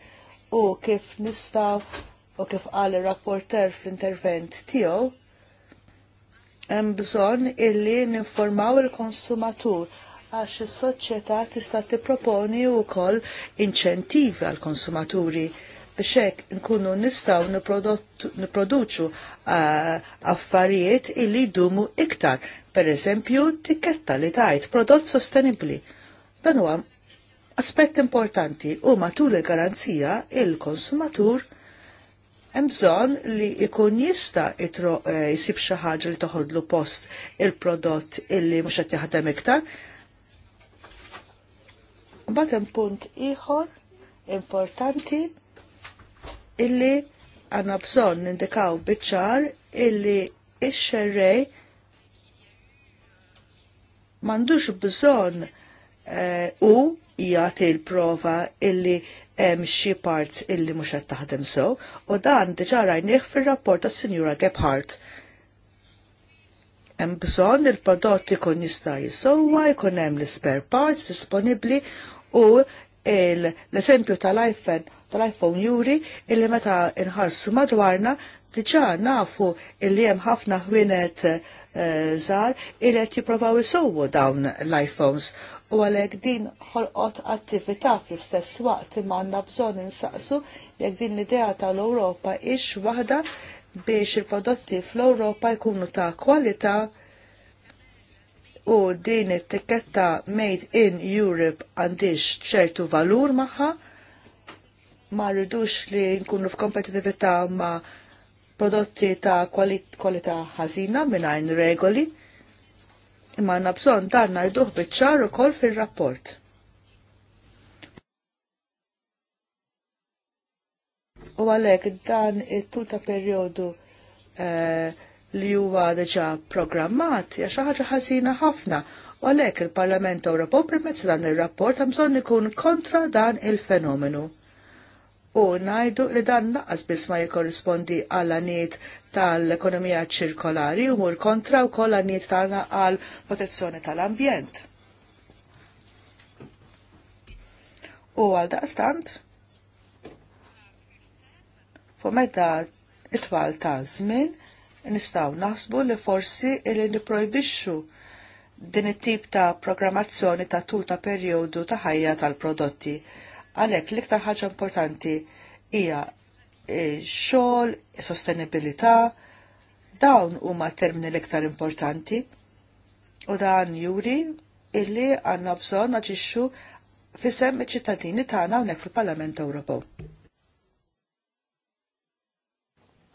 u kif nistaw u kif qal rapporter fl-intervent tiegħu hemm bżonn illi ninformaw il-konsumatur għax is-soċjetà tista' tipproponi wkoll inċentivi għall konsumaturi biex hekk nkunu nistgħu nipproduċu affarijiet illi jdumu iktar, pereżempju tikketta li tajt prodott sostenibbli. Dan huwa aspett importanti u matul il-garanzija il-konsumatur hemm bżonn li jkun jista' eh, jisib xi ħaġa li toħodlu post il-prodott illi mhux qed jaħdem iktar, U hemm punt ieħor importanti illi għandna bżonn nindikaw bieċar illi ix mandux m'għandux bżonn eh, u jgħati l-prova illi hemm xi parts illi mhux qed taħdem so, u dan diġà rajnieh fir-rapport tas-Sinjura Gebhardt. Hemm bżonn il-prodott ikun jista' jisowa, jkun hemm l-spare parts disponibbli U l-esempju tal-iPhone tal-iPhone juri illi meta nħarsu madwarna diġa nafu illi hemm ħafna ħwienet eh, żgħar illi qed jippruvaw isowwu dawn l-iPhones u għalhekk din ħolqot attività fl-istess waqt imma għandna bżonn insaqsu jekk din l-idea tal-Ewropa ix waħda biex il-prodotti fl-Ewropa jkunu ta' kwalità u din it-tiketta Made in Europe għandix ċertu valur maħħa, ma rridux li nkunu f'kompetitività ma prodotti ta' kwalità ħażina mingħajr regoli, imma għandna bżonn dan ngħiduh biċ-ċar ukoll fir-rapport. U għalhekk dan it-tul ta' perjodu eh, li huwa deċa programmat hija xi ħaġa ħażina ħafna u għalhekk il-Parlament Ewropew permezz dan ir-rapport hemm bżonn ikun kontra dan il-fenomenu. U ngħidu li dan naqas biss ma jikorrispondi għal aniet tal-ekonomija ċirkolari u mur kontra wkoll aniet tagħna għal protezzjoni tal-ambjent. U għal daqstant, fu meta it-twal ta' żmien, nistaw naħsbu li forsi li niprojbixxu din it-tip ta' programmazzjoni ta' tul ta' perjodu ta' ħajja tal-prodotti. Għalhekk l-iktar ħaġa importanti hija xogħol, sostenibilità, dawn huma termini l-iktar importanti. U dan juri illi għandna bżonn naġixxu fisem iċ-ċittadini tagħna hawnhekk fil-Parlament Ewropew.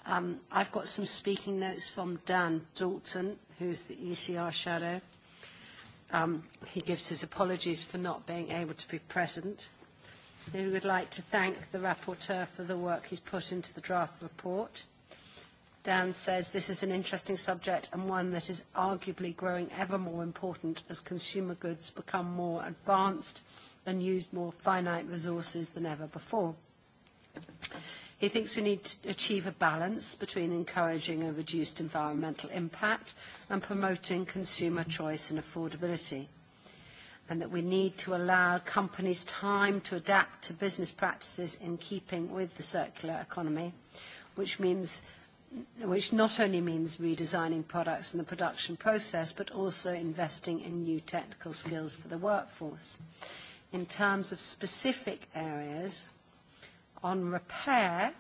Um, I've got some speaking notes from Dan Dalton, who's the ECR shadow. Um, he gives his apologies for not being able to be present. He would like to thank the rapporteur for the work he's put into the draft report. Dan says this is an interesting subject and one that is arguably growing ever more important as consumer goods become more advanced and use more finite resources than ever before. He thinks we need to achieve a balance between encouraging a reduced environmental impact and promoting consumer choice and affordability, and that we need to allow companies time to adapt to business practices in keeping with the circular economy, which means which not only means redesigning products in the production process, but also investing in new technical skills for the workforce. In terms of specific areas, on repair.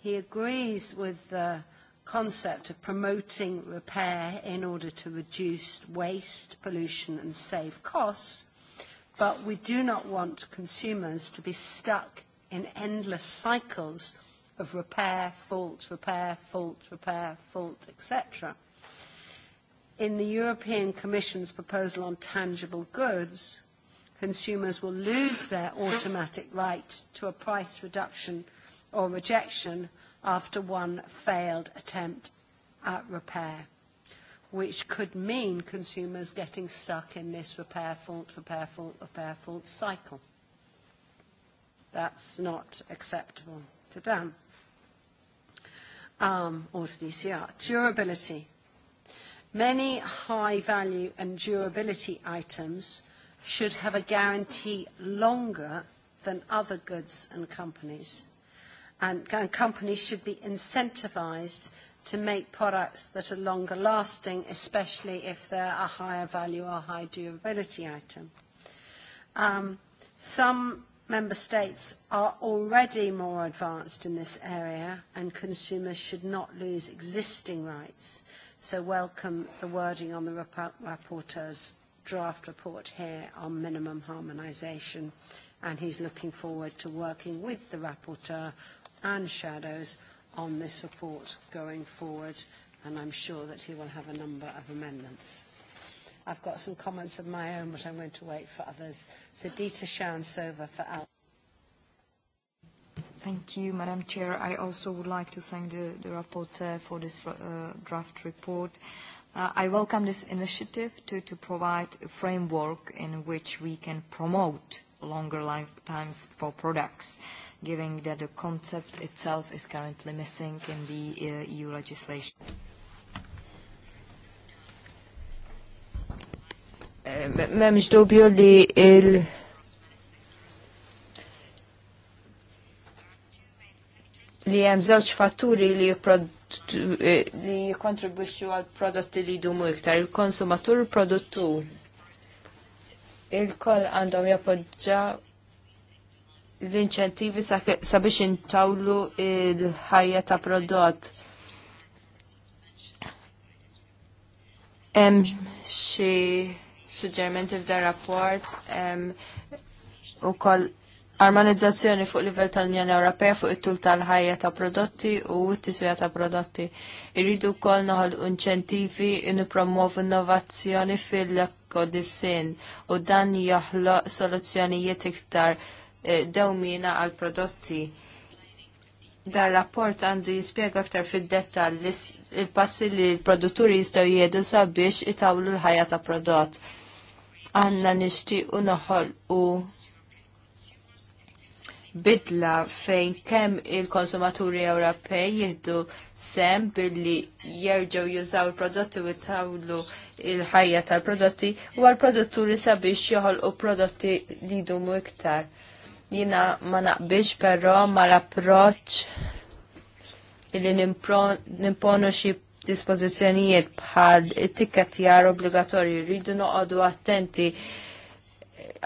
He agrees with the concept of promoting repair in order to reduce waste, pollution and save costs, but we do not want consumers to be stuck in endless cycles of repair, fault, repair, fault, repair, fault, etc. In the European Commission's proposal on tangible goods, consumers will lose their automatic right to a price reduction or rejection after one failed attempt at repair, which could mean consumers getting stuck in this repair fault, repair fault, repair fault cycle. That's not acceptable to them um, or to DCR. Durability. Many high value and durability items should have a guarantee longer than other goods and companies. And, and companies should be incentivized to make products that are longer lasting, especially if they're a higher value or high durability item. Um, some member states are already more advanced in this area and consumers should not lose existing rights. So welcome the wording on the rapporteur's draft report here on minimum harmonisation and he's looking forward to working with the rapporteur and shadows on this report going forward and I'm sure that he will have a number of amendments. I've got some comments of my own but I'm going to wait for others. So Dita Shansova for Al. Thank you, Madam Chair. I also would like to thank the, the rapporteur for this uh, draft report. Uh, Uh, I welcome this initiative to, to provide a framework in which we can promote longer lifetimes for products, given that the concept itself is currently missing in the uh, EU legislation. Uh, Memx dubju li il- li hemm fatturi li Eh, li jikontribuċu għal prodotti li jidumu iktar, il-konsumatur, il-produttur. Il-koll għandhom jappoġġa l-inċentivi sabiex intawlu il-ħajja ta' prodott. Hemm xi suġġermenti f'dar rapport, u ukoll armonizzazzjoni fuq livell tal-Unjoni Ewropea fuq it-tul tal-ħajja ta' prodotti u t-tiswija ta' prodotti. Irridu wkoll noħol inċentivi nippromovu innovazzjoni fil-kodissin u dan joħloq soluzzjonijiet iktar eh, dewmina għal prodotti. Dar rapport għandu jispjega aktar fid-dettal il-passi li l-produtturi jistgħu jiedu sabiex itawlu l-ħajja ta' prodott. Għanna nixtiequ noħol u bidla fejn kemm il-konsumaturi Ewropej jieħdu sem billi jerġgħu jużaw il-prodotti u tawlu il-ħajja tal-prodotti u għal-produtturi sabiex joħolqu prodotti li jdumu iktar. Jina ma naqbix però ma l-approċ li nimponu xi dispożizzjonijiet bħal it-tikketjar obbligatorji rridu noqogħdu attenti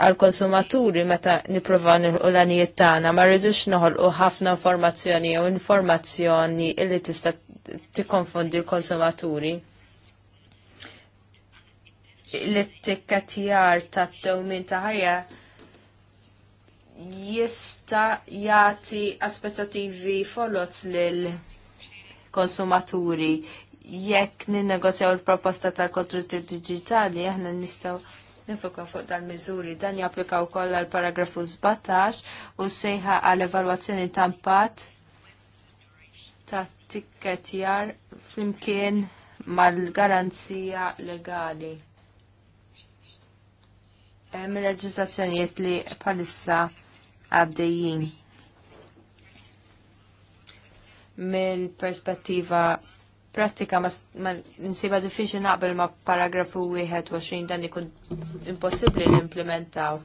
għal-konsumaturi meta niprofa nilħu l-għanijiet tagħna ma rridux noħolqu ħafna informazzjoni jew informazzjoni illi tista' tikkonfondi l-konsumaturi. L-tikkatjar ta' dewmin ta' ħajja jista' jagħti aspettativi folots lil konsumaturi jekk ninnegozjaw il-proposta tal kontrutti digitali aħna nistgħu nifoka fuq dal-miżuri. Dan japplika wkoll għal paragrafu 17 u sejħa għal evalwazzjoni ta' impatt ta' tikketjar flimkien mal-garanzija legali. Hemm leġiżlazzjonijiet li palissa għaddejjin mill-perspettiva pratika ma nsiba diffiċli naqbel ma paragrafu 21 dan ikun impossibbli nimplementaw.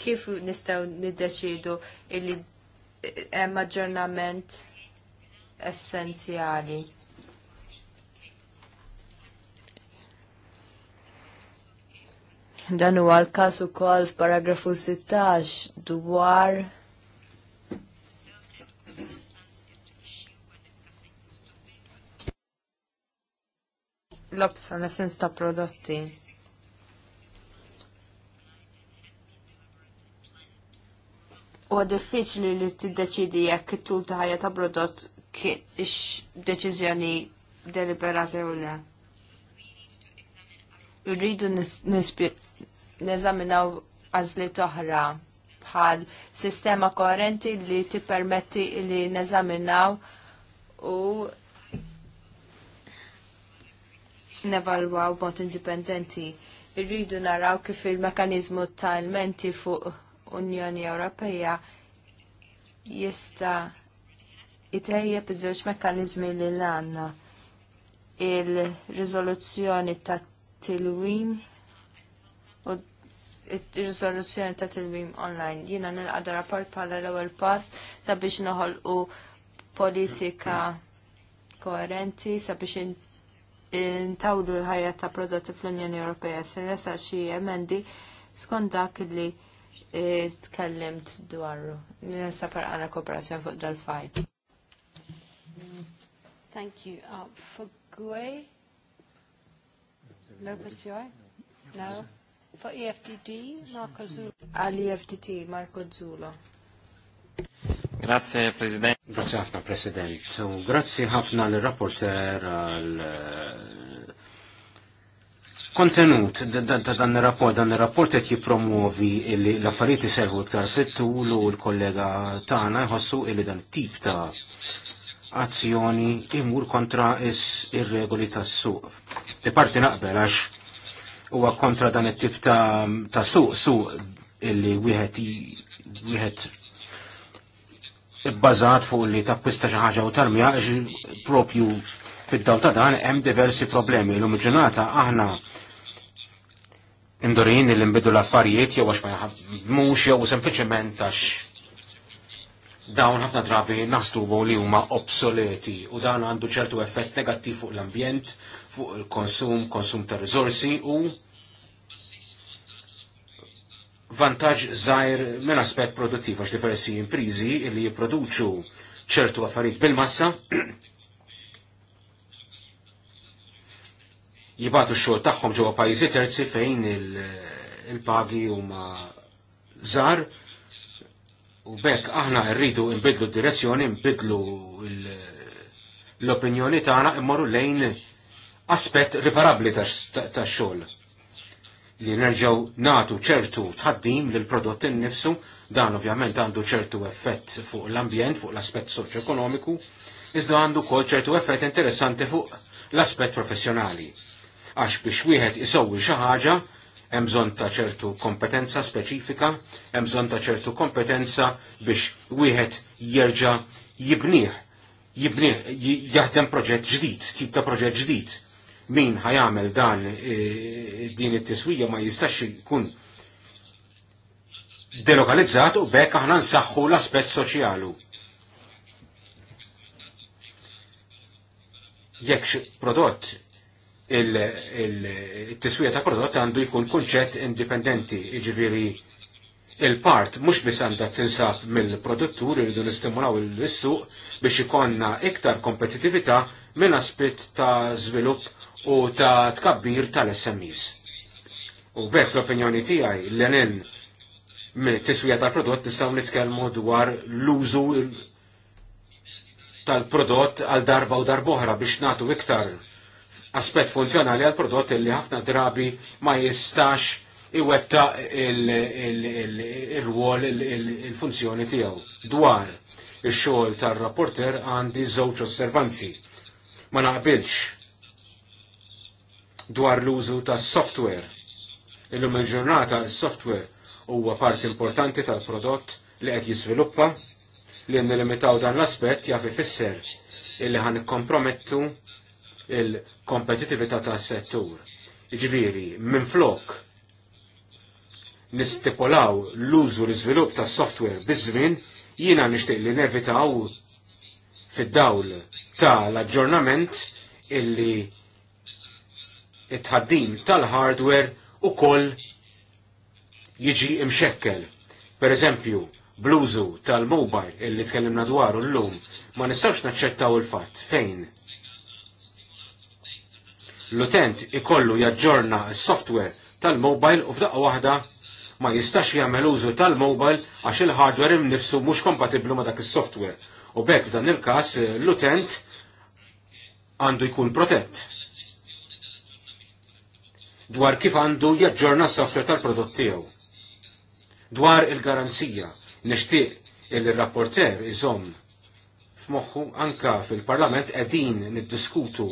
Kif nistgħu niddeċidu illi eh, hemm aġġornament essenzjali? Dan huwa l-każ ukoll f'paragrafu 16 dwar l-obsolescence ta' prodotti. U diffiċli li t-deċidi jekk it-tul ta' ħajja ta' prodott ix deċiżjoni deliberati u le. Rridu neżaminaw għazli toħra bħal sistema koherenti li tippermetti li neżaminaw u nevalwaw b'mod indipendenti. Irridu naraw kif il-mekanizmu tal-menti fuq Unjoni Ewropea jista jitejjeb iż-żewġ mekkaniżmi li l-għandna il-riżoluzzjoni ta' tilwim u il-riżoluzzjoni ta' tilwim online. Jiena għadda rapport bħala l-ewwel pass sabiex u politika koerenti sabiex intawdu l-ħajja ta' prodotti fl-Unjoni Ewropea. Sinresa xie emendi skont dak li eh, tkellimt dwarru. Nisa par għana kooperazzjon fuq dal fajn Thank you. Uh, for GUE? No, Pasioi? No. For EFDD, Marco Zulo. Ali EFDD, Marco Zulo. Grazie President. Grazie ħafna President. So, grazie ħafna l-rapporter għal eh, kontenut dan il-rapport, dan il-rapport qed jippromuovi li l-affarijiet iservu iktar fit-tul u l-kollega tagħna jħossu li dan tip ta' azzjoni imur kontra ir-regoli tas-suq. Di parti naqbel għax huwa kontra dan it-tip ta', suq suq illi wieħed wieħed bbażat fuq li takkwista xi ħaġa u tarmija propju fid-daw ta' dan hemm diversi problemi. Lum ġurnata aħna indurin li nbidu l-affarijiet jew għax ma mhux jew sempliċement għax dawn ħafna drabi naslubu li huma obsoleti u dan għandu ċertu effett negattiv fuq l-ambjent, fuq il-konsum, konsum ta' rizorsi u vantaġġ żgħir minn aspett produttiv għax diversi imprizi li jipproduċu ċertu affarijiet bil-massa jibatu x-xogħol tagħhom ġewwa pajjiżi terzi fejn il-pagi huma żgħar u bekk aħna rridu nbidlu d-direzzjoni, nbidlu l-opinjoni tagħna immorru lejn aspett riparabli tax-xogħol li nerġaw natu ċertu tħaddim lil prodott innifsu, dan ovvjament għandu ċertu effett fuq l-ambjent, fuq l-aspett soċ-ekonomiku, iżda għandu kol ċertu effett interessanti fuq l-aspett professjonali. Għax biex wieħed isowwi xi ħaġa, hemm bżonn ta' ċertu kompetenza speċifika, hemm bżonn ta' ċertu kompetenza biex wieħed jerġa' jibnieh, jibnieh jaħdem proġett ġdid, tip ta' proġett ġdid min ħajamel dan e, e, din it-tiswija ma jistax ikun delokalizzat u bekk aħna nsaħħu l-aspett soċjalu. Jekk prodott il-tiswija ta' prodott għandu jkun kunċett indipendenti, iġviri il-part mux bis għanda tinsab mill-produttur irridu nistimulaw il-suq biex ikonna iktar kompetitività minn aspett ta' żvilupp u ta' tkabbir tal-SMEs. U bekk l-opinjoni tiegħi l-enin tiswija tal-prodott nistgħu nitkellmu dwar l-użu tal-prodott għal darba u darboħra biex natu iktar aspett funzjonali għal prodott li ħafna drabi ma jistax iwetta il-rwol il-funzjoni tiegħu dwar ix-xogħol tar-rapporter għandi żewġ osservanzi. Ma naqbilx dwar l-użu ta' software. Illum il-ġurnata il-software huwa parti importanti tal-prodott li qed jisviluppa li nilimitaw dan l-aspett jaf ifisser illi ħan kompromettu il-kompetitività tas-settur. Ġviri, minn flok nistipulaw l-użu l-izvilupp tas software biż-żmien, jiena nixtieq li nevitaw fid-dawl ta' l-aġġornament illi it-ħaddim tal-hardware u koll jiġi imxekkel. Per eżempju, bluzu tal-mobile illi tkellimna dwaru l-lum ma nistax naċċettaw il-fatt fejn l-utent ikollu jaġġorna s-software tal-mobile u f'daqqa waħda ma jistax jagħmel użu tal-mobile għax il-hardware imnifsu mhux kompatibbli ma dak is-software. U bekk f'dan il-każ l-utent għandu jkun protett dwar kif għandu jaġġorna s-software tal-prodott tiegħu. Dwar il-garanzija, nixtieq il-rapporter iżomm f'moħħu anka fil-Parlament qegħdin niddiskutu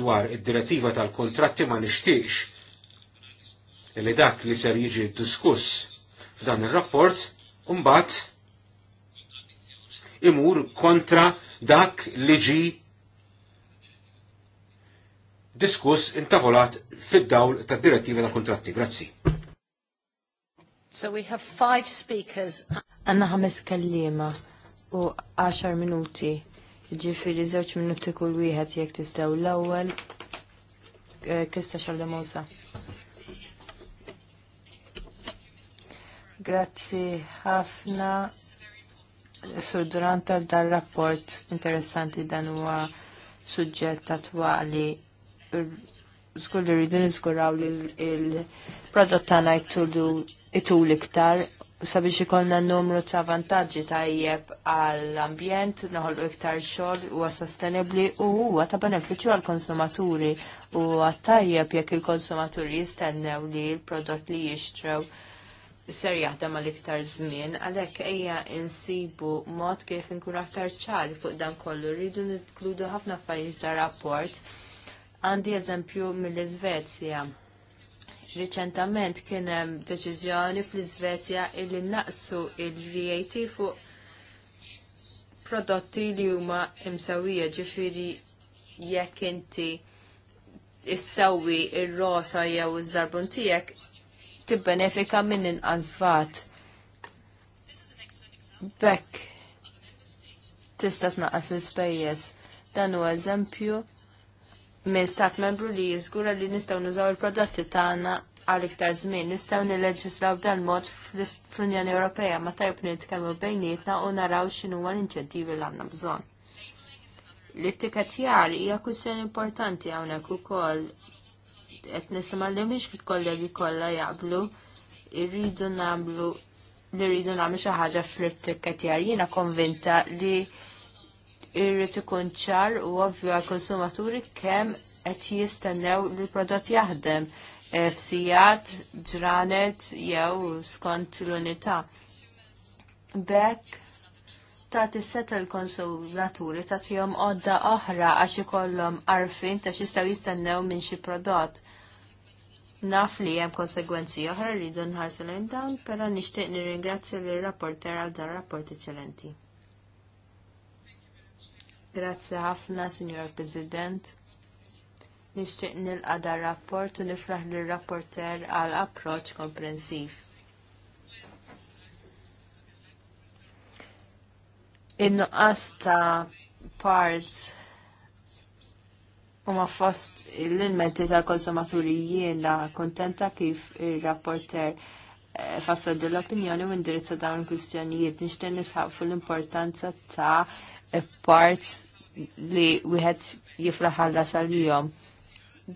dwar id-direttiva tal-kontratti ma nixtieqx li dak li ser jiġi diskuss f'dan ir-rapport mbagħad imur kontra dak li ġi diskuss intavolat fid-dawl ta' direttiva ta' kontratti. Grazzi. So we have five speakers. Anna ħames kellima u 10 minuti. Ġifiri żewġ minuti kull wieħed jekk tistgħu l-ewwel. Eh, Krista Xaldemosa. Grazzi ħafna sur durant tal-rapport interessanti dan huwa suġġett attwali Skull li rridu niżguraw li l-prodott tagħna itul iktar sabiex ikollna numru ta' vantaġġi tajjeb għall-ambjent, naħolqu iktar xogħol huwa sostenibbli u huwa ta' benefiċċju għall-konsumaturi u għat jekk il-konsumaturi jistennew li l-prodott li jixtrew ser jaħdem għall iktar żmien, għalhekk ejja insibu mod kif inkun aktar ċari fuq dan kollu rridu nitkludu ħafna affarijiet ta' rapport Għandi eżempju mill-Iżvezja. Reċentament kien hemm deċiżjoni fl-Iżvezja illi naqsu il-VAT fuq prodotti li huma imsawija ġifiri jekk inti issawi ir-rota jew iż-żarbun tiegħek tibbenefika minn inqas vat. Bekk tista' tnaqqas l-ispejjeż. Dan huwa eżempju minn stat membru li jiżgura li nistgħu nużaw il-prodotti tagħna għal iktar żmien nistgħu nilleġislaw dan mod fl-Unjoni Ewropea ma tajb nitkellmu bejnietna u naraw x'inhu huwa l-inċentivi li għandna bżonn. L-ittikatjar hija kwistjoni importanti hawnhekk ukoll qed nisimgħu li mhix il-kollegi kollha jaqblu irridu nagħmlu li rridu nagħmlu xi ħaġa fl-ittikatjar. Jiena konvinta li irrid ikun ċar u ovvju għal konsumaturi kemm qed jistennew li l-prodott jaħdem eh, fsijat, ġranet jew skont l-unità. Bekk tagħti seta l-konsumaturi tagħtihom għodda oħra għax ikollhom arfin ta' xistaw jistennew minn xi prodott. Naf li hemm konsegwenzi oħra dun ħarsu lejn dawn, però nixtieq nirringrazzja lir rapporter għal dan rapport eċċellenti. Grazzi ħafna, Signor President. Nixtieq nilqa dar rapport u nifraħ lir rapporter għal approċċ komprensiv. In-nuqqas ta' parts huma fost l-ilmenti tal-konsumaturi jiena kontenta kif ir rapporter eh, fassad l-opinjoni u indirizza dawn il-kwistjonijiet nixtieq nisħaq fuq l-importanza ta' parts li wieħed jifraħalla sal-jom.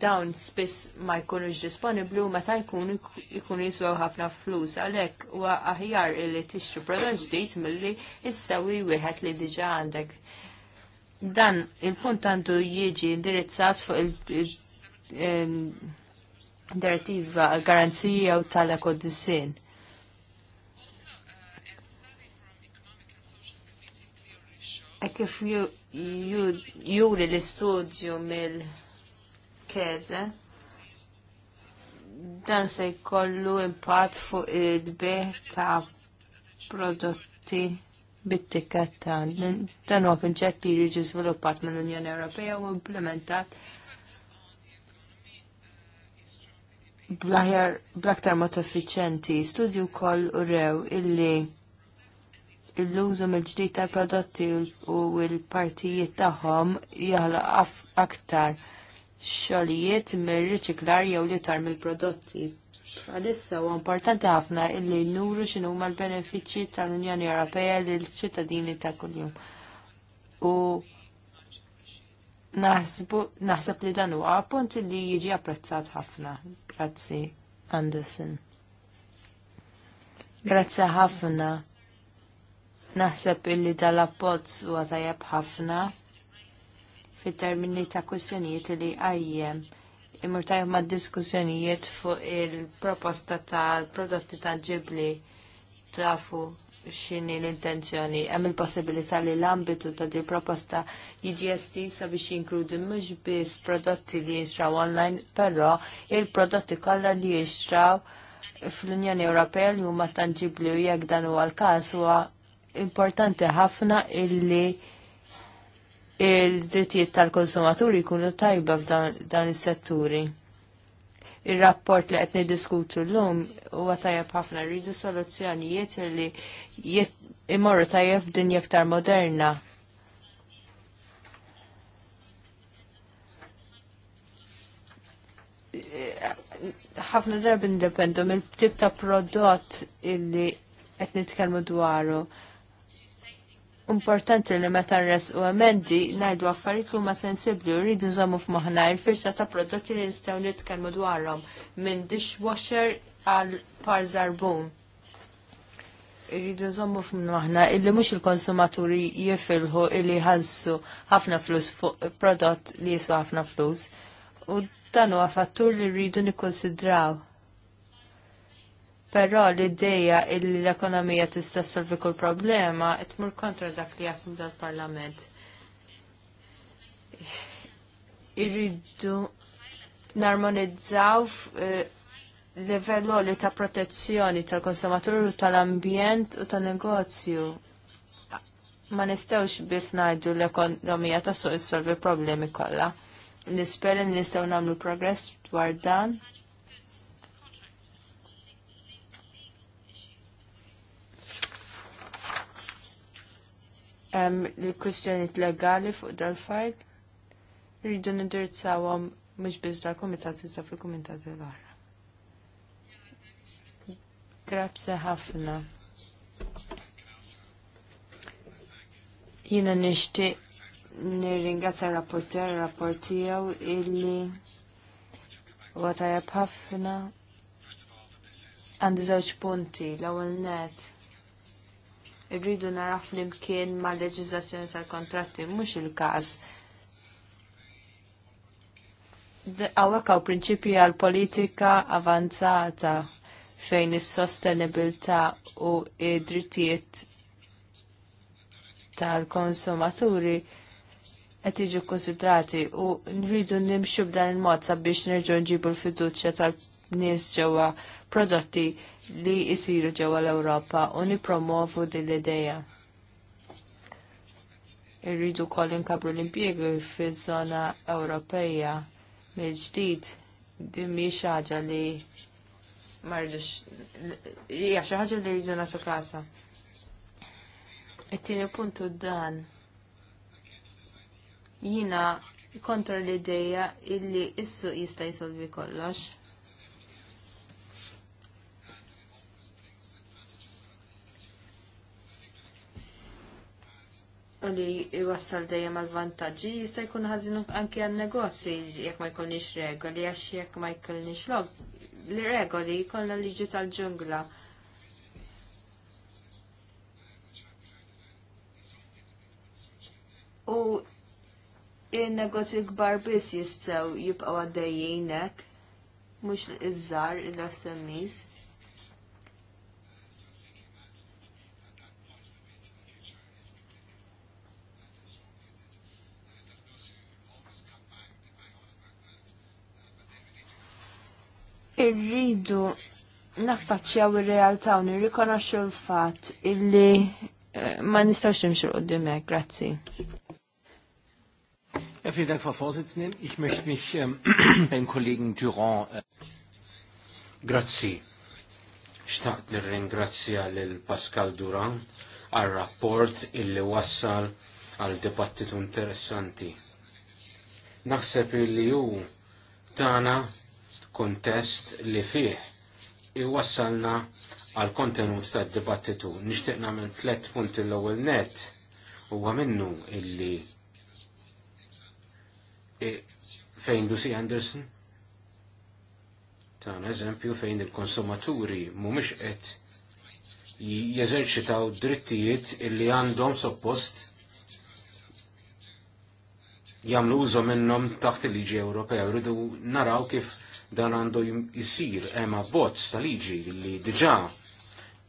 Dawn spiss ma jkunux disponiblu meta jkunu jkunu jiswew ħafna flus għalhekk huwa aħjar li tixtru prodott ġdid milli issewi wieħed li diġà għandek. Dan il-punt għandu jiġi indirizzat fuq il-direttiva garanzija u tal-ekodisin E kif juri l-istudju mill-keze, dan se jkollu impatt fuq il-beħ ta' prodotti bit-tiketta. Dan huwa kunċett li jiġi żviluppat mill-Unjoni Ewropea u implementat bl-aktar mod effiċenti. Studju koll u rew illi l-użu mill-ġdid tal-prodotti u l-partijiet tagħhom jaħlaq aktar xogħlijiet mir-riċiklar jew li tar mill-prodotti. Għalissa u importanti ħafna illi nuru x'inhu huma l benefiċċji tal-Unjoni Ewropea lill ċittadini ta' kuljum. U naħseb li dan huwa punt li jiġi apprezzat ħafna. Grazzi, Anderson. Grazzi ħafna Naħseb illi dal-appozz huwa tajjeb ħafna fit-termini ta' kwistjonijiet li għajjem imur tajjeb ma' diskussjonijiet fuq il-proposta tal-prodotti tal-ġibli trafu xini l-intenzjoni. Hemm il-possibilità li l-ambitu ta' di proposta jiġi estisa biex jinkludi mhux biss prodotti li jixraw online, però il-prodotti kollha li jixtraw fl-Unjoni Ewropea li huma tangibli u jekk dan huwa l-każ huwa importanti ħafna illi il-drittijiet tal-konsumaturi jkunu tajba f'dan is-setturi. Ir-rapport li qed niddiskutu llum huwa tajjeb ħafna rridu soluzzjonijiet li imorru tajjeb f'din iktar moderna. ħafna darba independu mill-tip ta' prodott illi qed nitkellmu dwaru importanti li meta res u emendi najdu affarijiet li huma sensibbli u rridu nżommu f'moħħna il-firsa ta' prodotti li nistgħu nitkellmu dwarhom minn dishwasher għal par zarbun. Irridu nżommu f'moħħna illi mhux il-konsumaturi jifilħu illi ħassu ħafna flus fuq prodott li jiswa ħafna flus u dan huwa fattur li rridu nikkonsidraw. Però l-ideja li l-ekonomija tista' solvi kull problema qed tmur kontra dak li jasim dal-Parlament. Irridu narmonizzaw eh, livello li ta' protezzjoni tal-konsumatur u tal-ambjent u tal-negozju. Ma nistgħux biss ngħidu l-ekonomija ta' suq issolvi problemi kollha. Nispera nistgħu nagħmlu progress dwar dan l il-kwistjonijiet legali fuq dal fajt rridu nindirizzawhom mhux biss dal-kumitat iżda fil-kumitat l-oħra. Grazzi ħafna. Jiena nixtieq nirringrazzja r-rapporter, rapport tiegħu illi huwa tajjeb ħafna għandi żewġ punti l-ewwel net irridu naraf flimkien ma' leġiżlazzjoni tal-kontratti, mhux il-każ. Għawek għaw prinċipji għal politika avanzata fejn is-sostenibilità u id-drittijiet tal-konsumaturi qed jiġu konsidrati u nridu nimxu b'dan il-mod sabiex nerġgħu nġibu l-fiduċja tal-nies ġewwa prodotti li jisiru ġewwa l-Ewropa u nipromovu din l-idea. Irridu wkoll inkabru l-impjiegi fiż-żona Ewropeja mill-ġdid din mhix ħaġa li marridux hija xi ħaġa li rridu nagħtu klasa. It-tieni puntu dan jina kontra l-ideja illi issu jista' jisolvi kollox. li jwassal dejjem għal vantaġġi jista' jkun ħażin anke għan negozji jekk ma jkollniex regoli għax jekk ma jkollniex log. L-regoli jkollna liġi tal-ġungla. U il-negozji kbar biss jistgħu jibqgħu għaddejjin hekk, mhux iż-żar il-SMEs. irridu naffaċċjaw ir-realtà u nirrikonoxxu l-fatt illi eh, ma nistgħux nimxu qudiem hekk, grazzi. Ja, vielen Dank, Frau Vorsitzende. Ich möchte mich ähm, beim Kollegen Durand. Äh Grazzi. Xtaqt nirringrazzja lil Pascal Durand għal rapport illi wassal għal dibattitu interessanti. Naħseb illi ju tana kontest li fih iwassalna għal kontenut tad dibattitu Nixtieq nagħmel tliet punti l-ewwel net huwa minnu illi fejn Lucy Anderson ta' eżempju fejn il-konsumaturi mhumiex qed jeżerċitaw drittijiet illi għandhom soppost jagħmlu użu minnhom taħt il-liġi Ewropea rridu naraw kif Dan għandu jisir emma abbozz ta' liġi li diġa'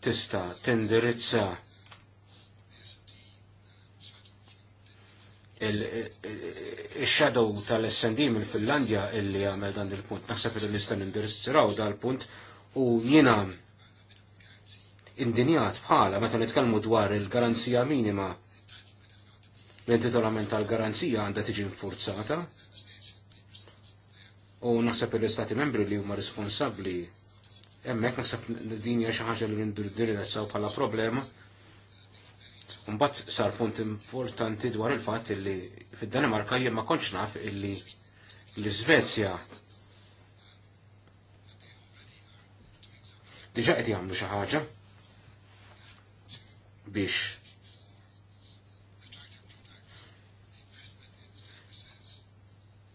tista' tindirizza il-shadow tal essendim mill-Finlandja illi għamel dan il-punt. Naħseb li nista' nindirizzaw dal-punt u jiena indinjat bħala meta nitkellmu dwar il-garanzija minima l-intitolament tal-garanzija għandha tiġi infurzata u naħseb il-Istati membri li huma responsabbli hemmhekk naħseb din hija xi ħaġa li nindirizzaw bħala problema. Mbagħad sar punt importanti dwar il-fatt li fid-Danimarka jien ma kontx naf illi l-Iżvezja diġa qed jagħmlu xi ħaġa biex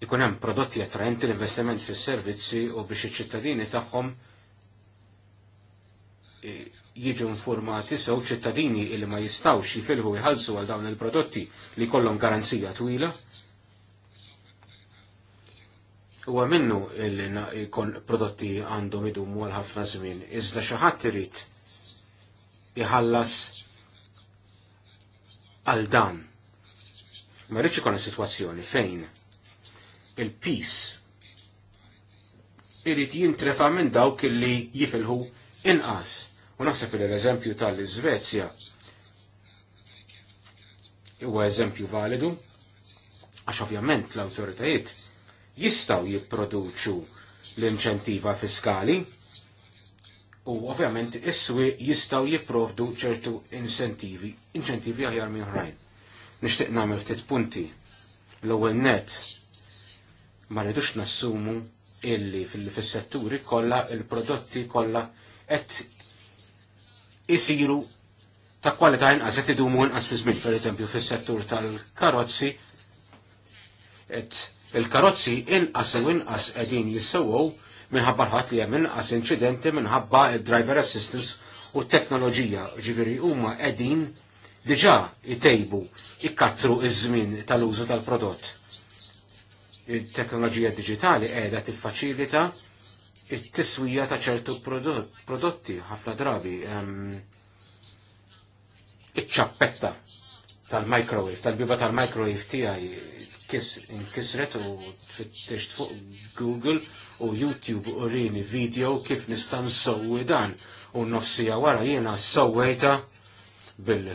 ikun hemm prodotti attraenti l-investiment fis-servizzi u biex iċ-ċittadini tagħhom jiġu informati sew ċittadini li ma jistawx jifilħu jħallsu għal dawn il-prodotti li kollhom garanzija twila. Huwa minnu jkun prodotti għandhom idumu għal ħafna żmien, iżda xi ħadd irid iħallas għal dan. Ma rridx ikun sitwazzjoni fejn il peace irrit jintrefa minn dawk illi jifilħu inqas. U naħseb il eżempju tal iżvezja huwa eżempju validu, għax ovvjament l-awtoritajiet jistaw jipproduċu l-inċentiva fiskali u ovvjament iswi jistaw jipprovdu ċertu incentivi, inċentivi aħjar minn ħrajn. Nixtieq nagħmel ftit punti l-ewwel net ma rridux nassumu illi fil-setturi kollha il-prodotti kollha qed isiru ta' kwalità inqas qed idumu inqas fi żmien, pereżempju fis-settur tal-karozzi il-karozzi inqas u inqas qegħdin jissewgħu minħabba ħadd li hemm inqas inċidenti minħabba driver assistance u t-teknoloġija. Ġifieri huma qegħdin diġà jtejbu ikkattru iż-żmien tal-użu tal-prodott il-teknoloġija digitali qiegħda tiffaċilita il tiswija ta' ċertu prodotti ħafna drabi iċ-ċappetta tal-microwave, tal-biba tal-microwave tiegħi inkisret u tfittex fuq Google u YouTube u rini video kif nista' nsowwi dan u nofsija wara jiena sowwejta bil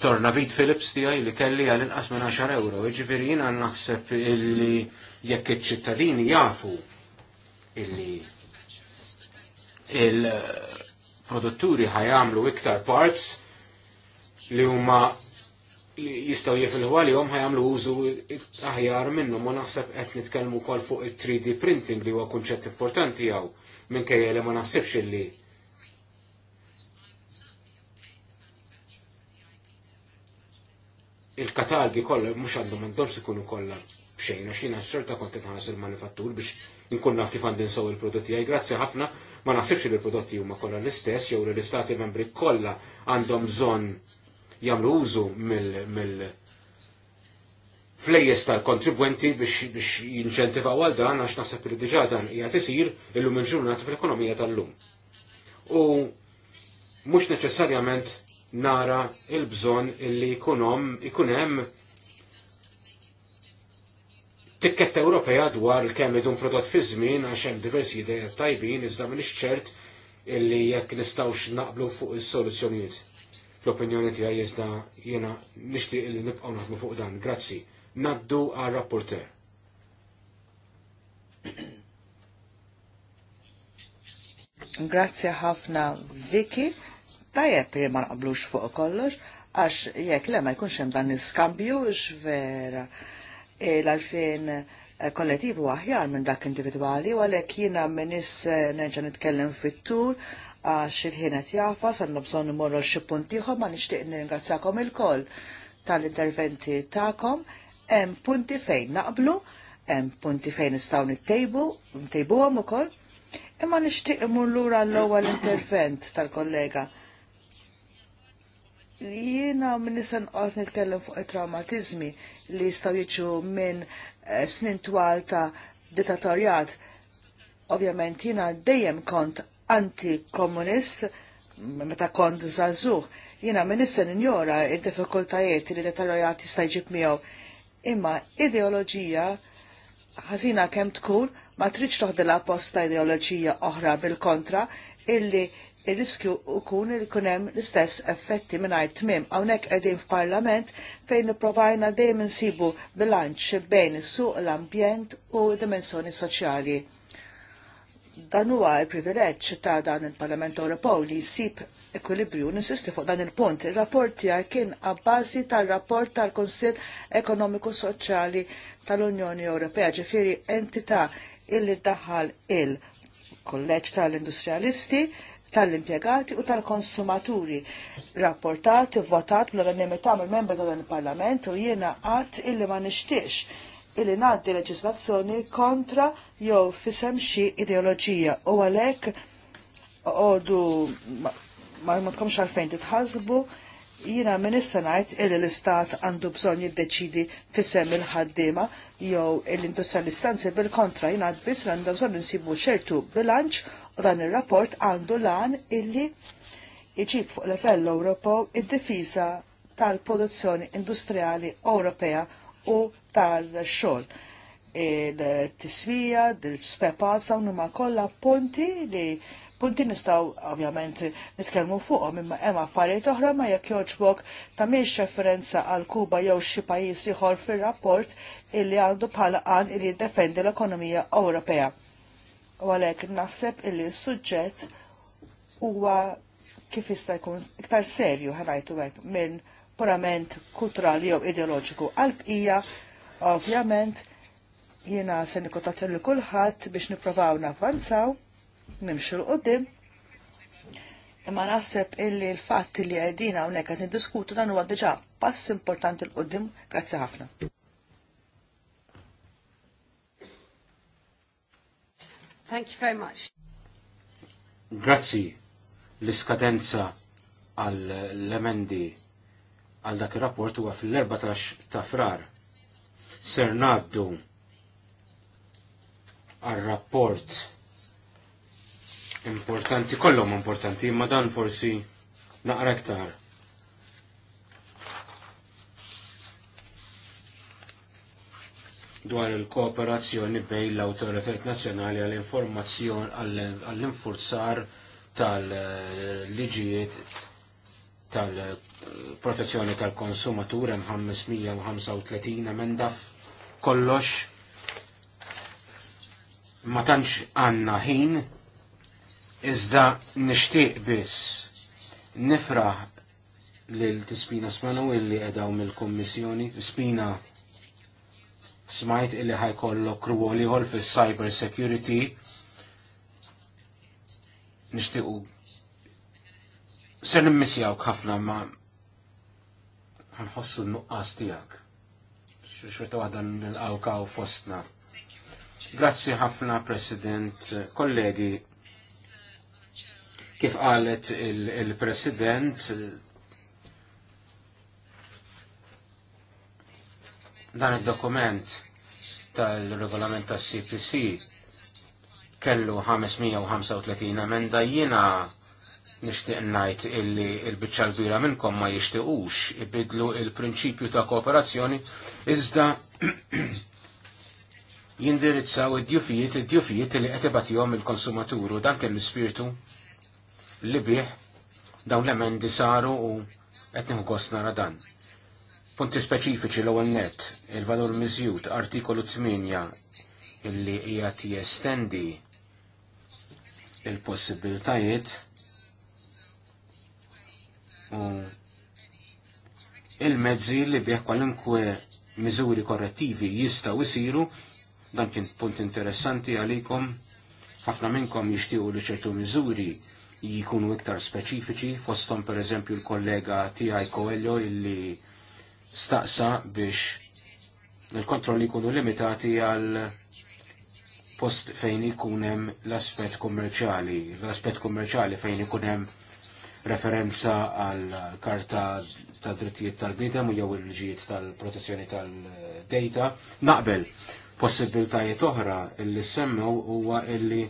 Torna Vid Philips tiegħi li kelli għal inqas minn 10 euro, jiġifieri jiena naħseb illi jekk iċ-ċittadini jafu illi il-produtturi ħajamlu iktar parts li huma jistaw jifilħu għalihom ħajamlu użu aħjar minnhom ma naħseb qed nitkellmu wkoll fuq it 3D printing li huwa kunċett importanti jew minkejja li ma naħsibx illi il-katalgi kollha mhux għandhom m'għandhomx ikunu kollha b'xejna għax xorta kont ħanas il-manifattur biex inkun naf kif għandi nsew il-prodotti għaj. Grazzi ħafna ma naħsibx li l-prodotti huma kollha l-istess jew li l-istati membri kollha għandhom bżonn jagħmlu użu mill flejjes tal-kontribwenti biex jinċentivaw għal dan għax naħseb li diġà dan hija tisir illum il-ġurnata fl-ekonomija tal-lum. U mhux neċessarjament nara il-bżon illi ikunom ikunem tikketta Ewropea dwar kemm idun prodott fi żmien għax hemm diversi idejat tajbin iżda m'iniex ċert illi jekk nistgħux naqblu fuq is-soluzzjonijiet. Fl-opinjoni tiegħi iżda jiena nixtieq illi nibqgħu naħdmu fuq dan. Grazzi. Naddu għal rapporter. Grazzi ħafna Vicky tajjeb li ma naqblux fuq kollox, għax jekk le ma jkunx hemm dan iskambju x'vera e, l-għalfejn e, kollettiv u aħjar minn dak individwali u għalhekk jiena minis e, nerġa' nitkellem fit-tul għax il-ħin qed jafas għandna bżonn imorru xi puntiħom ma nixtieq nirringrazzakom il-koll tal-interventi tagħkom hemm punti fejn naqblu, hemm punti fejn nistgħu nittejbu, ntejbuhom ukoll. Imma nixtieq imur lura l-ewwel intervent tal-kollega Jiena minn nisan qot nitkellem fuq traumatizmi li jistaw jiġu minn eh, snin twal ta' ditatorjat. Ovvjament jiena dejjem kont antikomunist meta kont zazuh. Jiena minn nisan injora il-difikultajiet li ditatorjat jista' jġib miegħu. Imma ideoloġija ħażina kemm tkun ma tridx toħdilha posta ideoloġija oħra bil-kontra illi il-riskju kun li kunem l-istess effetti minnajt tmim. Għawnek edin f'parlament fejn provajna dejjem nsibu bilanċ bejn is-suq l-ambjent u dimensjoni soċjali. Dan huwa l-privileġġ ta' dan il-Parlament Ewropew li jsib ekwilibrju nisisti fuq dan il-punt. Il-rapport tiegħi kien għabbażi tal-rapport tal kunsill Ekonomiku Soċjali tal-Unjoni Ewropea, ġifieri entità illi daħal il-Kolleġġ tal-Industrialisti, il tal-impjegati u tal-konsumaturi. Rapportat, votat bl-unanimità mill-membri tal-Parlament u jiena għat illi ma nixtiex illi ngħaddi leġislazzjoni kontra jew fisem xi ideoloġija u għalhekk għodu ma, tkomx għalfejn titħasbu jina minissa ngħid illi l-istat għandu bżon jiddeċidi fisem il-ħaddima jew l-industrialistanzi bil-kontra għad għadbis għandu bżon nsibu ċertu bilanċ dan ir-rapport għandu lan illi iġib fuq level Ewropew id-difiża tal-produzzjoni industrijali Ewropea u tal-xogħol. Il-tisvija, il-spepaz, dawn huma kollha punti li punti nistaw ovvjament nitkellmu fuqhom imma hemm affarijiet oħra ma jekk joġbok tagħmilx referenza għal Kuba jew xi pajjiż ieħor fir-rapport illi għandu bħala qan illi jiddefendi l-ekonomija Ewropea. U għalhekk naħseb illi s-suġġett huwa kif jista' jkun iktar serju ħanajtu hekk minn purament kulturali jew ideoloġiku għalbqija ovvjament jiena se nikotat li kulħadd biex nipprovaw navvanzaw nimxu l-qoddim imma naħseb illi l-fatt li għedina unek għet diskutu dan huwa diġà pass importanti l-qoddim. Grazzi ħafna. Thank you very much. Grazzi l-iskadenza għall-emendi għal dak il-rapport huwa fil-14 ta' frar. Ser naddu għal-rapport importanti, kollhom importanti, imma dan forsi naqra iktar. dwar il-kooperazzjoni bejn l-autoritajt nazzjonali għall-informazzjoni għall-infurzar tal-liġijiet tal-protezzjoni tal-konsumatur hemm 535 emenda kollox ma tantx għandna ħin iżda nixtieq biss nifraħ lil Tispina Spanu illi qedaw mill-Kummissjoni Tispina smajt illi ħajkollok ruoli ħol fis cyber security nishtiqu sen immisjaw ħafna ma ħanħossu n-nuqqas tijak xurta għadan nil u fostna Grazzi ħafna President, kollegi kif qalet il-President il president Dan id-dokument tal-regolament tas-CPC kellu 535 emenda jiena nishtiq najt illi il-bicċa l-bira minnkom ma jishtiqux ibidlu il-prinċipju ta' kooperazzjoni iżda jindirizzaw id-djufijiet id-djufijiet li għetibatijom il-konsumaturu dan kien l-spirtu li bieħ dawn l-emendi saru u etniħu kost nara dan punti speċifiċi l-ewwel net, il-valur miżjud artikolu 8 illi hija jestendi il-possibiltajiet u il-mezzi li bih kwalunkwe miżuri korrettivi jistgħu jsiru dan kien punt interessanti għalikom ħafna minnkom jixtiequ li ċertu miżuri jikunu iktar speċifiċi fosthom pereżempju l-kollega tiegħi Coelho illi staqsa biex il-kontrolli jkunu limitati għal post fejn ikun hemm l-aspett kummerċjali, l-aspett kummerċjali fejn ikun hemm referenza għal karta ta' drittijiet tal-bidem u jew il-ġijiet tal-protezzjoni tal-data, naqbel possibiltajiet oħra illi semmew huwa illi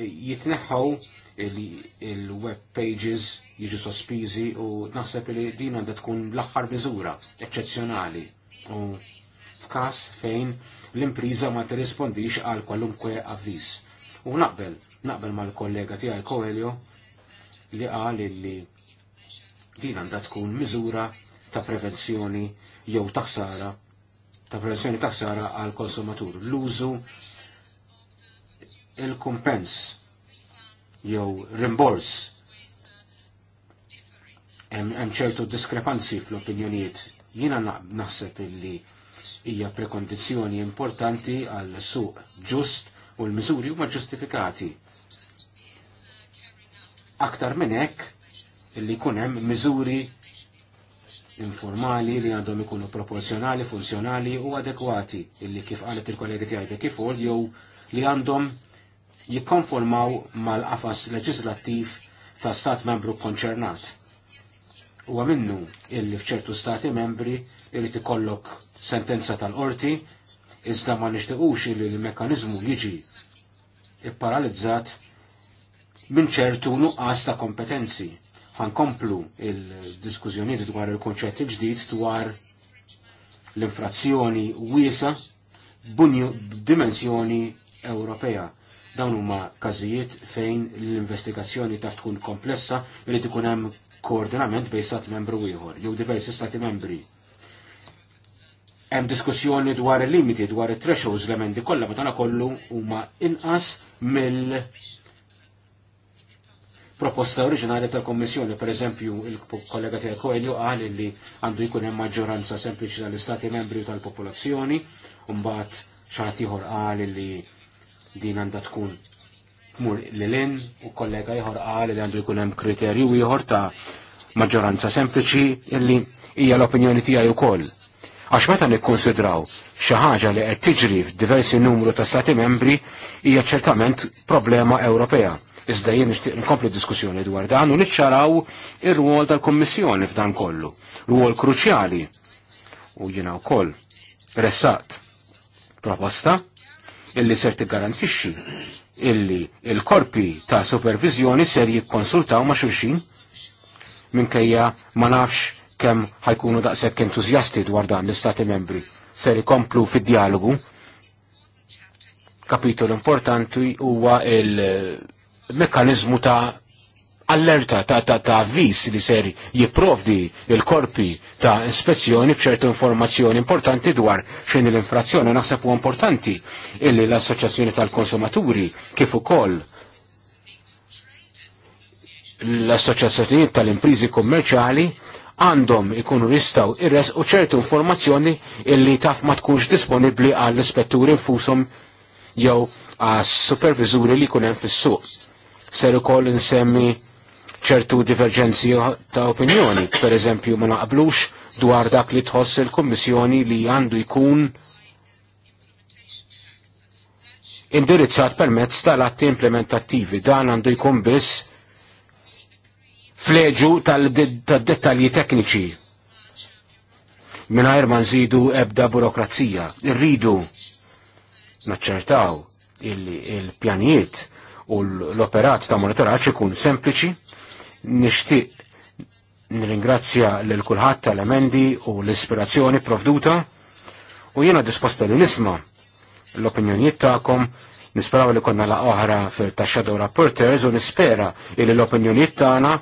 jitneħħaw il-web pages jiġu sospiżi u naħseb li din għandha tkun l-aħħar miżura eċċezzjonali u f'każ fejn l-impriża ma tirrispondix għal kwalunkwe avviż. U naqbel, naqbel mal-kollega tiegħi Coelho li qal li din għandha tkun miżura ta' prevenzjoni jew ta' ħsara, ta' prevenzjoni ta' ħsara għal konsumatur. L-użu il-kumpens jew rimbors. Hemm ċertu diskrepanzi fl-opinjonijiet. Jiena naħseb illi hija prekondizzjoni importanti għal suq ġust u l-miżuri huma ġustifikati. Aktar minn hekk illi jkun hemm miżuri informali li għandhom ikunu proporzjonali, funzjonali u adekwati illi kif qalet il-kollegi tiegħi kif jew li għandhom jikkonformaw mal-qafas leġislattiv ta' stat membru konċernat. U minnu illi fċertu stati membri irrid ikollok sentenza tal-qorti, iżda ma nishtiqux illi l-mekanizmu jiġi ipparalizzat minn ċertu nuqqas ta' kompetenzi. Ħankomplu il diskuzjoniet dwar il-konċett il-ġdid dwar l-infrazzjoni wiesa b'dimensjoni Ewropea Dawn huma każijiet fejn l-investigazzjoni taf tkun komplessa li ikun hemm koordinament bejn stat membru ieħor jew diversi stati membri. Hemm diskussjoni dwar il-limiti, dwar it-thresholds l-emendi kollha ma kollu huma inqas mill proposta oriġinali ta' kommissjoni, per eżempju, il-kollega tiegħek Koelju qal li għandu jkun hemm maġġoranza sempliċi tal-istati membri u tal-popolazzjoni, u mbagħad xi ħadd ieħor qal li din għandha tkun tmur l-lin u kollega jħor għal li għandu jkun hemm kriterju ieħor ta' maġġoranza sempliċi illi hija l-opinjoni tiegħi wkoll. Għax meta nikkonsidraw xi ħaġa li qed tiġri f'diversi numru ta' stati membri hija ċertament problema Ewropea. Iżda jien nixtieq inkompli diskussjoni dwar dan u niċċaraw ir-rwol tal-Kummissjoni f'dan kollu. Rwol kruċjali. U jiena wkoll ressaqt proposta illi ser tiggarantixxi illi il-korpi ta' supervizjoni ser jikkonsultaw ma' xulxin minkejja ma nafx kemm ħajkunu daqshekk entużjasti dwar dan l-istati membri ser ikomplu fid-dialogu. Kapitol importanti huwa il mekanizmu ta' allerta ta' ta' ta' avvis li ser jiprovdi il-korpi ta' ispezzjoni bċertu informazzjoni importanti dwar xejn l-infrazzjoni. Naħseb u importanti illi l-Assoċjazzjoni tal-Konsumaturi kif ukoll l-Assoċjazzjoni tal-Imprizi kummerċjali għandhom ikunu jistgħu irres u ċertu informazzjoni illi taf ma tkunx disponibbli għall-ispetturi infushom jew għas supervizuri li kunem fis-suq. Ser ukoll insemmi ċertu diverġenzi ta' opinjoni. Per eżempju, ma naqblux dwar dak li tħoss il-Kommissjoni li għandu jkun indirizzat permezz tal-atti implementattivi. Dan għandu jkun biss fleġu tal-dettalji tekniċi. Minajr ma nżidu ebda burokrazija. Irridu naċċertaw il-pjanijiet u l-operat ta' monitoraċ ikun sempliċi, Nixtieq nirringrazzja l kulħadd tal-emendi u l-ispirazzjoni provduta u jiena disposta li nisma' l-opinjonijiet tagħkom nisperaw li konna la oħra fil Shadow Rapporters u nispera li l-opinjonijiet tagħna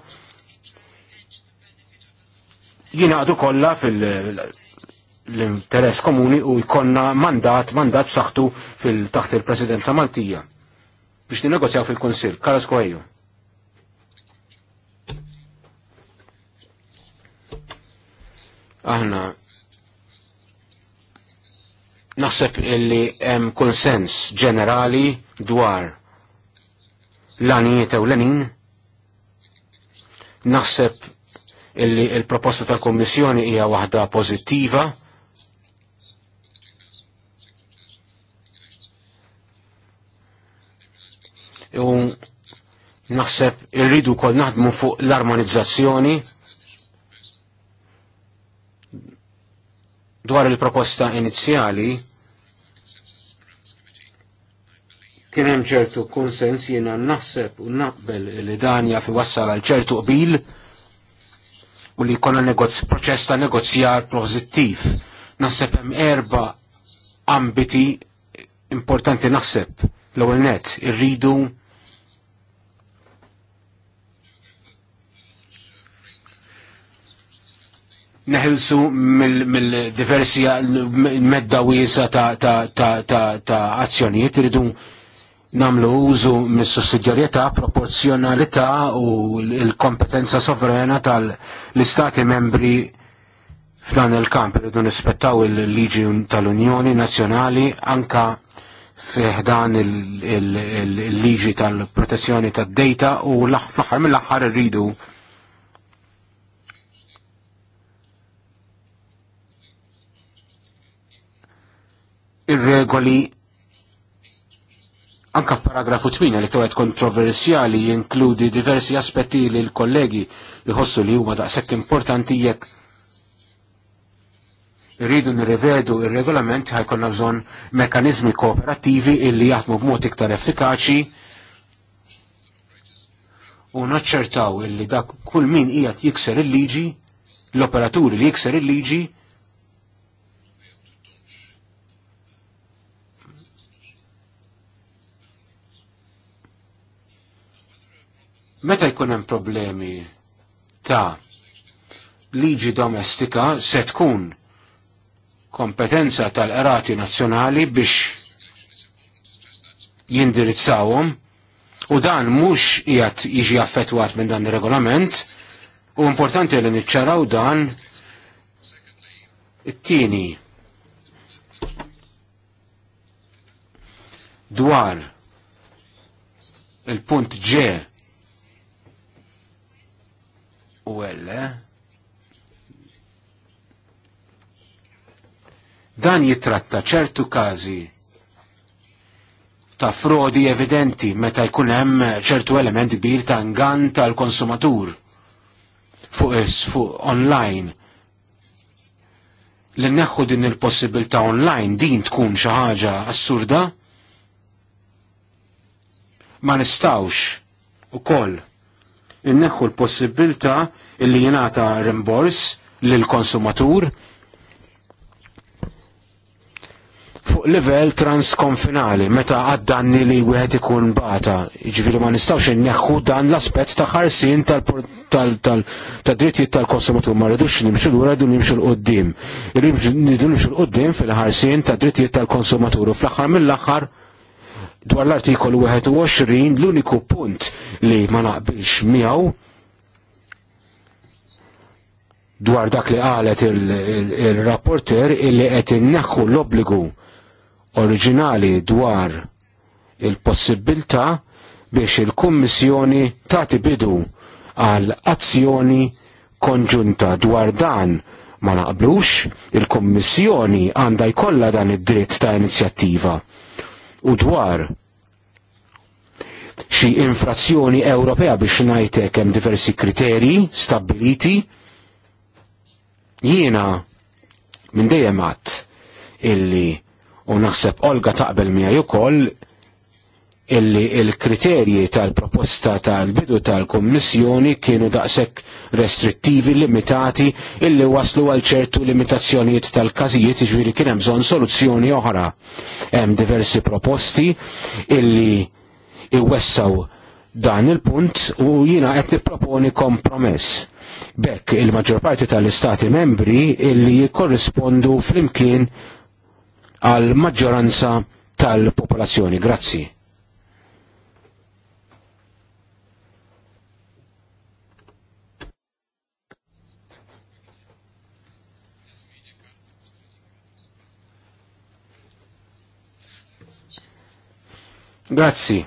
għadu kollha fil-interess komuni u jkonna mandat, mandat b'saħħtu fil-taħt il-presidenza Maltija biex ninegozjaw fil-Konsil. Karas Kwejju. Aħna naħseb illi hemm konsens ġenerali dwar l-anijiet u l-anin. Naħseb illi il-proposta tal-Kommissjoni hija waħda pożittiva. U naħseb irridu kol naħdmu fuq l-armonizzazzjoni dwar il-proposta inizjali kien hemm ċertu konsens jiena naħseb u naqbel li danja fi wassal għal ċertu qbil u li jkollna negozz proċess ta' negozjar pożittiv. Naħseb hemm erba' ambiti importanti naħseb l-ewwel net irridu neħilsu mill-diversi medda wiesa ta' azzjonijiet iridu namlu użu mis sussidjarjetà proporzjonalità u l-kompetenza sovrena tal-istati membri f'dan il-kamp iridu nispettaw il-liġi tal-Unjoni Nazzjonali anka fiħdan il-liġi tal-protezzjoni tad-data u l-aħħar mill-aħħar irridu ir-regoli Anka f'paragrafu 8 li ktaret kontroversjali jinkludi diversi aspetti li l-kollegi jħossu li huma daqshekk importanti jekk irridu nirrivedu ir-regolament ħajkonna bżonn mekkaniżmi kooperattivi illi jaħdmu b'mod iktar effikaċi u naċċertaw illi dak kull min qiegħed jikser il-liġi l-operaturi li jikser il-liġi Meta jkun hemm problemi ta' liġi domestika se tkun kompetenza tal-qrati nazzjonali biex jindirizzawhom u dan mhux qiegħed jiġi affettwat minn dan ir-regolament u importanti li niċċaraw dan it-tieni dwar il-punt ġe u eh? Dan jitratta ċertu każi ta' frodi evidenti meta jkun hemm ċertu element kbir ta' ngan tal-konsumatur fuq is fuq online. Li neħħu din il-possibilità online din tkun xi ħaġa assurda? Ma nistawx ukoll inneħħu l-possibilità li jingħata rimbors lill-konsumatur fuq livell transkonfinali meta għad-danni li wieħed ikun bata. Ġifieri ma nistgħux inneħħu dan l-aspett ta' ħarsin tal-drittijiet tal-konsumatur ma rridux nimxu lura rridu nimxu l-qoddim. Irridu nimxu l-qoddim fil-ħarsin tad drittijiet tal-konsumatur u fl-aħħar mill-aħħar dwar l artikol 21 l-uniku punt li ma naqbilx miegħu dwar dak li qalet il-rapporter il illi qed inneħħu l-obbligu oriġinali dwar il-possibilità biex il-Kummissjoni tagħti bidu għal azzjoni konġunta dwar dan ma naqblux, il-Kommissjoni għandha jkollha dan id-dritt ta' inizjattiva u dwar xi infrazzjoni Ewropea biex ngħidlek hemm diversi kriterji stabbiliti jiena minn dejjem għadd illi u naħseb Olga taqbel miegħi ukoll illi il-kriterji tal-proposta tal-bidu tal-Kommissjoni kienu daqshekk restrittivi limitati illi waslu għal ċertu limitazzjonijiet tal-każijiet iġviri kien hemm bżonn soluzzjoni oħra. Hemm diversi proposti illi iwessaw dan il-punt u jina qed nipproponi kompromess. Bekk il-maġġor parti tal-istati membri illi jikkorrispondu flimkien għal maġġoranza tal-popolazzjoni. Grazzi. Grazzi.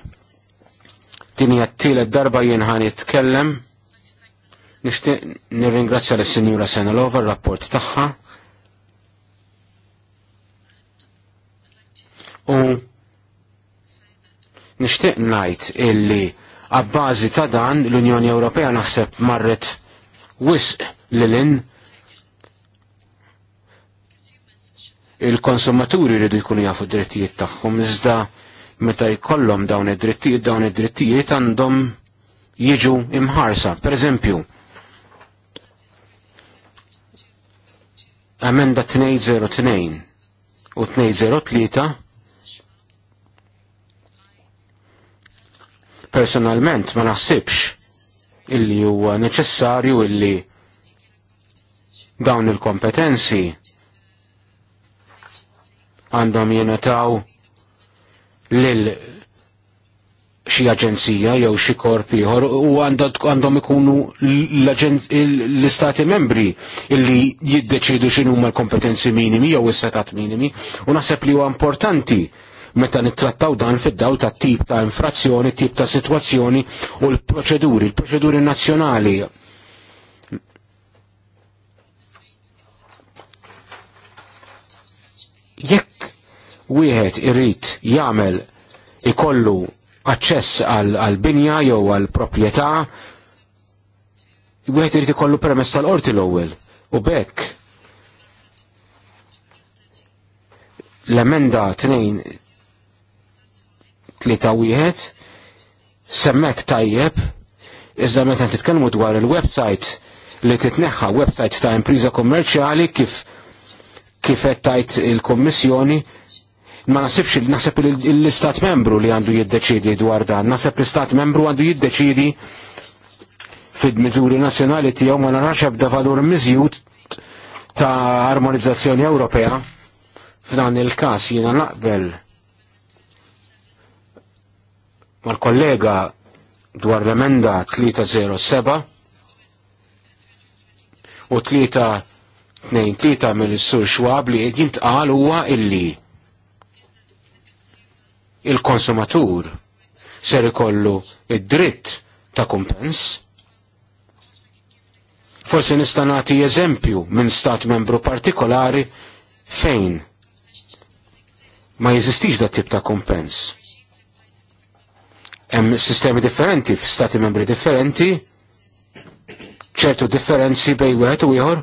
Tini għattilet darba jenħan jitkellem. Nishtiq nirringrazzja l-Sinjura Senalova r-rapport tagħha. U nishtiq ngħid illi għabbażi ta' dan l-Unjoni Ewropea naħseb marret wisq lilin il-konsumaturi rridu jkunu jafu drittijiet tagħhom iżda meta jkollhom dawn id-drittijiet dawn id-drittijiet għandhom jiġu imħarsa. Per eżempju, amenda 202 u 203 personalment ma naħsibx illi huwa neċessarju illi dawn il-kompetenzi għandhom jenataw lil xi aġenzija jew xi korp ieħor u għandhom ikunu l-istati membri illi jiddeċidu x'inhu huma l-kompetenzi minimi jew is-setat minimi u naħseb li huwa importanti meta nittrattaw dan fid-dawl ta' tip ta' infrazzjoni, tip ta' sitwazzjoni u l-proċeduri, l-proċeduri nazzjonali. Jekk wieħed irid jagħmel ikollu aċċess għal binja jew għal proprjetà wieħed irid ikollu permess tal-qorti l-ewwel u bekk l-emenda 2 tlieta wieħed semmek tajjeb iżda meta titkellmu dwar il-website li titneħħa website ta' impriża kommerċjali kif kif qed tajt il-Kummissjoni ma nasibx li nasib l-istat membru li għandu jiddeċidi dwar dan, nasib l-istat membru għandu jiddeċidi fid-mizuri nazjonali tiegħu ma narax ebda valur miżjud ta' armonizzazzjoni Ewropea f'dan il-każ jiena naqbel mal-kollega dwar l-emenda 307 u 3 2 3 mill-sur xwab li jintqal huwa illi il-konsumatur ser ikollu id-dritt ta' kumpens. Forse nista' nagħti eżempju minn stat membru partikolari fejn ma jeżistix da tip ta' kumpens. Hemm sistemi differenti f'stati membri differenti, ċertu differenzi bej wieħed u ieħor.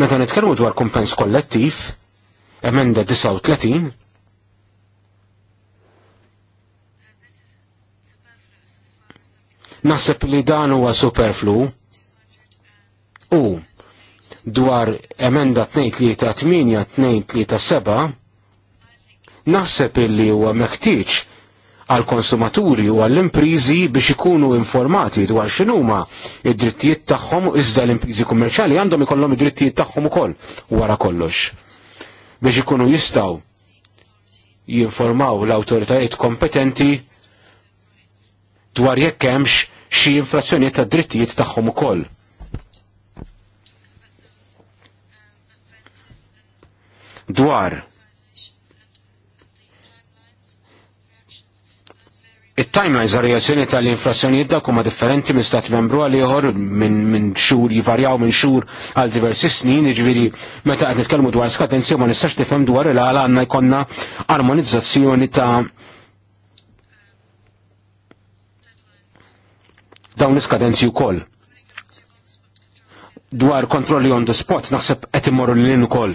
Meta nitkellmu dwar kumpens kollettiv, emenda 39, Naħseb li dan huwa superflu u dwar emenda 238-237 naħseb illi huwa meħtieġ għal konsumaturi u għall imprizi biex ikunu informati dwar x'inhuma id-drittijiet tagħhom iżda l-imprizi kummerċali għandhom ikollhom id-drittijiet tagħhom ukoll wara kollox. Biex ikunu jistgħu jinformaw l-awtoritajiet kompetenti dwar jekk hemmx xi infrazzjonijiet ta' drittijiet tagħhom ukoll. Dwar it timelines għal reazzjoni tal-inflazzjonijiet dak huma differenti minn stat membru għal ieħor minn min xhur jivarjaw minn xhur għal diversi snin, jiġifieri meta qed nitkellmu dwar skadenzi ma nistax tifhem dwar il għal għandna jkollna armonizzazzjoni ta' dawn l-iskadenzi wkoll. Dwar kontrolli on the spot naħseb qed immorru lil ukoll.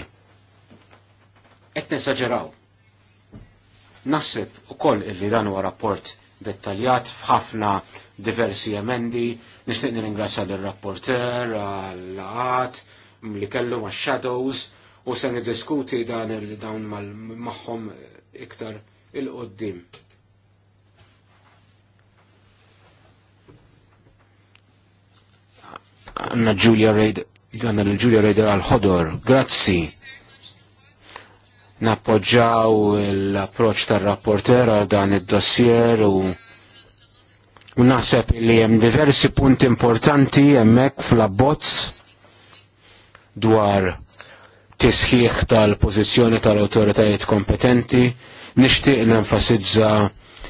Qed nesaġeraw. Naħseb ukoll illi dan huwa rapport dettaljat f'ħafna diversi emendi, nixtieq nirringrazzja lir-rapporter għal għat li kellu ma' shadows u se niddiskuti dan il-dawn magħhom iktar il-qoddim. għanna Julia Reid għanna l-Julia Reid għal-ħodor. Grazzi. Nappoġġaw l-approċ tar-rapporter għal dan id-dossier u naħseb li hemm diversi punti importanti hemmhekk fl-abbozz dwar tisħiħ tal-pożizzjoni tal-awtoritajiet kompetenti, nixtieq nenfasizza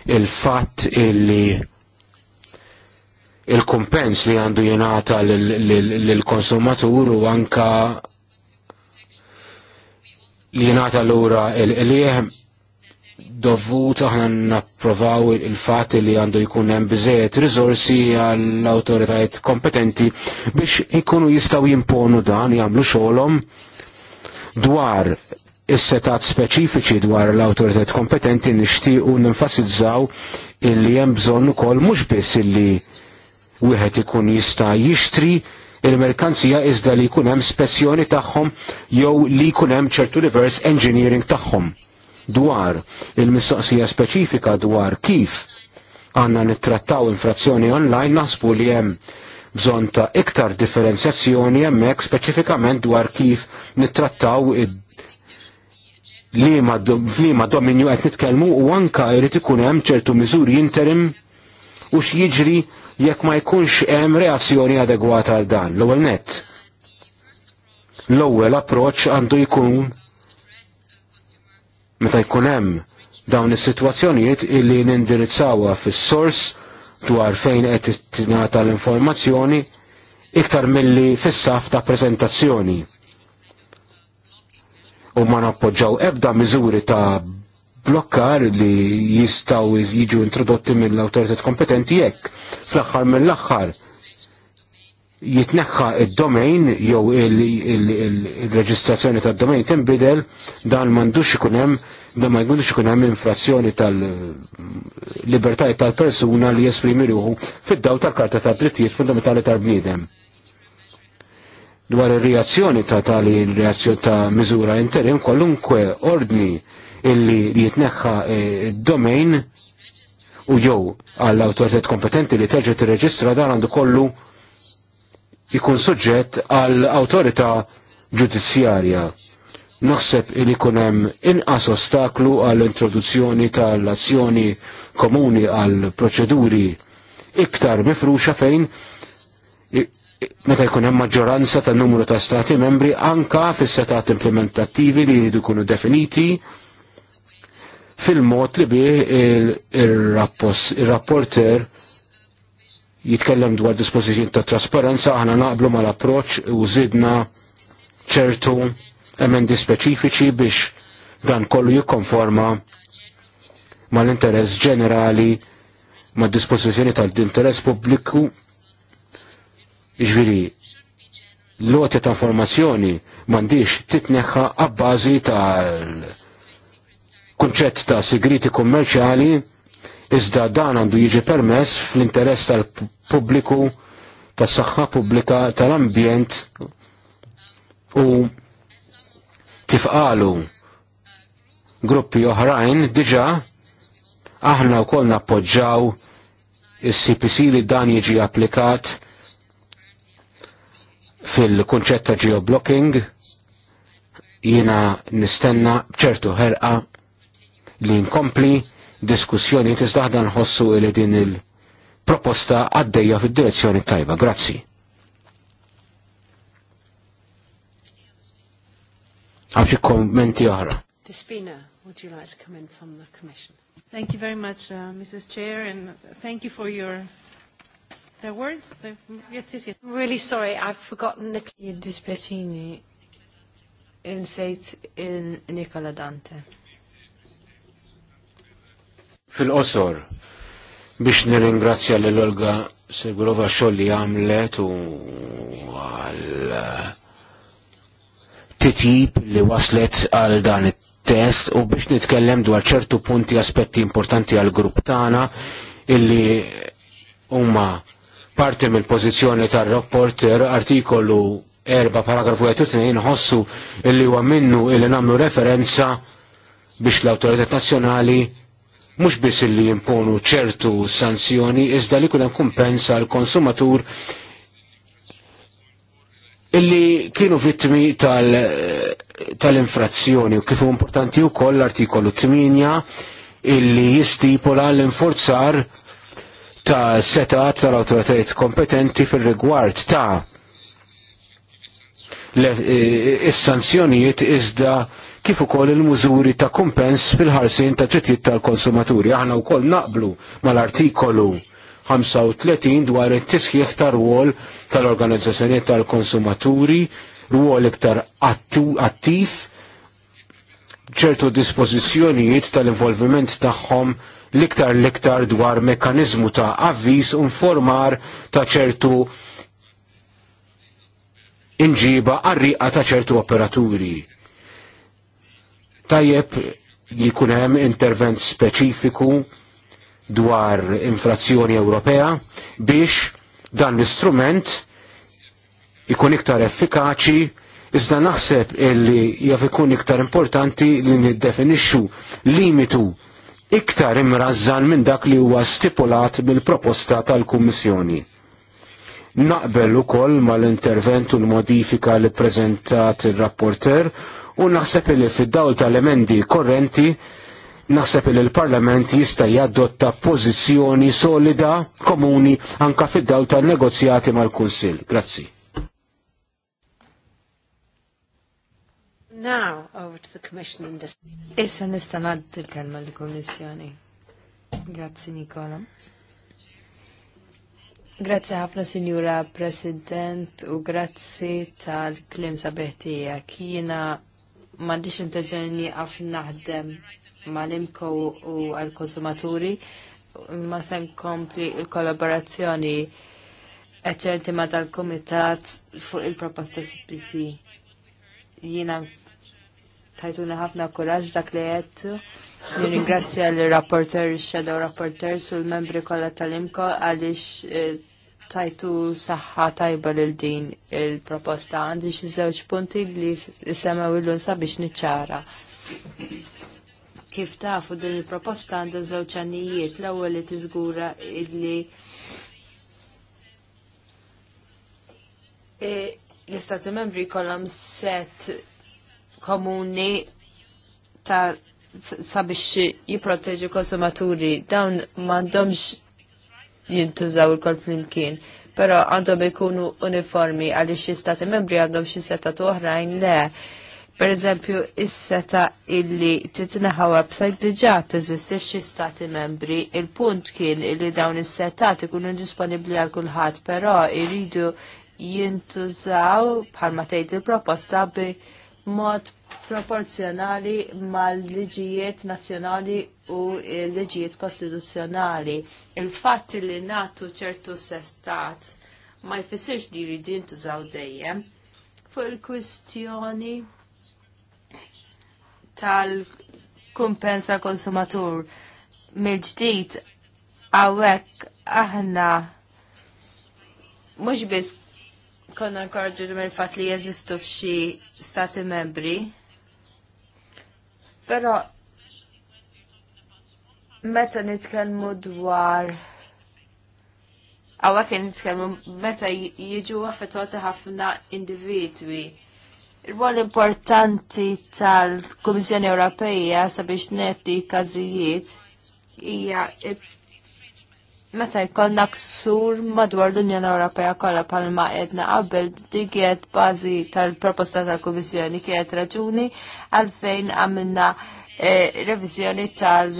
il-fatt illi il-kumpens li għandu jenata l-konsumatur u anka li jenata l-ura il-lieħ dovut aħna napprovaw il-fat li għandu jkun hemm biżejjed riżorsi għall-awtoritajiet kompetenti biex ikunu jistgħu jimponu dan jagħmlu xogħolhom dwar is-setat speċifiċi dwar l-awtoritajiet kompetenti nixtiequ ninfasizzaw illi hemm bżonn ukoll mhux biss illi wieħed ikun jista' jixtri il-merkanzija iżda li jkun hemm spessjoni tagħhom jew li jkun hemm ċertu reverse engineering tagħhom dwar il-mistoqsija speċifika dwar kif għandna nittrattaw infrazzjoni online naħsbu li hemm bżon ta' iktar differenzjazzjoni hemmhekk speċifikament dwar kif nittrattaw li ma dominju qed nitkellmu u anka jrid ikun hemm ċertu miżuri interim u x'jiġri jekk ma jkunx hemm reazzjoni adegwata għal dan. L-ewwel nett. L-ewwel approċċ għandu jkun meta jkun hemm dawn is-sitwazzjonijiet illi nindirizzawha fis-sors dwar fejn qed tingħata l-informazzjoni iktar milli fis-saf ta' prezentazzjoni. U ma nappoġġaw ebda miżuri ta' blokkar li jistaw jiġu introdotti mill-autoritet kompetenti jekk fl-axħar mill-axħar jitneħħa id-domain jew il-reġistrazzjoni il tad-domain tinbidel dan m'għandux ikun hemm dan ma jgħidux ikun hemm infrazzjoni tal-libertajiet tal-persuna li jesprimi ruħu fid-daw tal-Karta tad-Drittijiet Fundamentali tal-Bniedem. Dwar ir-reazzjoni ta' tali reazzjoni ta' miżura interim kwalunkwe ordni illi jitneħħa eh, domain u jew għall autoritet kompetenti li terġa tirreġistra dan għandu kollu jkun suġġett għall autorità ġudizzjarja. Naħseb li jkun hemm inqas ostaklu għall introduzzjoni tal-azzjoni komuni għall proċeduri iktar mifruxa fejn meta jkun hemm maġġoranza tan-numru ta' stati membri anka fis-setat implementattivi li jridu jkunu definiti fil-mod li bi il-rapporter jitkellem dwar dispożizzjoni ta' trasparenza aħna naqblu mal-approċ u zidna ċertu emendi speċifiċi biex dan kollu jikkonforma mal-interess ġenerali ma' dispożizzjoni tal-interess pubbliku ġviri l-loti ta' informazzjoni mandiġ titneħħa għabbażi tal- kunċett ta' sigriti kummerċjali iżda dan għandu jiġi permess fl-interess tal-pubbliku tas-saħħa pubblika tal-ambjent u kif qalu gruppi oħrajn diġa aħna wkoll nappoġġaw is-CPC li dan jiġi applikat fil-kunċett ta' geoblocking jiena nistenna bċertu ħerqa li nkompli diskussjoni tizdaħda nħossu li din il-proposta għaddeja fil-direzzjoni tajba. Grazzi. Għafi kommenti oħra. Tispina, would you like to come in from the Commission? Thank you very much, uh, Mrs. Chair, and thank you for your the words. The, yes, yes, yes. I'm really sorry, I've forgotten the... Jiddispjaċini, insejt in Nicola Dante fil-qosor biex nirringrazzja l olga Segurova xoll li għamlet u għal eh, titib li waslet għal dan it-test u biex nitkellem dwar ċertu punti aspetti importanti għal grupp tagħna illi huma parti mill-pożizzjoni tar-rapporter artikolu 4 paragrafu 2 ħossu illi huwa minnu illi nagħmlu referenza biex l-autoritet nazjonali mhux biss li jimponu ċertu sanzjoni iżda li kulem kumpensa l-konsumatur illi kienu vittmi tal-infrazzjoni tal u kifu importanti u koll l-artikolu 8 illi jistipola l-inforzar ta' setat tal-autoritajiet kompetenti fil-rigward ta' eh, is-sanzjonijiet iżda kif ukoll il-mużuri ta' kumpens fil-ħarsin ta' trittijiet tal-konsumaturi. Aħna wkoll naqblu mal-artikolu 35 dwar it-tisħiħ ta' rwol tal-organizzazzjonijiet tal-konsumaturi, rwol iktar attiv, ċertu dispożizzjonijiet tal-involviment tagħhom liktar liktar dwar mekanizmu ta' avviż u informar ta' ċertu inġiba għarriqa ta' ċertu operaturi tajjeb li jkun hemm intervent speċifiku dwar inflazzjoni Ewropea biex dan l-istrument ikun iktar effikaċi iżda naħseb illi jaf ikun iktar importanti li niddefinixxu limitu iktar imrażżan minn dak li huwa stipulat mill-proposta tal-Kummissjoni. Naqbel ukoll mal-intervent u l-modifika li preżentat ir rapporter u naħseb li fid-dawl tal-emendi korrenti naħseb li l-Parlament jista' jadotta pożizzjoni solida komuni anka fid-dawl tan-negozjati mal-Kunsill. Grazzi. Now over to the Commission in this. Issa nista' ngħaddi l-kelma lill-Kummissjoni. Grazzi Nikola. Grazzi ħafna Sinjura President u grazzi tal-klim sabiħ tiegħek. Jiena m'għandix intenzjoni li għaf naħdem mal-imko u għal-konsumaturi, ma se nkompli il-kollaborazzjoni eċerti ma tal-komitat fuq il-proposta CPC. Jina tajtuna ħafna kuraġ dak li għedtu. Nirringrazzja l-rapporter, shadow rapporter, sul membri kollha tal-imko għaliex eh, tajtu saħħa tajba lil din il-proposta għandi xi żewġ punti li semmew illum sabiex niċċara. Kif tafu din il-proposta għandha żewġ għannijiet l-ewwel li tiżgura illi e, l-istati membri kollhom set komuni ta' sabiex jipproteġu konsumaturi dawn m'għandhomx jintużaw il-kol flimkien. Pero għandhom ikunu uniformi għalli xi stati membri għandhom xi seta oħrajn le. Per eżempju, is-seta illi titnaħawa website diġà t f'xi stati membri, il-punt kien illi dawn is-setat ikunu disponibbli għal kulħadd, però jridu jintużaw bħalma tgħid il-proposta bi mod proporzjonali mal-liġijiet nazzjonali u l-leġijiet kostituzzjonali. il fat li natu ċertu sestat ma jfissirx li jridin tużaw dejjem fuq il-kwistjoni tal-kumpensa konsumatur mill-ġdid għawek aħna mux biss konna nkorġu mill fatt li jeżistu f'xi stati membri, pero meta nitkellmu dwar għawak nitkellmu meta jiġu affettwati ħafna individwi. Il-rwol importanti tal-Kummissjoni Ewropeja sabiex netti każijiet hija meta jkollna ksur madwar l-Unjoni Ewropea kollha bħalma qedna qabel dik qiegħed bażi tal-proposta tal-Kummissjoni kienet raġuni għalfejn għamilna eh, revizjoni tal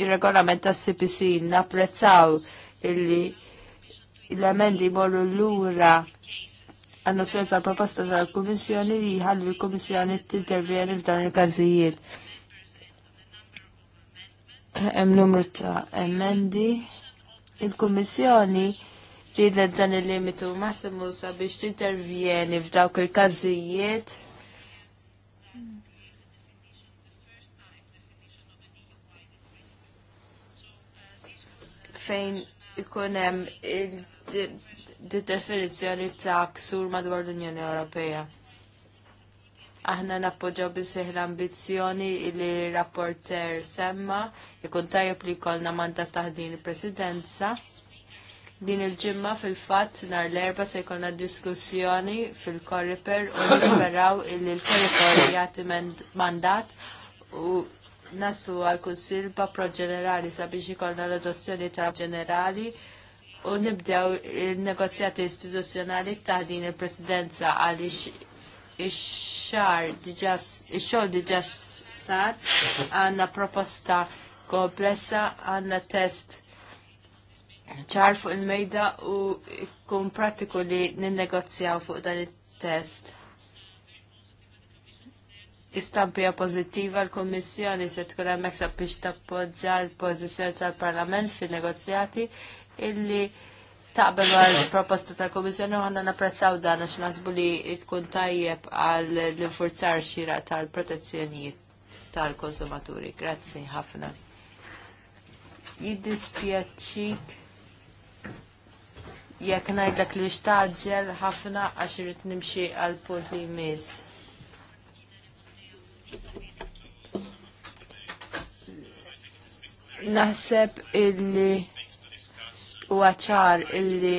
il-regolament tas CPC napprezzaw illi l-emendi morru l-lura għanna s tal-proposta tal-Komissjoni li jħallu l-Komissjoni t-intervjeni f'dan il-kazijiet. Hemm numru ta' emendi. Il-Komissjoni ridet dan il-limitu massimu sabiex t-intervjeni f'dawk il-kazijiet fejn ikun hemm il-definizzjoni ta' ksur madwar l-Unjoni Ewropea. Aħna nappoġġaw bisih l-ambizzjoni li rapporter semma ikun tajjeb li jkollna mandat ta' din il-presidenza. Din il-ġimma fil-fatt nar l-erba se jkollna diskussjoni fil-korriper u nisperaw li l-korriper jagħti mandat u naslu għal kunsil papro ġenerali sabiex ikollna l-adozzjoni ta' ġenerali u nibdew il-negozjati istituzzjonali ta' din il-presidenza għaliex ix-xar ix-xogħol diġà sar għandna proposta komplessa għandna test ċar fuq il-mejda u kun pratiku li ninnegozjaw fuq dan it-test istampija pozittiva l-Kommissjoni se tkun hemmhekk sabiex tappoġġja l-pożizzjoni tal-Parlament fin-negozjati illi taqbel l proposta tal-Kommissjoni u għandna napprezzaw dan għax nasbu li tkun tajjeb għal l-infurzar xira tal-protezzjonijiet tal-konsumaturi. Grazzi ħafna. Jiddispjaċik jekk ngħidlek li xtaġġel ħafna għax irid nimxi għal punt li jmiss Naħseb illi u għacħar illi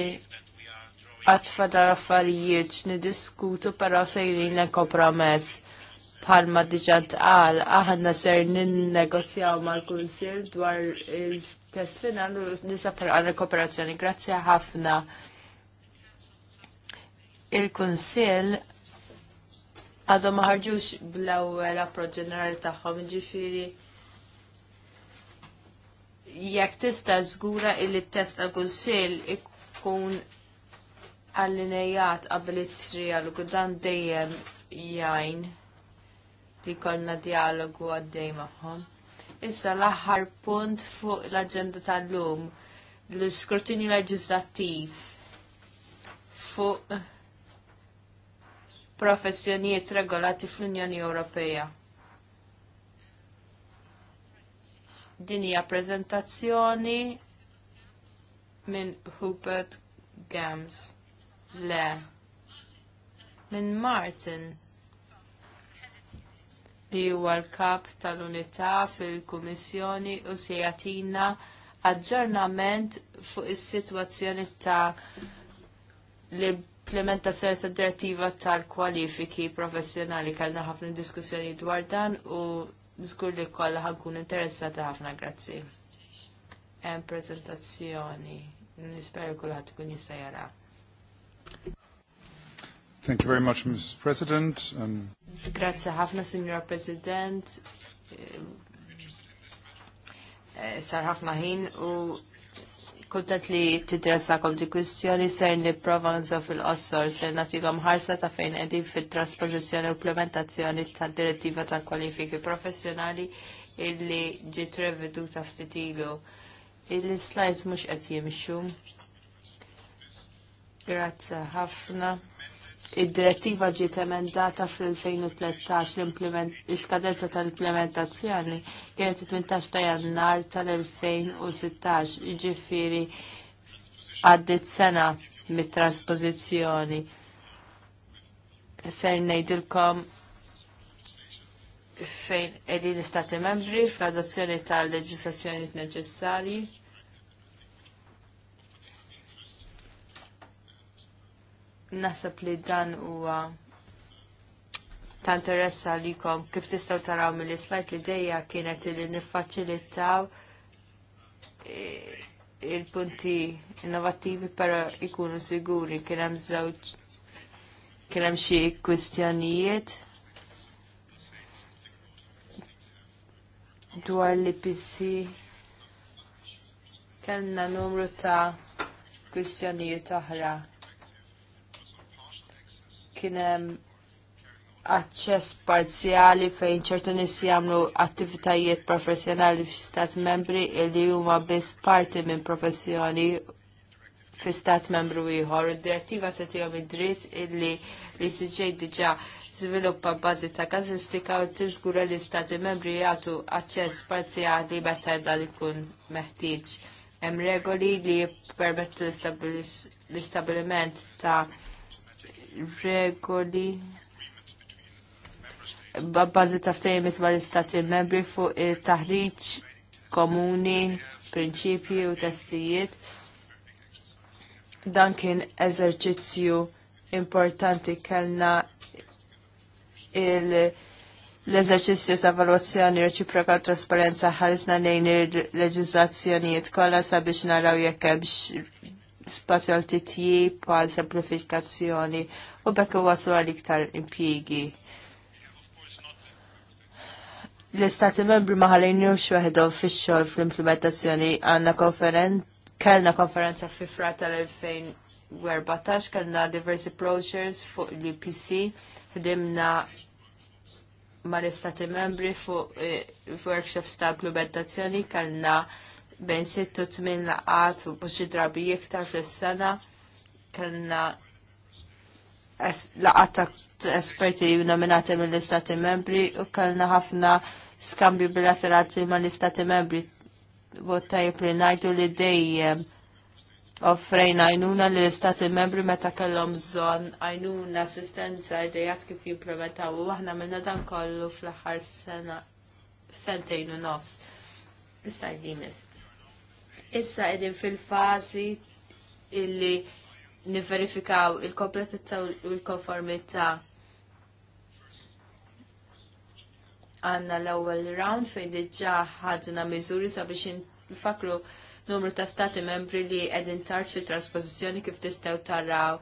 għatfa affarijiet xnidiskutu pero sejrin l-kompromess palma diġant għal aħna ser ninnegozjaw negozjaw mal-Kunsil dwar il-test final u nisafar għal kooperazzjoni. Grazie ħafna. Il-Kunsil Għadu ma ħarġux bl-ewwel approċ ġenerali tagħhom, ġifiri. jekk tista' żgura illi t-test tal kunsil ikun allinejat qabel it u dan dejjem jajn li konna dialogu għaddej magħhom. Issa l-aħħar punt fuq l-aġenda tal-lum l-iskrutinju leġislattiv fuq professjonijiet regolati fl-Unjoni Ewropea. Din hija preżentazzjoni minn Hubert Gams. Le. Minn Martin li huwa l-kap tal-unità fil-Kummissjoni u se jagħtina aġġornament fuq is-sitwazzjoni ta' li implementa serta direttiva tal-kwalifiki professjonali kellna ħafna diskussjoni dwar dan u żgur li kollha ħankun interessata ħafna grazzi. Hemm prezentazzjoni. Nisper kulħadd ikun jista' jara. Thank you very much, Mrs. President. Um... Grazie ħafna, Signora President. Eh, sar ħafna ħin u Kuntent li t kom di kwistjoni ser li provanzo fil-qossor ser natikom ħarsa ta' fejn edin fil transpozizjoni u implementazzjoni ta' direttiva ta' kwalifiki professjonali illi ġiet reveduta ftit ftitilu. Il-slides mux qed jimxu. Grazzi ħafna. Id-direttiva ġiet emendata fl-2013 l-iskadenza tal-implementazzjoni kienet 18 ta' jannar tal-2016, ġifiri għaddit sena mit transpozizjoni Ser ngħidilkom fejn edin Stati membri fl-adozzjoni tal-leġislazzjoni neċessarji. Nasab li dan huwa ta' li kom kif tistaw taraw mill slajt li dejja kienet li niffaċilitaw eh, il-punti innovattivi però ikunu siguri kienem hemm kienem kien hemm xi kwistjonijiet dwar l-IPC kellna numru ta' kwistjonijiet oħra kien hemm aċċess parzjali fejn ċertu nies jagħmlu attivitajiet professjonali f'stat membri li huma biss parti minn professjoni f'istat membru ieħor. Id-direttiva tagħtihom id-dritt illi li siġej diġà żviluppa bażi ta' kazistika u tiżgura li stati membri jagħtu aċċess parzjali meta dan ikun meħtieġ. Hemm regoli li jippermettu l-istabiliment ta' regoli b'bażi ta' ftehimiet mal-istati membri fuq it-taħriġ komuni, prinċipji u testijiet. Dan kien eżerċizzju importanti kellna l-eżerċizzju ta' valwazzjoni reċiproka trasparenza ħarisna lejn il-leġizlazzjonijiet kollha sabiex naraw jekk hemm spazju għal titjib għal semplifikazzjoni u bekk waslu għal iktar impjiegi. L-istati membri maħalin xweħdhom fix-xogħol fl-implementazzjoni għandna konferen kellna konferenza fi frat tal-2014 kellna diversi brochures fuq l-UPC ħdimna mal-istati membri fuq eh, workshops ta' implementazzjoni kellna bejn 6 u 8 laqat u xi drabi iktar fis-sena kellna laqat ta' esperti nominati mill-Istati Membri u kellna ħafna skambju bilaterali mal-Istati Membri bot tajib li najdu li dejjem offrejn għajnuna li l-istati membri meta kellhom bżonn għajnuna assistenza idejat kif jimplementaw u aħna minna dan kollu fl-aħħar sena sentejn u nofs. Issa Issa edin fil-fazi illi niverifikaw il-kompletezza u l-konformità għanna l-ewwel round fejn diġà ħadna miżuri sabiex nfakru numru ta' stati membri li qegħdin tard fit traspożizzjoni kif tistgħu taraw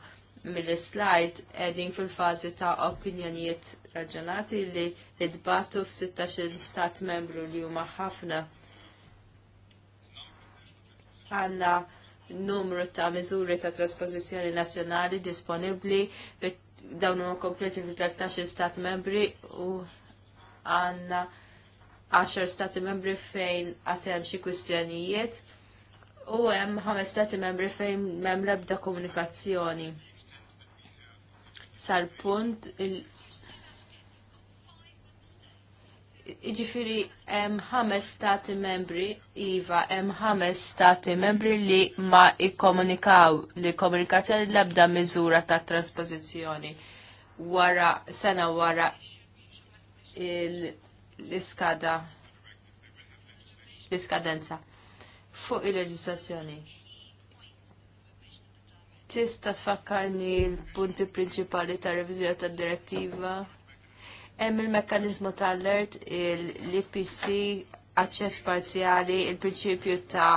mill-slide qegħdin fil-fażi ta' opinjonijiet raġunati li idbatu f'16 stat membru li huma ħafna għanna numru ta' miżuri ta' trasposizjoni nazzjonali disponibli dawn huma kompleti fil-13 stat membri u għanna 10 stati membri fejn għatem xi kwistjonijiet u hemm ħames stati membri fejn m'hemm l-ebda komunikazzjoni. Sal-punt Iġifiri, hemm ħames stati membri, Iva, hemm ħames stati membri li ma ikkomunikaw li komunikazzjoni l-ebda miżura ta' trasposizzjoni wara sena wara l-iskada l-iskadenza fuq il-leġislazzjoni. Tista' tfakkarni l-punti prinċipali ta' revizjoni tad direttiva? Hemm il-mekkaniżmu tal-alert, l-IPC, aċċess parzjali, il-prinċipju ta'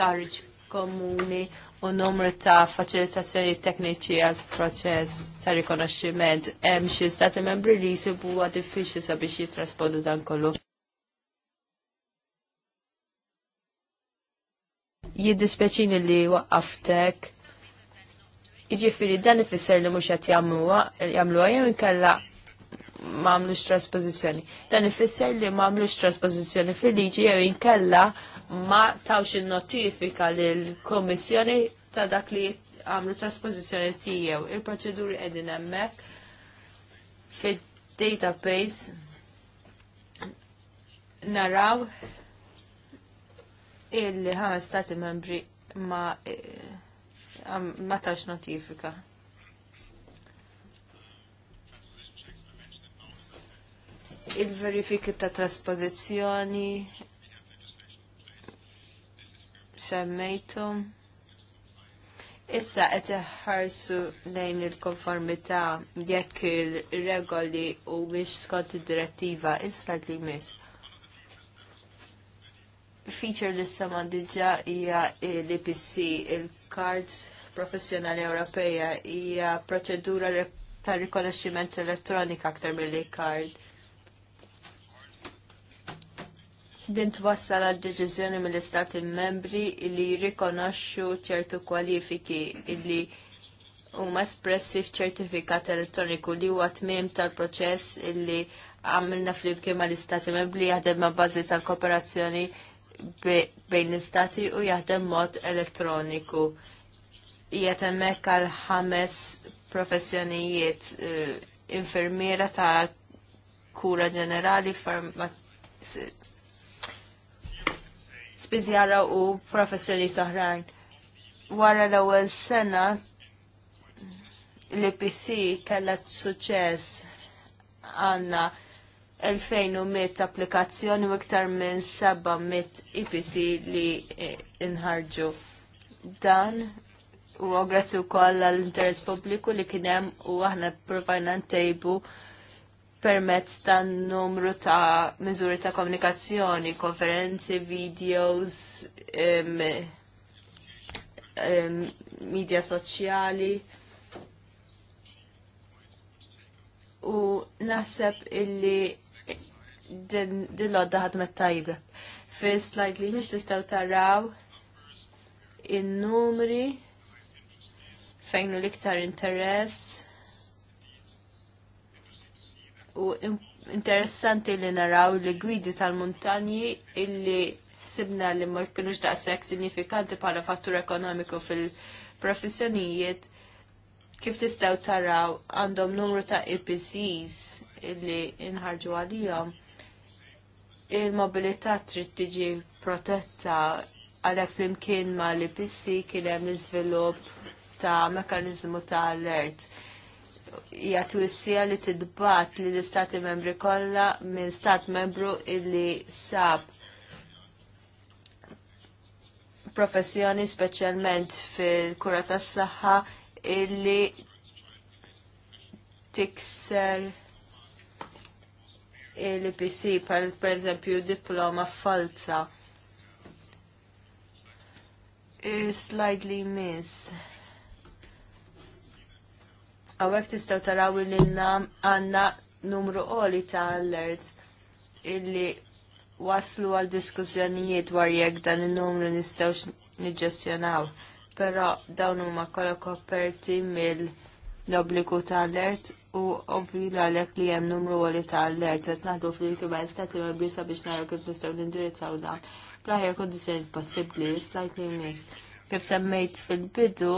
tarriġ komuni u numru ta' faċilitazzjoni tekniċi għal proċess ta' rikonoxximent. Hemm xi stati membri li jsibu huwa diffiċli sabiex jitraspondu dan kollu. Jiddispeċini li waqaftek. Jiġifieri dan ifisser li mhux qed jagħmluha jagħmluha jew inkella ma għamlux trasposizjoni. Dan ifisser li ma għamlux trasposizjoni fil-liġi jew inkella ma tawx il-notifika l-Komissjoni ta' dak li għamlu trasposizjoni tijew. Il-proċeduri edin emmek fil-database naraw il-ħames stati membri ma eh, ma tawx notifika. il-verifiki ta' trasposizjoni semmejtum. Issa qed iħarsu lejn il-konformità jekk il-regoli u biex skont id-direttiva issa li miss. Feature li sama diġa hija l-IPC, il-Cards Professjonali Ewropeja hija proċedura ta' rikonoxximent elettronika aktar mill-card Din twassal għal deċiżjoni mill-Istati membri li jirrikonoxxu ċertu kwalifiki li huma espressi f'ċertifikat elettroniku li huwa tmiem tal-proċess illi għamilna flimkien mal istati membri jaħdem ma' bażi tal-kooperazzjoni bejn l-istati u jaħdem mod elettroniku. Jiet hemmhekk għal ħames professjonijiet eh, infermiera ta' kura ġenerali, spizjara u professjoni taħrajn. Wara l-ewwel sena l-IPC kellha suċċess għandna 2100 applikazzjoni u iktar minn 700 IPC li eh, inħarġu. Dan u għagrazzi u koll għall-interess pubbliku li kienem u aħna provajna ntejbu tejbu permezz ta' numru ta' miżuri ta' komunikazzjoni, konferenzi, videos, um, um, media soċjali. U naħseb illi din lodda ħadmet tajba. Fil-slajd li mis tistaw taraw in-numri fejn l-iktar interess u interessanti li naraw li gwidi tal-muntanji illi sibna li ma jkunux daqshekk sinifikanti bħala fattur ekonomiku fil-professjonijiet kif tistaw taraw għandhom numru ta' EPCs illi inħarġu għalihom il-mobilità trid tiġi protetta għalhekk flimkien ma' l-EPC kien hemm l-iżvilupp ta' mekanizmu ta' alert hija twissija li tidbat li l-istati membri kollha minn stat membru illi sab professjoni speċjalment fil-kura tas-saħħa illi tikser l pc pal per eżempju diploma falsa. E Slightly miss. Għawek tistaw taraw li għanna numru għoli ta' alert illi waslu għal diskussjonijiet dwar jekk dan il-numru nistawx niġġestjonaw. Però dawn huma kollha koperti mill-obbligu ta' alert u ovvju l li hemm numru għoli ta' alert qed naħdu fil-kibel ma bisa sabiex naraw kif nistgħu nindirizzaw dan. Bl-aħjar kondizzjoni possibbli, slightly miss. Kif semmejt fil-bidu,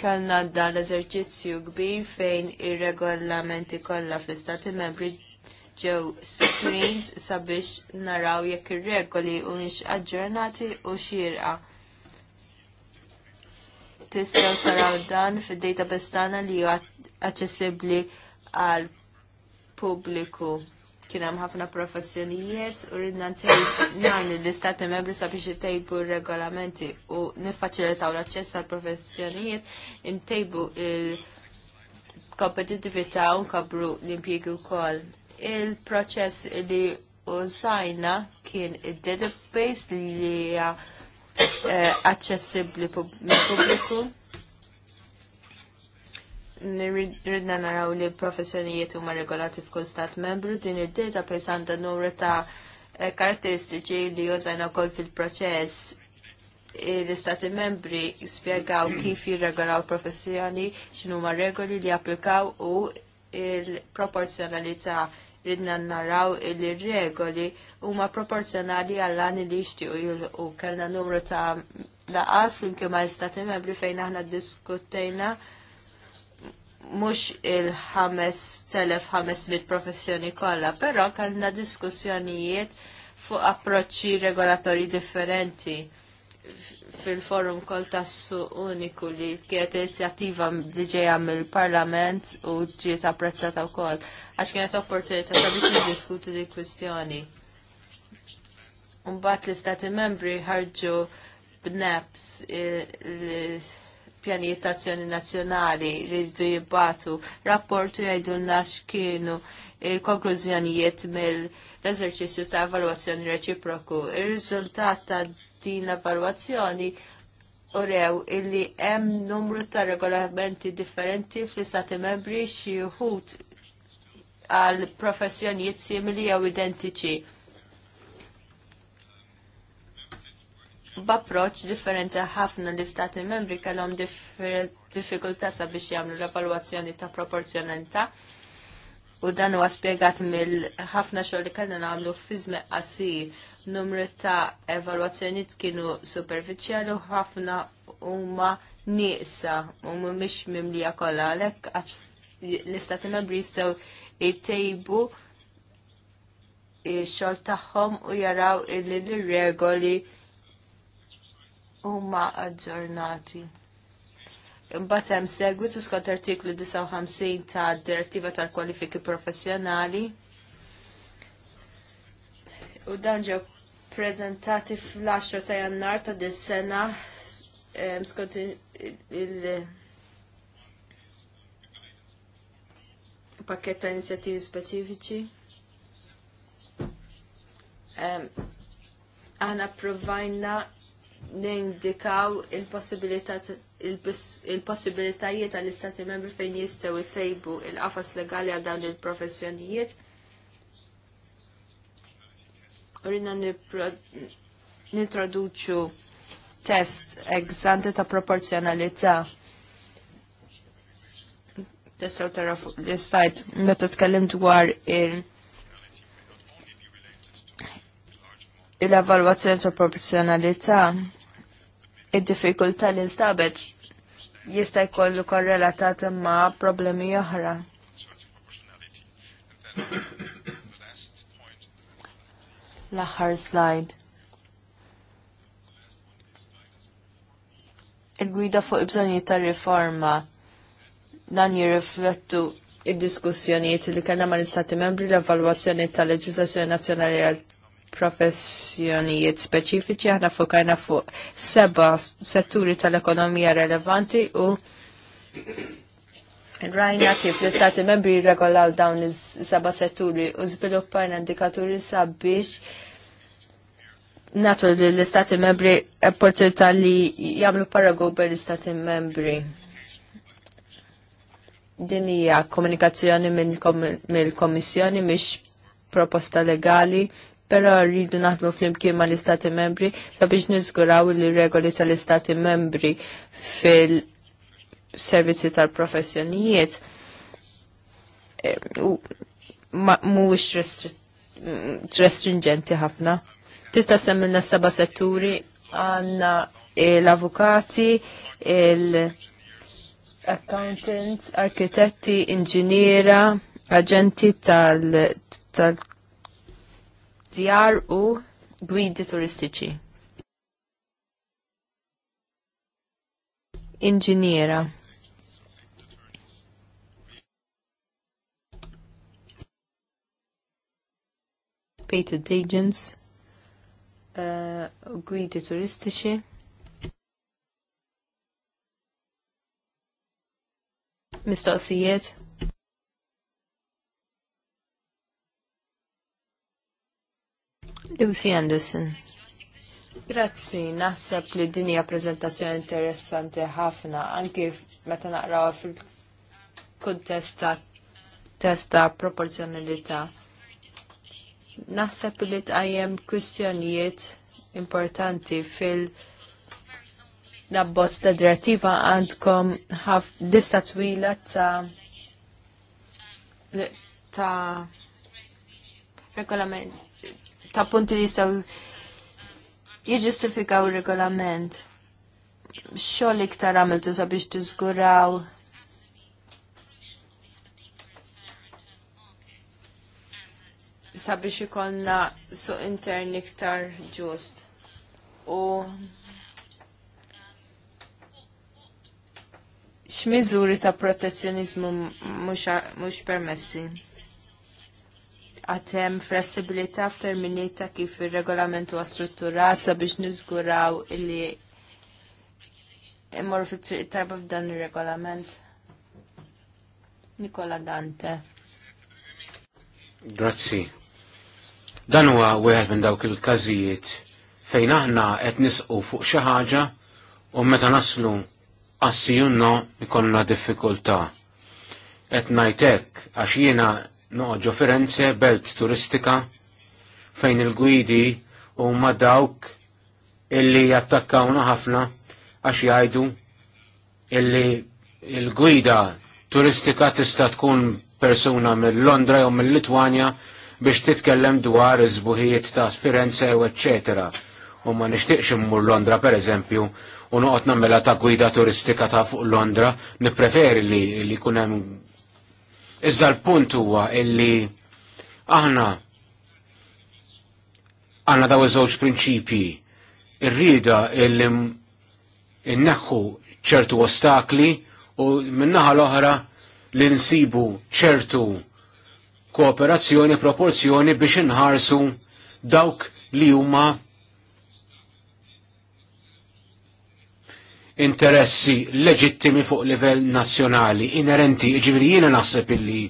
Kellna dan l-eżerċizzju kbir fejn ir-regolamenti kollha fl-Istati Membri ġew screens sabiex naraw jekk ir-regoli mhumiex aġġornati u xierqa. Tistgħu taraw dan fid-database tagħna li huwa aċċessibbli għal pubbliku kien hemm ħafna professjonijiet u ridna nagħmlu l-istati membri sabiex itejbu r-regolamenti u niffaċilitaw l-aċċess għal professjonijiet intejbu il-kompetitività u nkabru l-impjiegi wkoll. Il-proċess li użajna kien id-database li hija eh, aċċessibbli pubbliku. Pub Nirridna naraw li professjonijiet huma regolati f'kull stat membru din id-data pesanda numru ta' eh, karatteristiċi li jużajna wkoll fil-proċess l-istati membri spjegaw kif jirregolaw professjoni x'inhuma regoli li applikaw u il-proporzjonalità ridna naraw li regoli huma proporzjonali għall-għani li jixtiequ u kellna numru ta' laqas flimkien ma' istati membri fejn aħna diskutejna mux il-5500 professjoni kolla, pero kellna diskussjonijiet fuq approċċi regolatori differenti fil-forum kol tassu uniku li kienet inizjattiva li ġeja mill-parlament u ġiet apprezzata wkoll għax kienet opportunità biex niddiskutu di kwistjoni. bat l-istati membri ħarġu b'neps pjanijiet ta' azzjoni nazzjonali rridu jibbatu rapportu jgħidulna x'kienu il-konklużjonijiet mill-eżerċizzju ta' evalwazzjoni reċiproku. Ir-riżultat ta' din l-evalwazzjoni u rew illi hemm numru ta' regolamenti differenti fl-istati membri xi wħud għal professjonijiet simili jew identiċi. b'approċċ differenti ħafna l-istati membri kellhom diffikultà sabiex jagħmlu l-evalwazzjoni ta' proporzjonalità. U dan huwa spjegat mill-ħafna xogħol li kellna nagħmlu fiżme qasir. Numru ta' evalwazzjonijiet kienu superfiċjali u ħafna huma nieqsa u mhumiex mimlija kollha għalhekk għax l-istati membri jistgħu jtejbu x-xogħol tagħhom u jaraw illi l-regoli il huma aġġornati. Imbagħad hemm segwitu skont artiklu 59 ta' Direttiva tal-Kwalifiki Professjonali. U dan ġew preżentati fl-10 ta' Jannar ta' dis-sena skont il- pakket ta' inizjattivi speċifiċi. Aħna provajna nindikaw il-possibilitajiet għall-istati membri fejn jistaw jtejbu il-qafas legali għal dawn il-professjonijiet. Rina nintroduċu test eżante ta' proporzjonalità. Tessaw tara fuq l-istajt, meta tkellim dwar il- il evalwazzjoni ta' proporzjonalità id-diffikultà li nstabet jista' jkollu korrelatat ma' problemi oħra. L-aħħar slide. il-gwida fuq il-bżonijiet ta' riforma dan jirriflettu id-diskussjonijiet li kellna mal istati membri l-evalwazzjoni tal-leġislazzjoni nazzjonali professjonijiet speċifiċi, aħna fokajna fuq seba setturi tal-ekonomija relevanti u rajna kif l-istati membri regolaw dawn seba setturi u żviluppajna indikaturi sabiex natu l-istati membri opportunità li jagħmlu paragu bil-istati membri din hija komunikazzjoni mill komissjoni mhix proposta legali pero rridu naħdmu fl-imkien ma l-Istati membri sabiex niżguraw li regoli tal-Istati membri fil-servizzi tal-professjonijiet eh, mhuwiex restringenti ħafna. Tista' semmilna seba' setturi għandna l-avukati, l-accountants, arkitetti, inġiniera, aġenti tal-, tal djar u gwidi turistiċi. Inġiniera. Patent agents, uh, gwidi turistiċi. Mistoqsijiet. Lucy Anderson. Grazzi, naħseb li din hija preżentazzjoni interessanti ħafna, anki meta naqraw fil-kuntest ta' testa proporzjonalità. Naħseb li tqajjem kwistjonijiet importanti fil- Nabbozz ta' direttiva għandkom ħaf lista twila ta' ta' regolament ta' punti li jistgħu jiġġustifikaw ir-regolament. Xogħol iktar tu sabiex tu zguraw. sabiex ikonna su intern iktar ġust. U x'miżuri ta' protezzjonizmu mux permessi għatem flessibilità f'termini ta' kif il-regolament huwa strutturat sabiex niżguraw illi immorru fit-triq f'dan il-regolament. Nikola Dante. Grazzi. Dan huwa wieħed minn dawk il-każijiet fejn aħna qed nisqu fuq xi ħaġa u meta naslu assijunno ikollna diffikultà. Qed ngħid hekk għax jiena noħġu Firenze, belt turistika, fejn il-gwidi u ma dawk illi jattakkawna ħafna għax jgħidu illi il-gwida turistika tista' tkun persuna mill-Londra jew mill-Litwanja biex titkellem dwar iż-żbuħijiet ta' Firenze u eccetera. U ma nixtieqx immur Londra pereżempju u noqgħod nagħmilha ta' gwida turistika ta' fuq Londra, nippreferi li li kun hemm Iżda l-punt huwa illi aħna għanna daw iż-żewġ prinċipji irrida illi inneħħu ċertu ostakli u minnaħa l-oħra li nsibu ċertu kooperazzjoni proporzjoni biex inħarsu dawk li huma interessi leġittimi fuq livell nazzjonali, inerenti, ġiviri jiena naħseb illi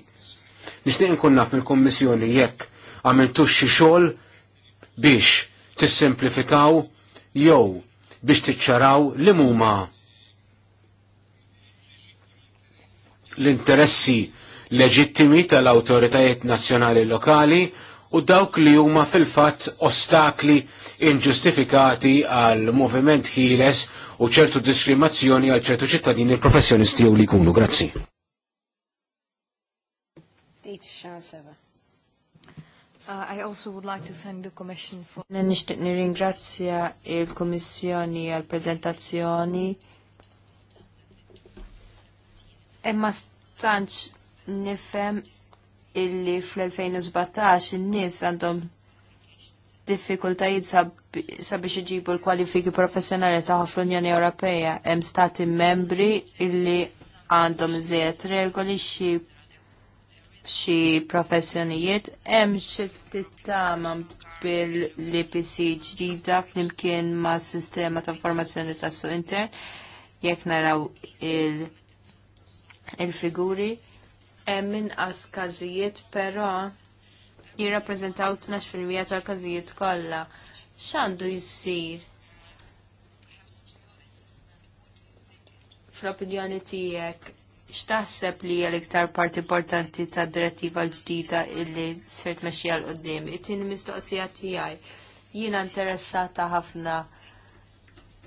nixtieq nkun naf mill-Kummissjoni jekk għamiltux xi xogħol biex tissimplifikaw jew biex tiċċaraw li huma l-interessi leġittimi tal-awtoritajiet nazzjonali lokali u dawk li huma fil-fatt ostakli inġustifikati għal moviment ħieles u ċertu diskriminazzjoni għal ċertu ċittadini professjonisti u li kunu. Grazzi. Uh, uh, I also would like to thank the Commission for... Nishtiq nirringrazzja il-Kommissjoni għal-prezentazzjoni. Imma stanċ nifem illi fl-2017 in-nies għandhom diffikultajiet sabiex iġibu l-kwalifiki professjonali taħ fl-Unjoni Ewropea hemm stati membri illi għandhom iżjed regoli xi xi professjonijiet hemm xi tittama bil-LPC ġdida flimkien ma' sistema ta' formazzjoni tas-suq intern jekk naraw il- il-figuri hemm inqas każijiet però jirrappreżentaw 12% tal-każijiet kollha. X'għandu jsir? Fl-opinjoni tiegħek x'taħseb li hija l-iktar parti importanti tad direttiva l-ġdida illi sirt mexxija l qudiem it-tieni mistoqsija tiegħi. Jiena interessata ħafna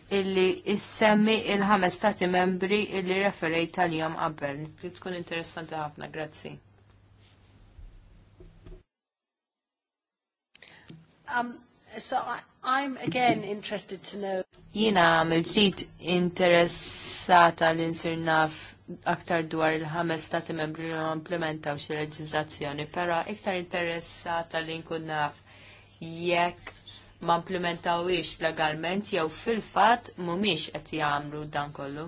illi issemmi il-ħames stati membri illi referej tal-jom qabel. Li tkun interessanti ħafna, grazzi. Um, so I, I'm again interested to know. Jina mill interessata li nsir naf aktar dwar il-ħames stati membri li implementaw xi leġiżlazzjoni, però iktar interessata li nkun naf jekk ma implementawiex legalment jew fil-fatt mhumiex qed jagħmlu dan kollu.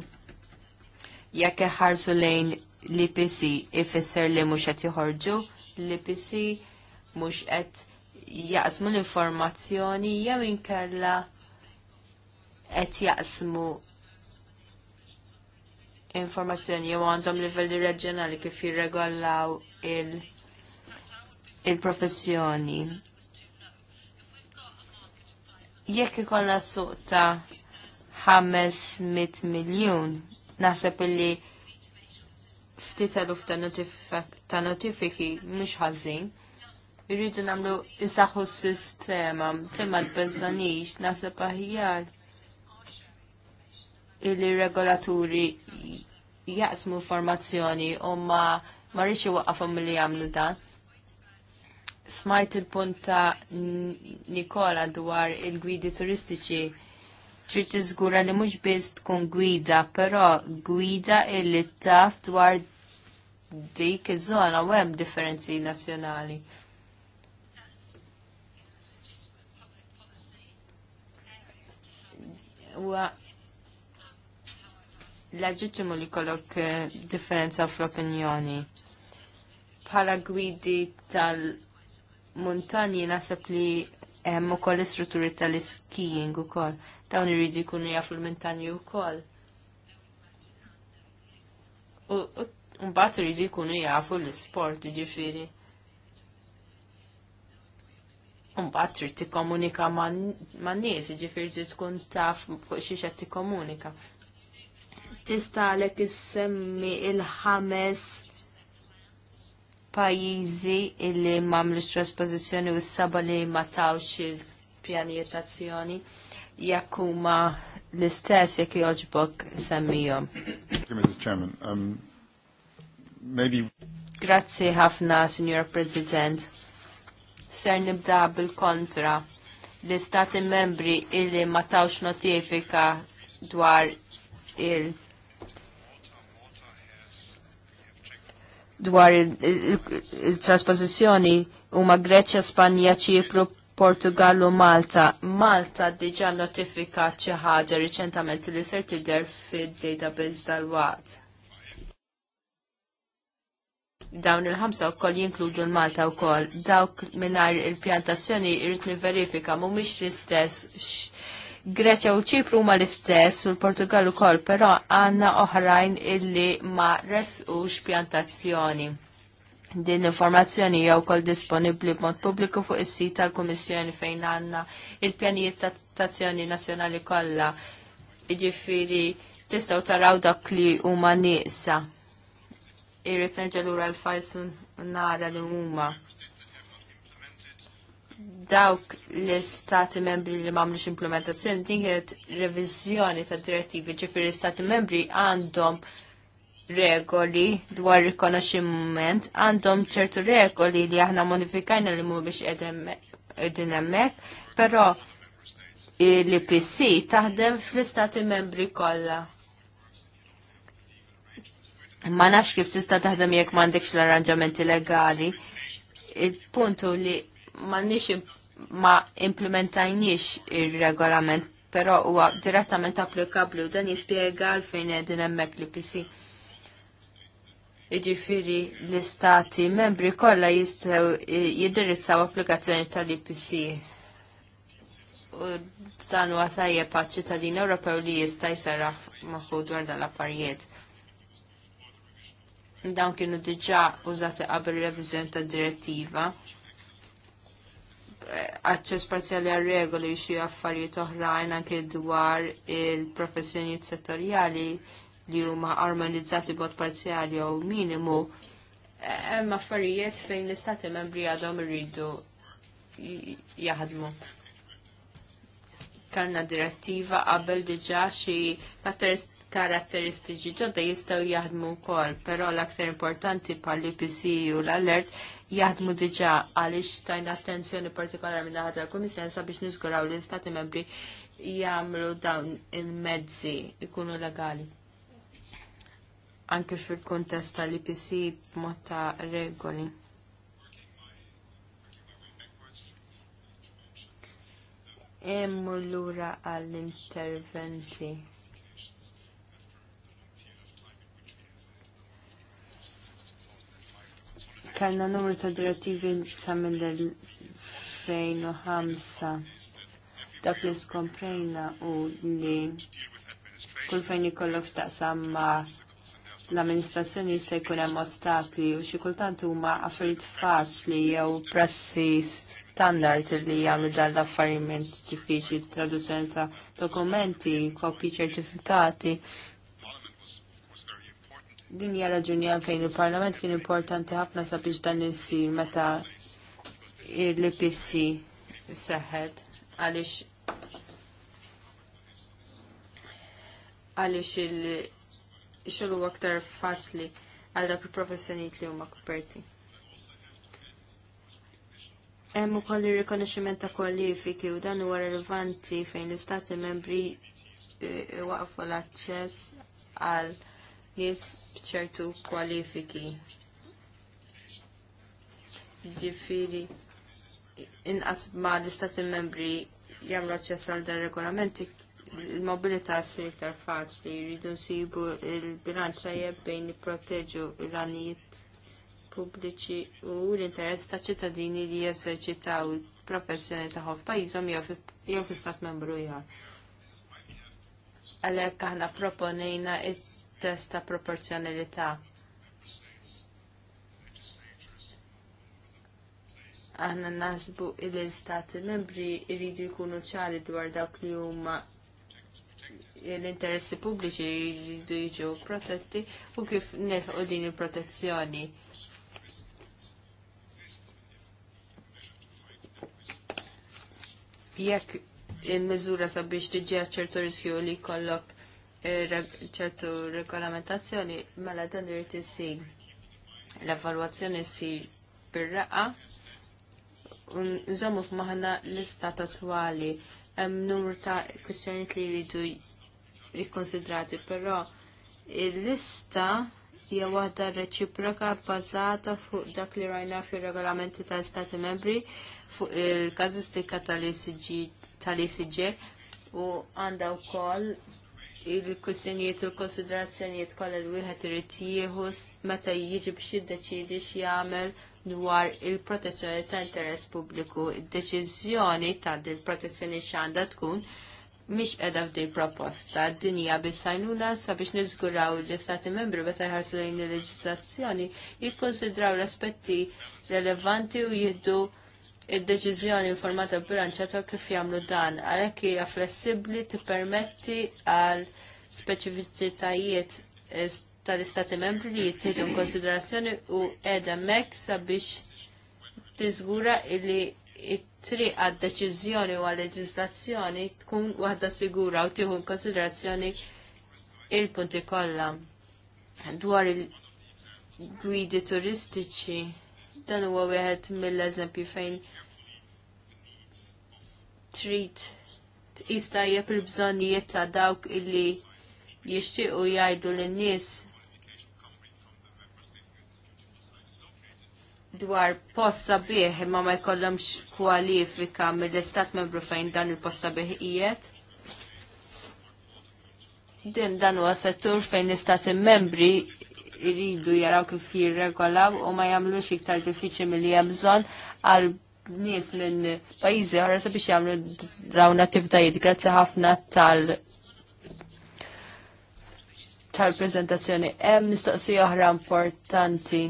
Jekk iħarsu lejn l-IPC ifisser li mhux qed joħorġu, l-IPC mhux qed jaqsmu l-informazzjoni jew inkella qed jaqsmu informazzjoni jew għandhom livelli reġjonali kif jirregolaw il-professjoni. il, il professjoni jekk ikonna suq ta' 500 miljon, naħseb illi ftit eluf ta' notifiki mhux ħażin. Irridu nagħmlu isaħħu s-sistema, kemm tbeżanix, naħseb aħjar illi regolaturi jaqsmu informazzjoni u ma marriċi waqafhom milli jagħmlu dan smajt il-punta Nikola dwar il-gwidi turistiċi trid tiżgura li mhux biss tkun gwida, però gwida illi taf dwar dik iż-żona u hemm differenzi nazzjonali. leġittimu li kollok eh, differenza fl-opinjoni. Bħala gwidi tal- muntanji nasab li hemm ukoll istrutturi tal iskiing ukoll. Dawn iridu jkunu jafu l-muntanji ukoll. U mbagħad iridu jkunu jafu l-isport ġifieri. Mbagħad trid tikkomunika man nies, jiġifieri trid tkun taf fuq xi qed tikkomunika. Tista' għalhekk issemmi il-ħames pajjiżi illi mamlux trasposizjoni u s-saba li ma tawx il pjanietazzjoni jakuma l-istess jek joġbok semmijom. Mrs. Chairman. Um, maybe... Grazzi ħafna, Signor President. Ser nibda bil-kontra l-istati membri illi ma tawx notifika dwar il- dwar il-trasposizjoni huma Greċja, Spanja, Ċipru, Portugallu, Malta. Malta diġà notifikat xi ħaġa riċentament li ser tidher fid-database tal-waqt. Dawn il-ħamsa wkoll jinkludu l-Malta wkoll. Dawk mingħajr il-pjantazzjoni jrid niverifika mhumiex l-istess Greċja u ċipru ma l-istess u l-Portugal u kol, pero għanna oħrajn illi ma u pjantazzjoni. Din informazzjoni jew kol disponibli b'mod pubbliku fuq is-sit tal-Kummissjoni fejn għandna il-pjanijiet ta' tazzjoni nazzjonali kollha. jiġifieri tistgħu taraw dak li huma nieqsa. Irrid nerġa' lura l-fajsun nara li huma dawk l-istati membri li mamlux implementazzjoni din kienet revizjoni ta' direttivi ġifiri l-istati membri għandhom regoli dwar rikonoxximent għandhom ċertu regoli li aħna modifikajna li mhumiex qegħdin hemmhekk, però l-IPC taħdem fl-istati membri kollha. Ma nafx kif tista' taħdem jekk m'għandekx l-arranġamenti legali. Il-puntu li m'għandniex ma implementajniex il-regolament, pero huwa direttament applikabli u dan jispjega għalfejn din hemmhekk li PC. Iġifiri l-istati membri kollha jistgħu jiddirizzaw applikazzjoni tal-IPC u dan huwa tajjeb għaċ-ċittadin Ewropew li jista' jsara maħud dwar dan l-affarijiet. Dawn kienu diġà użati qabel reviżjoni tad direttiva aċċess parzjali għal regoli xi affarijiet oħrajn anke dwar il-professjonijiet settorjali li huma armonizzati bot parzjali jew minimu hemm affarijiet fejn l-istati membri għadhom irridu jaħdmu. Kanna direttiva qabel diġa' xi karatteristiċi ġodda jistgħu jaħdmu wkoll, però l-aktar importanti pal-IPC u l-alert jaħdmu diġa għaliex tajna attenzjoni partikolari minn ħadd kummissjoni sabiex nizguraw li l-Istati membri jagħmlu dawn il-mezzi ikunu legali. Anke fil kontest tal-IPC b'motta regoli. Emmu l lura għall-interventi. kellna numru ta' direttivi ta' mill-2005 dak li skomprejna u li kull fejn ikollok x'taqsam ma' l-amministrazzjoni jista' jkun hemm ostakli u xi kultant huma affarijiet faċli jew prassi standard li jagħmlu dan l-affarijiet diffiċli traduzzjoni ta' dokumenti, kopji ċertifikati. Din hija raġuni għalfejn il-Parlament kien importanti ħafna sabiex dan isir meta l-IPC seħħet għaliex għaliex il-xogħol huwa aktar faċli għal dak il-professjonijiet li huma koperti. Hemm ukoll ir-rikonoxximent ta' kwalifiki u dan huwa rilevanti fejn l-istati membri eh, waqfu l-aċċess għal nies bċertu kwalifiki. Ġifiri, inqas ma l-istati membri jagħmlu aċċess għal dan regolamenti il-mobilità ssir iktar faċli, jridu nsibu il-bilanċ tajjeb bejn nipproteġu l-għanijiet pubbliċi u l-interess ta' ċittadini li jeżerċitaw il-professjoni ta' ħof pajizom jew fi stat membru ieħor. Għalhekk aħna proponejna test ta' proporzjonalità. Aħna nasbu il-istati membri jridu jkunu ċari dwar dawk li huma l-interessi pubbliċi jridu jiġu protetti u kif nerħu din il-protezzjoni. Jekk il-miżura sabiex tiġi ċertu riskju li kollok ċertu regolamentazzjoni mela dan irid isir l-evalwazzjoni ssir bir-raqqa nżommu f'maħna l-istat attwali hemm numru ta' kwistjonijiet li jridu jikkonsidrati, però l lista hija waħda reċiproka bbażata fuq dak li rajna fir-regolamenti tal stati membri fuq il-każistika tal isg tal isg u għandha wkoll il-kwistjonijiet u l-konsiderazzjonijiet kollha li wieħed irid jieħu meta jiġi biex jiddeċiedi x'jagħmel dwar il-protezzjoni ta' interess pubbliku. Id-deċiżjoni ta' din protezzjoni x'għandha tkun mhix qiegħda f'din proposta. d-dinja hija bissajnuna sabiex niżguraw l-Istati Membri meta jħarsu lejn il-leġiżlazzjoni jikkonsidraw l-aspetti relevanti u jieħdu id-deċiżjoni informata bilanċator kif jagħmlu dan, għalhekk hija flessibbli tippermetti għal speċifiċitajiet eh, tal-Istati membri li jittieħdu konsiderazzjoni u qiegħda hemmhekk sabiex tiżgura li it-triq għad-deċiżjoni u għal-leġiżlazzjoni tkun waħda sigura u tieħu konsiderazzjoni il-punti kollha dwar il-gwidi turistiċi Dan huwa wieħed mill-eżempju fejn trid tista tajjeb il-bżonnijiet ta' dawk illi jixtiequ jgħidu lin-nies dwar post sabiħ imma ma jkollhomx kwalifika mill-istat membru fejn dan il post sabiħ qiegħed. Din dan huwa settur fejn l-istati membri iridu jaraw kif jirregolaw u ma jagħmlux iktar diffiċli milli hemm bżonn għal nies minn pajjiżi oħra sabiex jagħmlu dawn attivitajiet. Grazzi ħafna tal tal-prezentazzjoni. Hemm mistoqsija oħra importanti.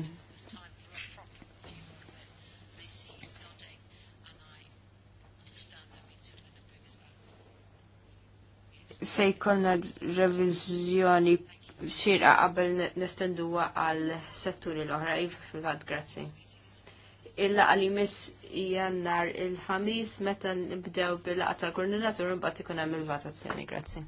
Se revizjoni xirqa qabel nestenduwa għal setturi l-oħra, iva, fil-fat, grazzi. Illa għal jmiss jannar il-ħamis meta nibdew bil-laqta tal kornilatur mbagħad ikun hemm il-votazzjoni, grazzi.